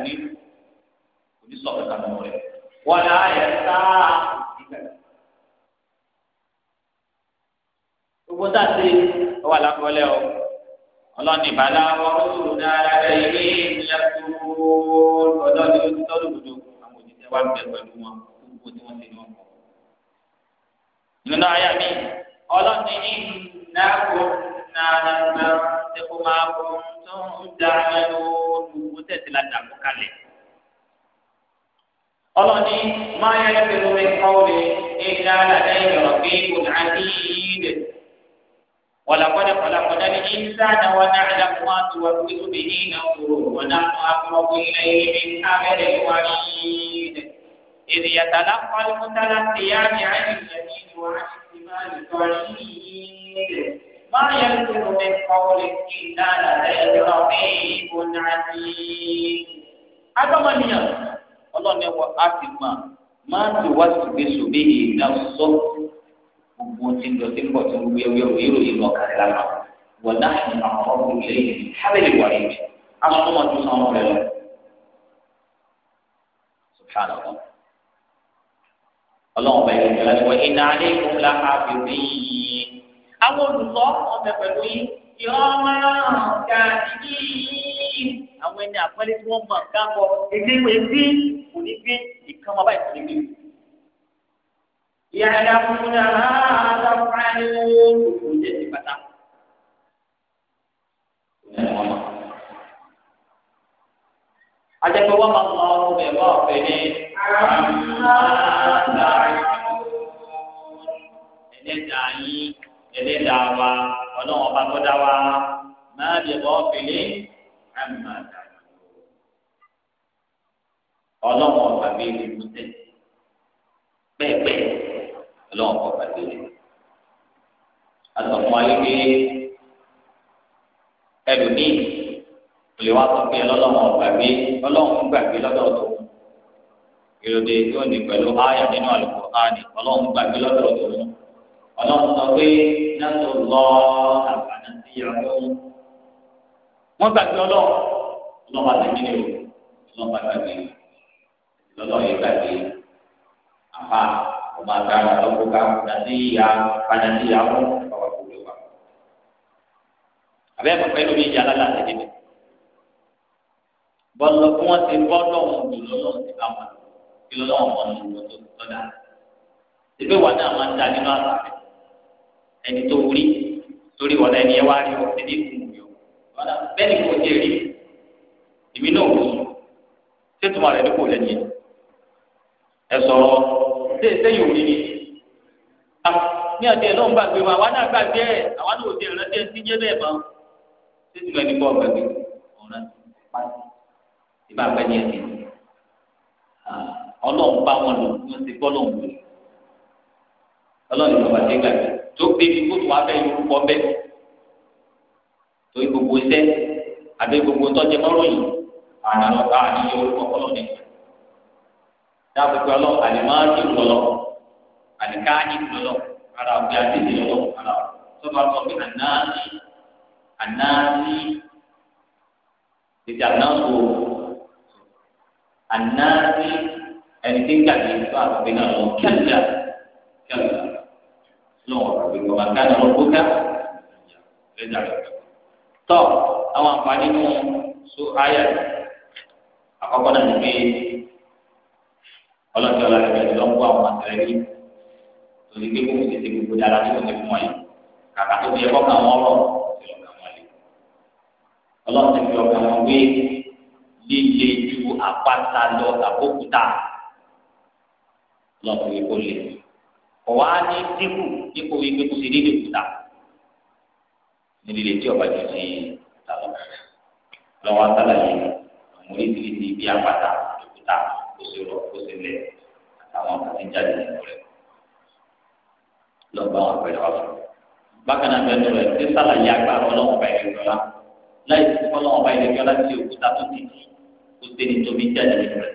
Ọ̀là òní sọ̀rọ̀ kanú rẹ̀ wọ́n á yẹ sáà ìgbàlẹ̀. gbogbo tá a ṣe ọ wà lákọọlẹ o ọlọ́ni ìbálá wọn ó sùn náírà ilé ìlẹ́kùn ọjọ́ ni ó ti tọ́lù gbòdò àwọn òṣìṣẹ́ wa ń bẹ pẹ̀lú wọn gbogbo tí wọ́n ṣe ní ọkọ̀. nínú àyà mi ọlọ́ni ní ìnáwó náírà náà ṣe kó máa kó tó ń dá ẹnu gbogbo tẹ̀sí la dàpọ̀ kalẹ̀ ọlọ́ni máa yẹ kí lómi kọ́ọ̀lì ìdá àlàyé ọ̀bí ìkùnàdí ìdè wàlàkọ́dà wàlàkọ́dà ní ìsáàdà wọn náà àdàmú wọn ti wà pé tóbi ní ìnáwó wọn náà wọn akọrọ wọn ilẹ̀ yìí ní abẹ́rẹ́ wọn ìdè èdè yàtà lápálí mọ́tàlá ti yá ní àyè ìyẹ̀dí wọn àti ìmáàlì tọ́lá ọlọ́ni wọ àti mà máa ti wá ṣùgbẹ́ṣùgbẹ́ yìí náà sọ gbogbo tí ń lọ sí pọ̀ tó ń wíwíwí ìròyìn lọ kàrí lára wọ́n náà ní àwọn ọ̀gbìn lẹ́yìn hábẹ́lì wà ní ibẹ̀ tó sàn wọn rẹ̀ lọ. ọlọ́run bá yẹ kí wọ́n iná alẹ́ kó la ha bèbè àwọn olùsọ ọ̀bẹ pẹ̀lú yìí yọ̀ọ́mọ́ kàdíkì àwọn ẹni àpẹẹrẹ tí wọ́n mọ̀ ká bọ̀ ẹgbẹ́ ìwé sí kò ní gbé ìkan wọn báyìí tó gbé. ìyára fún yàrá lọ́kùnrin ní òkú jẹ́ ti bàtà. ajẹ́pẹ́ wọ́n máa ń mọ ọ̀rùn ẹ̀ bá ọ̀fẹ́ ní àmàlà yín ẹ̀dẹ́dàá wa ọlọ́run ọba tó dá wa máa lè bọ́ fìlẹ́ àmà dàgbà ọlọ́run ọba bíi lè mú tẹ̀ bẹ́ẹ̀ bẹ́ẹ̀ ọlọ́run ọba bíi lè mú asọ̀fún ayé pé ẹlòmíì kò lè wá sọ pé ọlọ́run ọba bíi ọlọ́run gbàgbé lọ́dọ̀ tó èrò de tí ó ní pẹ̀lú áyà nínú àlùkò áyà ní ọlọ́run gbàgbé lọ́dọ̀ tó mú ọlọ́run sọ pé nàtò lọ àgbàdo sí ìyàwó wọn gbàgbé ọlọ́run ọlọ́run àtẹ̀mí ni o ọlọ́run gbàgbé lọ́lọ́ yìí gbàgbé àfa ọmọ agbára lọ́kọ́ ká nàtí ìyá padà sí ìyàwó ọwọ́ kò lè wà. àbẹ́ pàpẹ́ ló bí ìjà lálẹ́ àtẹ̀mí mi bọ́lọ́ fún wọn ti bọ́ lọ́wọ́ lọ́wọ́ ti bá wọn kí lọ́wọ́ wọn lọ́wọ́ tó tọ́ ìgbéwà náà máa ń da nínú àgbà ẹni tó rí torí wọn ẹni ẹ wá rí ọ ẹni kù mí o bẹ́ẹ̀ ni kò jẹ́ rí èmi náà wò ó sètò ma rẹ̀ ní kò lẹ́ni ẹ sọ̀rọ̀ ṣé sẹ́yìn òní ni ní àti ẹ̀ náà ń gbàgbé wa àwa náà gbàgbé ẹ̀ àwa náà ò di ẹ̀rọ tí ẹ ti jẹ́ bẹ́ẹ̀ mọ́ sètò ẹni kọ́ gbàgbé ọ̀rẹ́ pàṣẹ ìbá gbẹ́ni ẹ̀ ti ọlọ́run bá wọn lò wọ́n ti gbọ́ lọ́run lò ọlọ́run ìjọba ti gbàgbé tó débi kótó wa bẹ́ẹ̀ yorùbá bẹ́ẹ̀ tó gbogbo iṣẹ́ àbí gbogbo tọ́jú mọ́ròyìn ànàlọ́ka àníyẹ orúkọ kọ́lọ́ ní ìgbà dáàbò pé ọlọ́ àlìmáàdì lọ́lọ́ àlìkáàdì lọ́lọ́ ara ọ̀gbẹ́ àdéhìí lọ́lọ́ ara sọ́ba sọ pé ànáàdì ànáàdì tètè ànáàdì ànáàdì ẹni tí ń gàdé tó àgbẹ̀ náà lọ kẹ́lẹ́ kẹ́lẹ́ lọ́wọ́ àgbègbè wa ká ní ọlọ́gbọ́n ká lẹ́dà rẹ̀. tọ́ àwọn àǹfààní nù so ayà àkọ́kọ́ náà ní pé ọlọ́jọ́ ọlọ́jọ́ ìbẹ̀rẹ̀ lọ́gbọ́ àwọn àtẹ̀rẹ́ yìí torí pé kókò tètè gbogbo dára tó ti fún wọn yìí kàkà tó fi ẹ̀kọ́ kàn wọ́n rọ̀ sí ọ̀gá wọn lé. ọlọ́run fi ọ̀gá wọn wé líle ju àpáta lọ àbókúta lọ́kùnrin kó ọ̀wá ní dínkù dípò wípé kò sí lílé òkúta ní lílé tí ọba jù sí ìta lọ lọ́wọ́ àtàlàyé àwọn oríṣiríṣi bí apáta òkúta kò sí rọ kò sí lẹ̀ àtàwọn kan ti jáde nínú rẹ̀ lọ́gbà wọn pẹ̀lú ọ̀fọ̀ bákan náà bẹ́ẹ̀ lọ́rọ̀ ẹ̀ sálàyé agbára ọlọ́wọ́n bá ilé ọlá láì sí fọlọ́wọ́n bá ilé ọlá tí òkúta tó ti di kó sẹ́ni tóbi jáde nínú rẹ̀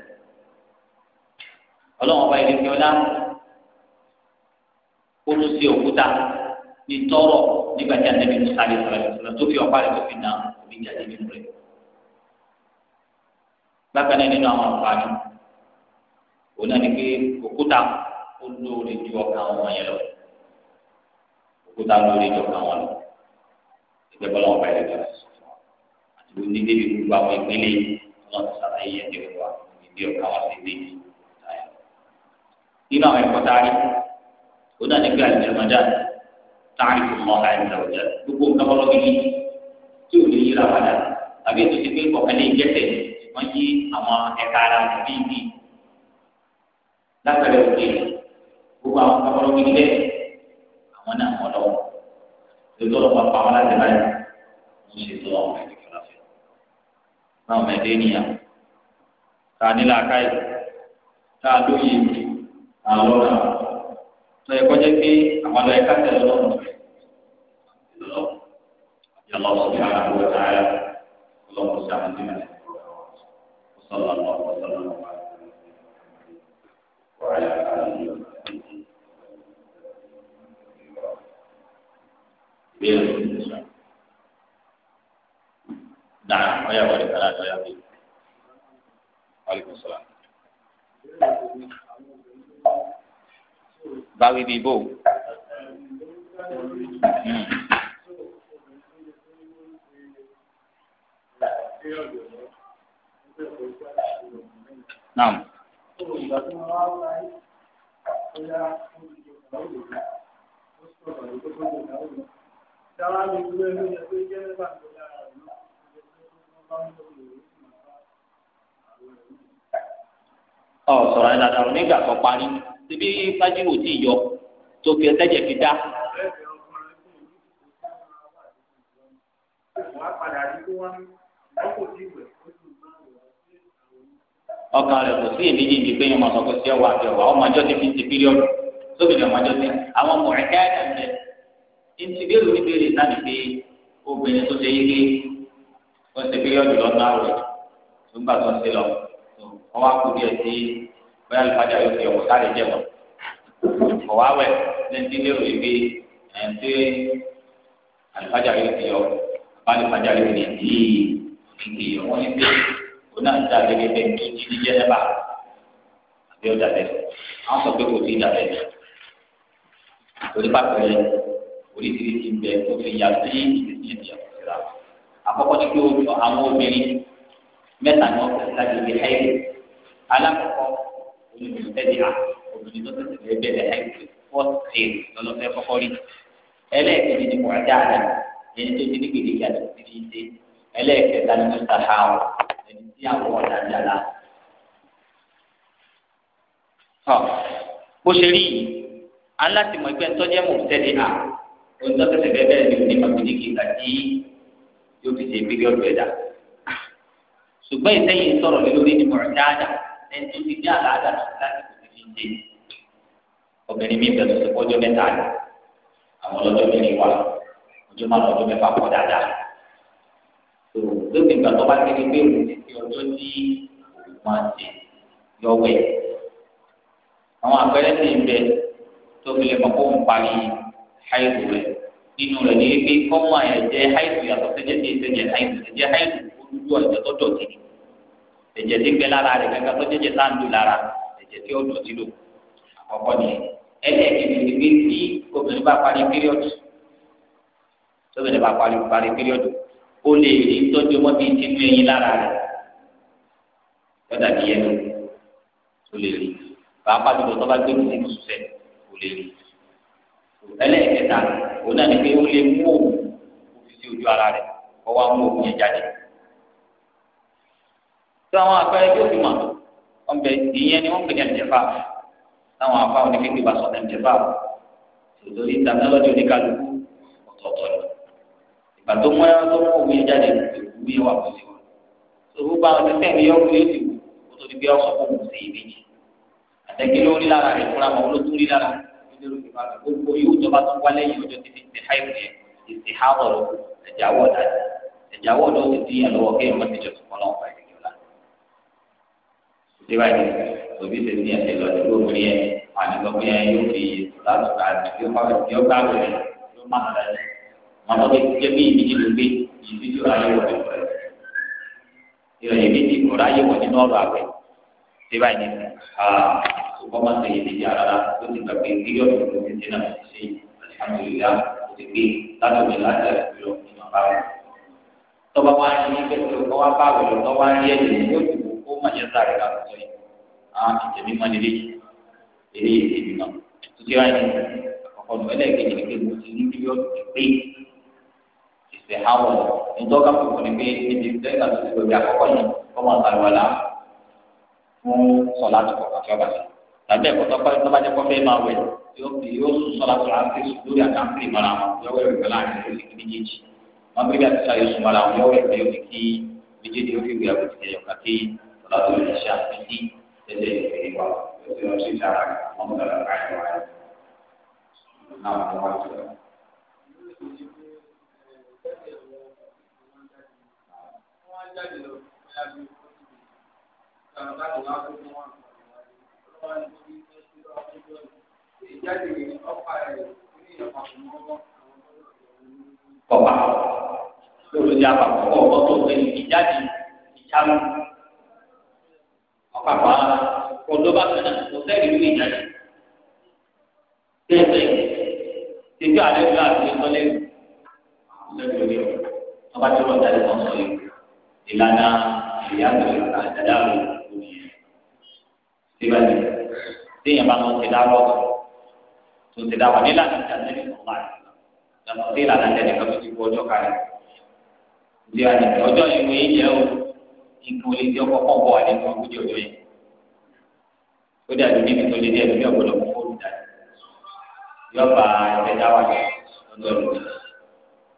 ọlọ́wọ́n bá ilé ọlá kóló sí òkúta ní tọrọ nígbà tí anabi musa lè sọ̀rọ̀ ìṣòro tó fi ọ̀pá rẹ̀ tó fi nà omi jáde nínú rẹ̀ bákan náà nínú àwọn àǹfààní òun náà ni pé òkúta ó lóore ju ọkàn ọmọ yẹn lọ òkúta lóore ju ọkàn wọn lọ ìgbẹ́ bọ́lá wọn báyìí lọ́wọ́ àti wọn ní débi gbogbo àwọn ìpínlẹ̀ wọn ti sàlàyé yẹn ní ọkọ àwọn ìdí ọkàn wọn ti dé nínú àwọn ẹ̀kọ́ tá a rí ó náà ní pé àlùmọ́dá táàrí fún mọ́ àìsàn ọ̀jà gbogbo nǹkan bọ́ lọ́gbìn yìí tí ò lè yíra padà àbí ètò ti pé kọ̀ọ̀kan lè jẹ́sẹ̀ wọ́n yí àwọn ẹ̀ka ara rẹ̀ bíi bíi látàrí òkè gbogbo àwọn nǹkan bọ́ lọ́gbìn bẹ́ẹ̀ àwọn náà mọ̀ lọ́wọ́ lójú ọlọ́pàá pa wọn láti báyìí wọ́n ṣètò àwọn ẹ̀mí fúlàfẹ́ báwọn ẹ̀dẹ́ nìyà tá nílà káyì tá lóye àwọn ọ̀rọ̀ tó yẹ kọjá pé àwọn ọlọ́ ẹ̀ka tẹ̀lé lọ́rùn rẹ̀ lọ́wọ́ yàtọ̀ sọ̀rọ̀ àwọn ọ̀tá ayá ọlọ́mọ sí àwọn tí wọ́n sọ̀rọ̀ lọ́wọ́ sọ̀rọ̀ lọ́wọ́ wàhálà àlùyọ. Ìbéèrè dáa ọ̀yà wọlé kálá àtọ̀yà bí. Wàhálà kò sọ̀rọ̀ báwí bíi bò. Naam. Thank you. ọ sọ̀rọ̀ yẹn dáadáa nígbà tó parí síbi fájì wò tí ì yọ tó fi ẹsẹ̀jẹ̀ fi dá. ọkàn rẹ̀ kò sí èmi yìí pé ọmọ sọ̀kò sí ọwọ́ àti ọwọ́ ọmọ ọjọ́ ti fi ti píríọ̀dù sóbì ní ọmọ ọjọ́ ti àwọn ọmọ ẹ̀ka ẹ̀ka ẹ̀ ìtìbéèrè náà pé obìnrin tó ṣe yí pé ti píríọ̀dù lọ́nà àwẹ̀ nígbà tó ń ṣe lọ ọwọ́ àkùdíẹ̀ sí bóyá alùpàdé ayọ̀ fi ọ̀wọ̀ sáré jẹ̀ wọ́n kọ̀ wá wẹ̀ lẹ́ńtí lérò yìí pé ẹ̀ńtí alùpàdé ayọ̀ fi ọ̀ alùpàdé ayọ̀ fi ẹ̀ tí kìkì yọ̀ wọ́n ní pé òun náà ń dá gẹ́gẹ́ bẹ́ẹ̀ tó ti ní jẹ́nẹ́bà àbí ọ̀dà bẹ́ẹ̀ àwọn sọ pé kò sí ìdà bẹ́ẹ̀ torí pàpẹ́rẹ́ oríṣiríṣi ń bẹ tó fi yà sí ìdíje ìdíje àkọ́kọ́ ni pé àwọn obìnrin mẹ́ta ni wọ́n fẹ́ láti ilé ẹ̀yìn alákọ̀ọ́ olùdíjẹ́dìá obìnrin tó tẹ̀sí ẹgbẹ́ ẹ̀ẹ́dì fọ́ọ̀tì lọ́lọ́fẹ́ kọ́kọ́ rí ẹlẹ́ẹ̀kejì ni wọ́n dáadáa ẹni tó ti ní gbèdéke àti ìdílé ìdè ẹlẹ́ẹ̀kẹta ni mr howe ẹni tí àwọn ọ̀dà ń dára. bó ṣe rí yìí alátìmọ̀ ẹgbẹ́ ń tọ́jú ẹ̀mọ̀ tẹ́lẹ̀ à òun tó tẹ̀sí ẹgbẹ́ bẹ́ẹ̀ ni òní màgbèdéke ìgbà tí yóò fi ṣe píríọ̀dù ẹ̀dá ṣùgbọ́n ìtẹ́yìn sọ̀rọ̀ lórí ni mọ̀ọ́ ẹni tó ti gbé àlàáda tó ti láti kò ti fi ṣe obìnrin mi bẹ̀rẹ̀ sí ọjọ́ mẹ́ta ni àwọn ọlọ́jọ́ mẹ́rin wà ọjọ́ máa lọ ọjọ́ mẹ́fà pọ̀ dáadáa tó lókè ìgbà tó bá kéré pé òun ti fi ọjọ́ tí òun máa ṣe yọwẹ́ àwọn àpẹẹrẹ ti ń bẹ tó fi lè mọ̀ kó ń parí háìlù rẹ̀ nínú rẹ̀ ní pé kọ́mọ ẹ̀jẹ̀ háìlù yàtọ̀ sẹ́jẹ̀ sí ẹ̀jẹ̀ háìlù ẹ̀jẹ̀ háìlù olúwo ẹ̀jẹ̀ tó dọ̀tí ẹ̀jẹ̀ tí ń bẹ lára rẹ̀ gẹ́gẹ́ tó jẹ́jẹ́ tá ń lù lára ẹ̀jẹ̀ tí ó dọ̀tí lò àkọ́kọ́ ni ẹlẹ́ẹ̀kejì ni pé tí obìnrin bá parí píríọ̀dù tóbìnrin bá parí parí píríọ̀dù ó lè rí tọ́jú ọmọ bíi tínú ẹyin lára rẹ̀ lọ́dà bí yẹn ó lè rí pàápàá jùlọ tó bá gbé ní sínú sẹ ó lè rí ẹlẹ́ẹ̀kẹta òun náà ni pé ó lè mú òun òfin sí ojú ara rẹ̀ kọ́ wá mú òun yẹn jáde tó àwọn àpẹẹrẹ yóò fi mọ wọn bẹ ìyẹn ni wọn pè ní ẹnìjẹfà táwọn afa oníkékeré bá sọ ẹnìjẹfà tòtòrí tàbílọ́jì oníkàlùkù ọ̀tọ̀ọ̀tọ̀ ni ìgbà tó mú ẹran tó mú òwe jáde ìwé wà kó sí wa tó gbogbo àwọn tẹsẹ̀ ní yọ wúlé sí kó tó di bí ọ̀sán kó kù sí ìbejì àtẹ̀kí ló rí lára rẹ̀ fúnra mọ́ ló tún rí lára rẹ̀ gbogbo yóò jọba tó wá lẹ́yìn ọjọ́ títí ti ha ìpè ìsìnkáwọ̀ lọ ẹ̀jáwọ̀ síbà ní òbí ṣe ní ẹsẹ̀ lọ sí gbogbo yẹn wà ní gbogbo yẹn yóò fi láti ká àti ọkọ tí ó bá wẹ̀ ló lọ sí wọn tó jẹ bí ìdíjì ló gbé ìdíjì ráyè wọ̀ ní ọ̀rẹ́ ìròyìn méjì kò ráyè wọ̀ nínú ọ̀rọ̀ àgbẹ̀ síbà ní ṣùgbọ́n má ṣe ìdíjì rárá tó ti gbàgbé gígọ́ tó ti ti náà ṣe alhamdulillah tó ti gbé látọ̀gbẹ̀ láti àgbẹ̀ tọ́ba wá ní ẹgbẹ́ tó kọ́ wá bá àgbẹ̀ lọ wá ní ẹ̀jẹ̀ ní kó má yẹn sáré rà lọ́sọ yìí àwọn ìtẹ̀mí mọ́ nílé yìí èyí èmi náà tó ti ni. àkọ́kọ́ nù ẹlẹ́ẹ̀kejì ni pé mo ti ní píríọ̀dù ti pé ìfẹ́ hàwọ̀ nítorí ká fòkò ní pé níbi lẹ́yìn àti ìgbòbi àkọ́kọ́ yìí kọ́ máa sáré wàlá fún sọlá tó kọ̀ kàfẹ́ bàtà tàbí ẹ̀kọ́ tó kọ́ tó bá jẹ́ kọ́ fẹ́ máa wẹ̀ yóò fi yóò sùn sọlá tó láti sùn lórí àkáǹtì ìmọ̀ràn yóò wẹ̀ wẹ̀ láàrin lórí méjèèjì wọn bí bí àti sáyé sùn mọ́ra yóò wẹ̀ wẹ̀ yóò fi kí méjèèjì yóò fi wẹ̀ àbòtí ẹ̀yọ̀ kàkéyìí lọ́dún rẹ̀ ṣàpèjì tẹ́lẹ̀ ìfẹ́ wa lọ́sẹ̀ wọn ṣe dára wọn kọ́ lọ́dún káyọ̀ wa náà wọn wá jù lọ. Kọ̀pá lórí ìjà àpapọ̀ ọ̀pọ̀ tó ń pè ìjáde ìjánu ọ̀pàpà ọ̀dọ́bà kanáà kò sẹ́ẹ̀lì wí ìdájì. Tẹ́tẹ́ tẹ́tí àlẹ́ ìlú àti ìtọ́lẹ̀ lẹ́nu rí ọba tí wọ́n jáde kan sọ yìí. Ìlànà ìyàtọ̀ àdàdà rẹ̀ ló ní ẹ̀. Síbẹ̀sì téèyàn bá wọn ti dá lọ́tọ̀ tó ti dá wà nílànà ìdánilẹ̀ ọ̀la rẹ̀ lọ́tọ̀ sí ìlànà ìdánilẹ̀ kan tó ti bu ọjọ́ kalẹ̀. Ìdí àná ọjọ́ ìwé yìí jẹ́ òkú nínú ilé tí ọkọ kọ bọ àdéhùn ogójì ọjọ́ yẹn ó dàbí níbi tó lé ní ẹlòmíì ọgbọdọ kó fóònù dà yọ bá ẹgbẹ dá wà lọ́dọ̀ ẹlòmíì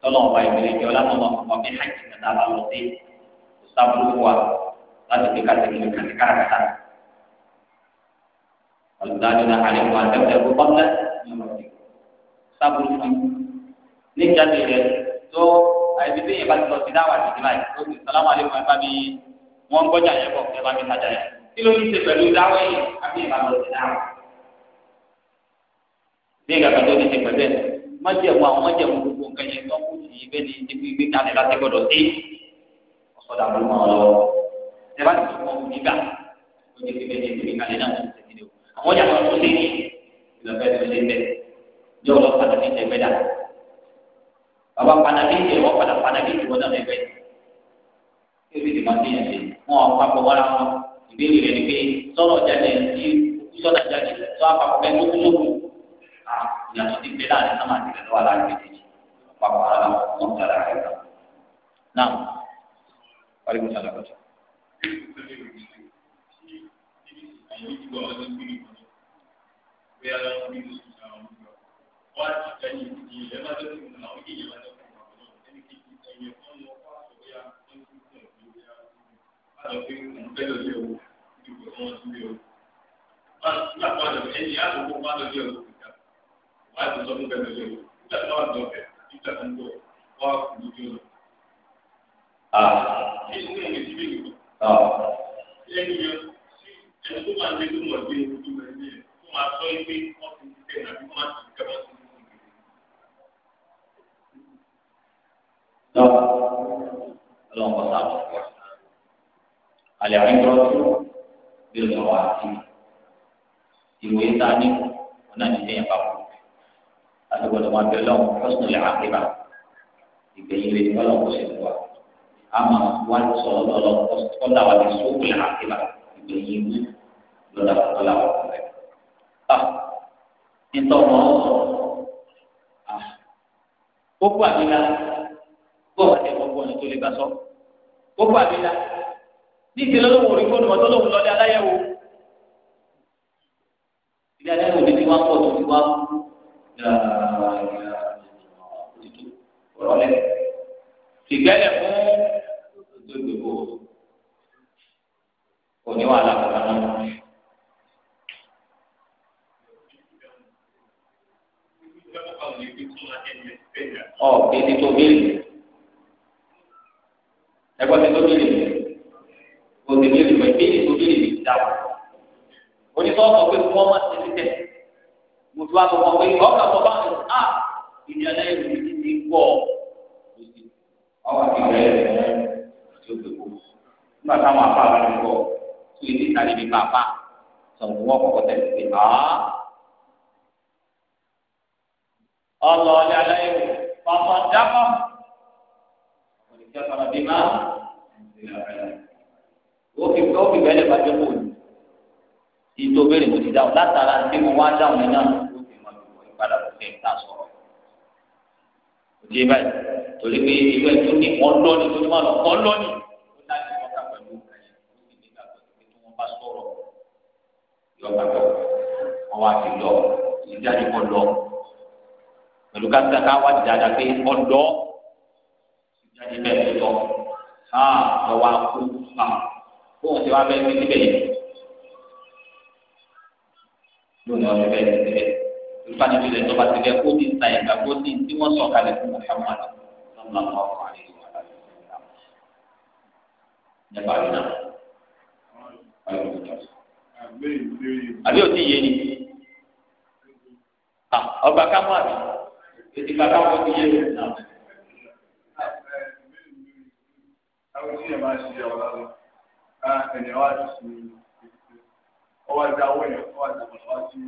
tọlọ ọba ìbílẹ̀ jẹ ọlátọmọ ọmọ bí hajj kàtà bá lọ sí sábúrú wa láti fi kàtàkìlì kàtì kàràkàtà ọlùdájọ náà àlẹ wọn àtẹwọlẹ kó bọlẹ sábúrú fún níjàdé rẹ tó àìbí bẹyẹ bá ti lọ sí dáwà títí báyìí ó sì sálámù wọ́n ń bọ́jà yẹn bọ̀ ẹ bá mi tajà yẹn kí ló ní ṣe pẹ̀lú dáwọ́ yìí àbí ìbámu lọ sí dáwọ́. bí ìgbà kan tó ní ṣe pẹ̀lú ẹ̀ májẹ̀mú àwọn májẹ̀mú gbogbo nǹkan yẹn tó kù sí ibẹ̀ ní ibi gbé kalẹ̀ láti gbọ́dọ̀ sí ọ̀sọ̀dà ló mọ̀ ọ́ ẹ bá ti sọ̀kọ̀ òun nígbà ó ní kí bẹ́ẹ̀ ní ibi kalẹ̀ náà ti tẹ̀lé o àwọn ọjà tó ṣe ní ìlọ̀fẹ́ tó ṣe bẹ́ẹ̀ yóò lọ padà ní ìtẹ̀gbẹ́ dà bàbá padà ní ìtẹ̀wọ́ padà padà ní ìtẹ̀wọ́ náà lẹ́gbẹ́ kí wọn ò papọ̀ wọ́ra wọn ìbéèrè rẹ̀ ni pé sọ̀rọ̀ jáde tí òkú sọ̀dà jáde sọ àpapọ̀ bẹ́ẹ̀ tó kú lókun à ìyàtọ̀ ti bẹ́ẹ̀ láàrin sábà ti rẹ̀ lọ́wọ́ láàrin méjèèjì papọ̀ ara wọn wọn ń tara rẹ̀ náà. wàlẹ́ kò sọ̀rọ̀ kọ̀tọ̀. Wọ́n á ti tẹ̀yìn ìdílé ẹ̀ máa tó ti mú àwọn ìdílé máa tó fẹ́. àlọ́ Lọ́wọ́ ọlọ́run kọ́ta alẹ́ àìrọ́tò bí o lọ́wọ́ àti ìwé sani wọn náà ti dé yẹn papọ̀ àti gbọdọ̀ wọn bẹ lọ́wọ́ fọ́sùn lè àgbé bá ìgbẹ̀yìn rẹ̀ kọ́lọ̀ kó ṣe wà àmọ́ wà sọ lọ́lọ́ kọ́lá wà ní sókè lè àgbé bá ìgbẹ̀yìn rẹ̀ lọ́lá kọ́lá wà kọ́ rẹ̀. nítorí wọn sọ gbogbo ah, àbílá gbogbo àti gbogbo ọ̀nà tó lè bá sọ gbogbo àbílá ní ìsinmi olówó orí fóònù mọ́tò lòun lọ́lé aláyẹ̀wò ilé aláyẹ̀wò ní ti wá pọ̀ tó ti wá rọlẹ̀ tìgbẹ́lẹ̀ fún gbogbo òní wàhálà kan náà. ọ̀ kí ni tó bí ẹgbẹ́ ti tó bí lè. onítọ́ sọ pé wọ́n má ti tẹ̀ mo ti wá sọ pé ọkà sọ báyìí a ìdí aláyẹ̀ mi ti ti gbọ́ ọwọ́ àti ìrẹ́lẹ̀ tí ó gbẹ̀kọ́ nígbà táwọn afá bá ti gbọ́ tó ìdí ìtàlẹ́ mi máa bá sọ̀rọ̀ wọ́n kọ̀kọ́ tẹ̀lé pé a. ọlọ́ọ̀lẹ́ aláyẹ̀ mi pàpà dákọ̀ òní kí ọ̀sán ọ̀dẹ́ máa ń ó fi bẹ́ẹ̀ lè bàjẹ́ kò ìtò béèrè mo ti dáhùn látara tí mo wá dáhùn yẹn náà ló fi mọ ìwọ ìpadà kò fẹ́ tá a sọ̀rọ̀ kò dé báyìí torí pé ìwé tó ní wọn lọ́ni tó ní wọn lọ wọn lọ́ni ó láti wọn ká pẹ̀lú ìkàyẹ ó sì ní ìgbàgbọ́ pé tí wọ́n bá sọ̀rọ̀ yọ gbàgbọ́ wọn wá ti lọ ìdí àdìpọ̀ lọ pẹ̀lú káta ká wá dáadáa pé ọ̀dọ́ ìdí àdìpẹ̀ tó tọ̀ ha lọ́wọ́ akú ha bóun ti wá bẹ́ẹ̀ lónìí ọ̀rọ̀ bẹ́ẹ̀ ti bẹ́ẹ̀ nípa níbi ilẹ̀ tó bá ti bẹ́ẹ̀ kó ti ta ìgbàgbọ́ sí tí wọ́n sọ kalẹ̀ fún Muhammad sallallahu alayhi wa sallam nípa rẹ̀ náà. àbí òtí yé ni ọgbà kámọ́ àbí ètò ìgbà kámọ́ ti yé ni. Àwọn tí yẹn máa ń ṣe ọ̀la lọ, ẹ̀yẹ̀ wá ti sùn ọwọ́ ẹja owó yẹn ọwọ́ ẹja bàbá sí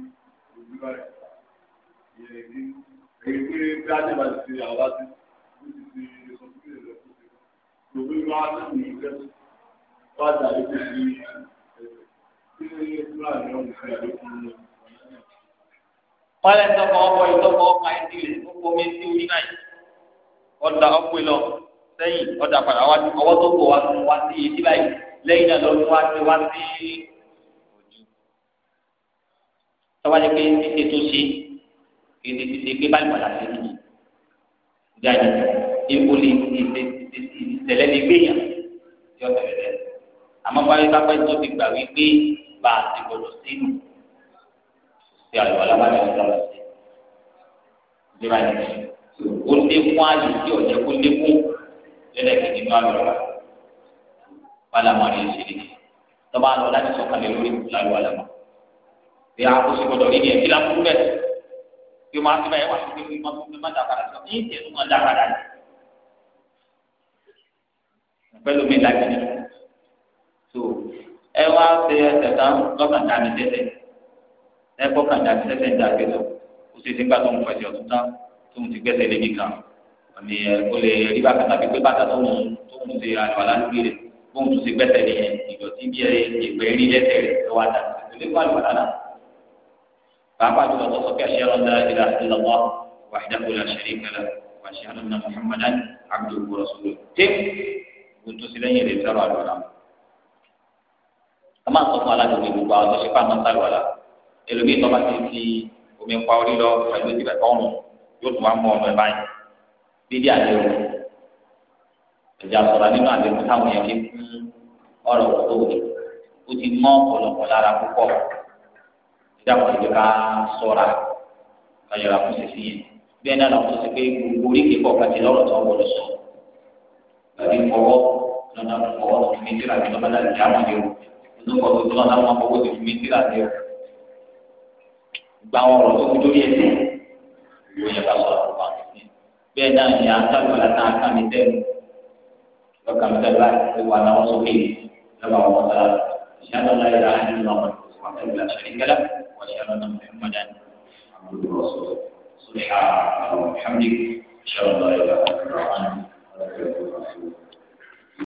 òbílọ rẹ̀ yẹn ní èyí pé bí ajẹ́bà ti ṣe àwọn láti ti ti sọ fún ìrẹ̀lẹ̀ fún mi òbí máa ń tẹ̀lé ìfẹ́ wá jà lé fún mi kí ni fúlàní ọ̀hún fi àlè fún mi. wọ́n lè tọkọ ọkọ ìtọkọ ọkọ ẹtì rẹ̀ ó kọ́ mi sí orí náà ọ̀dà ọ̀pẹ lọ sẹ́yìn ọ̀dà padà ọwọ́ tó kọ̀ wá sí etí báyìí lẹ́yìn náà lọ́dún wá sí wá sí tọ́wá jẹ́ pé títí tó ṣe kéde títí pé báyìí padà sí ní jáde epo lè ìṣẹ̀lẹ̀ lè gbé yàn yọ tẹ̀lẹ̀ lẹ̀ àmọ́ báyìí bá pẹ́ tó ti gbà wípé bá a ti gbọdọ̀ sí nù ṣe àlọ́ alábàdàn ọ̀dọ́ lọ sí ìjọba yìí ó lékún àyè tí ọ̀jẹ̀ kó lékún lẹ́lẹ̀ kìíní ní àlọ́ rẹ̀ wàlámọ́ ni tọ́ba àlọ́ láti sọ̀kalẹ̀ bí a kó sí gbọdọ̀ rí ni ẹbí la kúrú bẹ́ẹ̀ bí wọn á ti báyìí wà sí pé wọn tún fi má dàgbà lọ ní ìtẹ̀sùn wọn dàgbà dà pẹ̀lú mi láti ní so ẹ wá ṣe ẹsẹ̀ kan lọ́kàn dá mi tẹ́tẹ́ ẹ kọ́kàn dá mi tẹ́tẹ́ ń dà bí lọ kó ṣe ti gbà tó ń fẹsẹ̀ ọ̀tún tán tó ń ti gbẹ́sẹ̀ lébi kan àmì ẹ kó lè rí bàtà tàbí pé bàtà tó ń tó ń ṣe àlùbàlà ń gbé rẹ̀ bóun tún ṣe gbẹ́sẹ̀ nìyẹn ìdọ̀tí bí ẹ ìgbẹ́ rí lẹ́sẹ̀ rẹ̀ lọ́wọ́ àtàkùn ìgbẹ́lẹ́kọ̀ àlùbàlà náà pàápàá jùlọ tó sọ pé àṣẹ ọ̀dà ìlà ìlọ́wọ́ wàhídàkùn la sharika lahu wa ashhadu anna muhammadan abduhu wa rasuluhu tẹ́ gbogbo sílẹ̀ yẹn lè sọ̀rọ̀ àlọ́lá. a máa sọ fún aládùúgbò gbogbo àwọn tó ṣe fún àwọn sáré wàlá ẹlòmíì tó bá ti fi omi pa orí lọ pẹ̀lú ìdìbò ọ̀run yóò tún wá mú ọmọ ẹ̀ báyìí bíbí àdéhùn ìjà sọ̀rọ̀ nínú àdéhùn táwọn yẹn fi kún ọ̀rọ̀ tó o ti mọ́ ọ̀pọ̀lọpọ̀ lára púpọ̀ dáwọn ìdí ká sọ́ra ká sisi. fún sísí yẹn bẹ́ẹ̀ náà lọ́wọ́ sí pé gbogbo oríkèé kọ̀ kàti lọ́rọ̀ tó wọ́n lọ sọ tàbí fọwọ́ lọ́nà fọwọ́ tó fi mí síra mi lọ́ba láti dáhùn yìí o lóko tó tó lọ́nà wọn fọwọ́ tó fi mí síra mi o gba àwọn ọ̀rọ̀ tó kú lórí ẹsẹ̀ ìwé yẹn bá sọ̀rọ̀ fún wa bẹ́ẹ̀ náà ni àtàlùwà látà àkàmì tẹ́lu lọ́kàmì tẹ́lu láti wà láwọn sókè lọ́ba wọn sọ̀rọ̀ ìṣàlọ́ láyé láàrin lọ́wọ́ ولأن محمدا عبده ورسوله سبحانك اللهم وبحمدك أشهد أن لا إله إلا أنت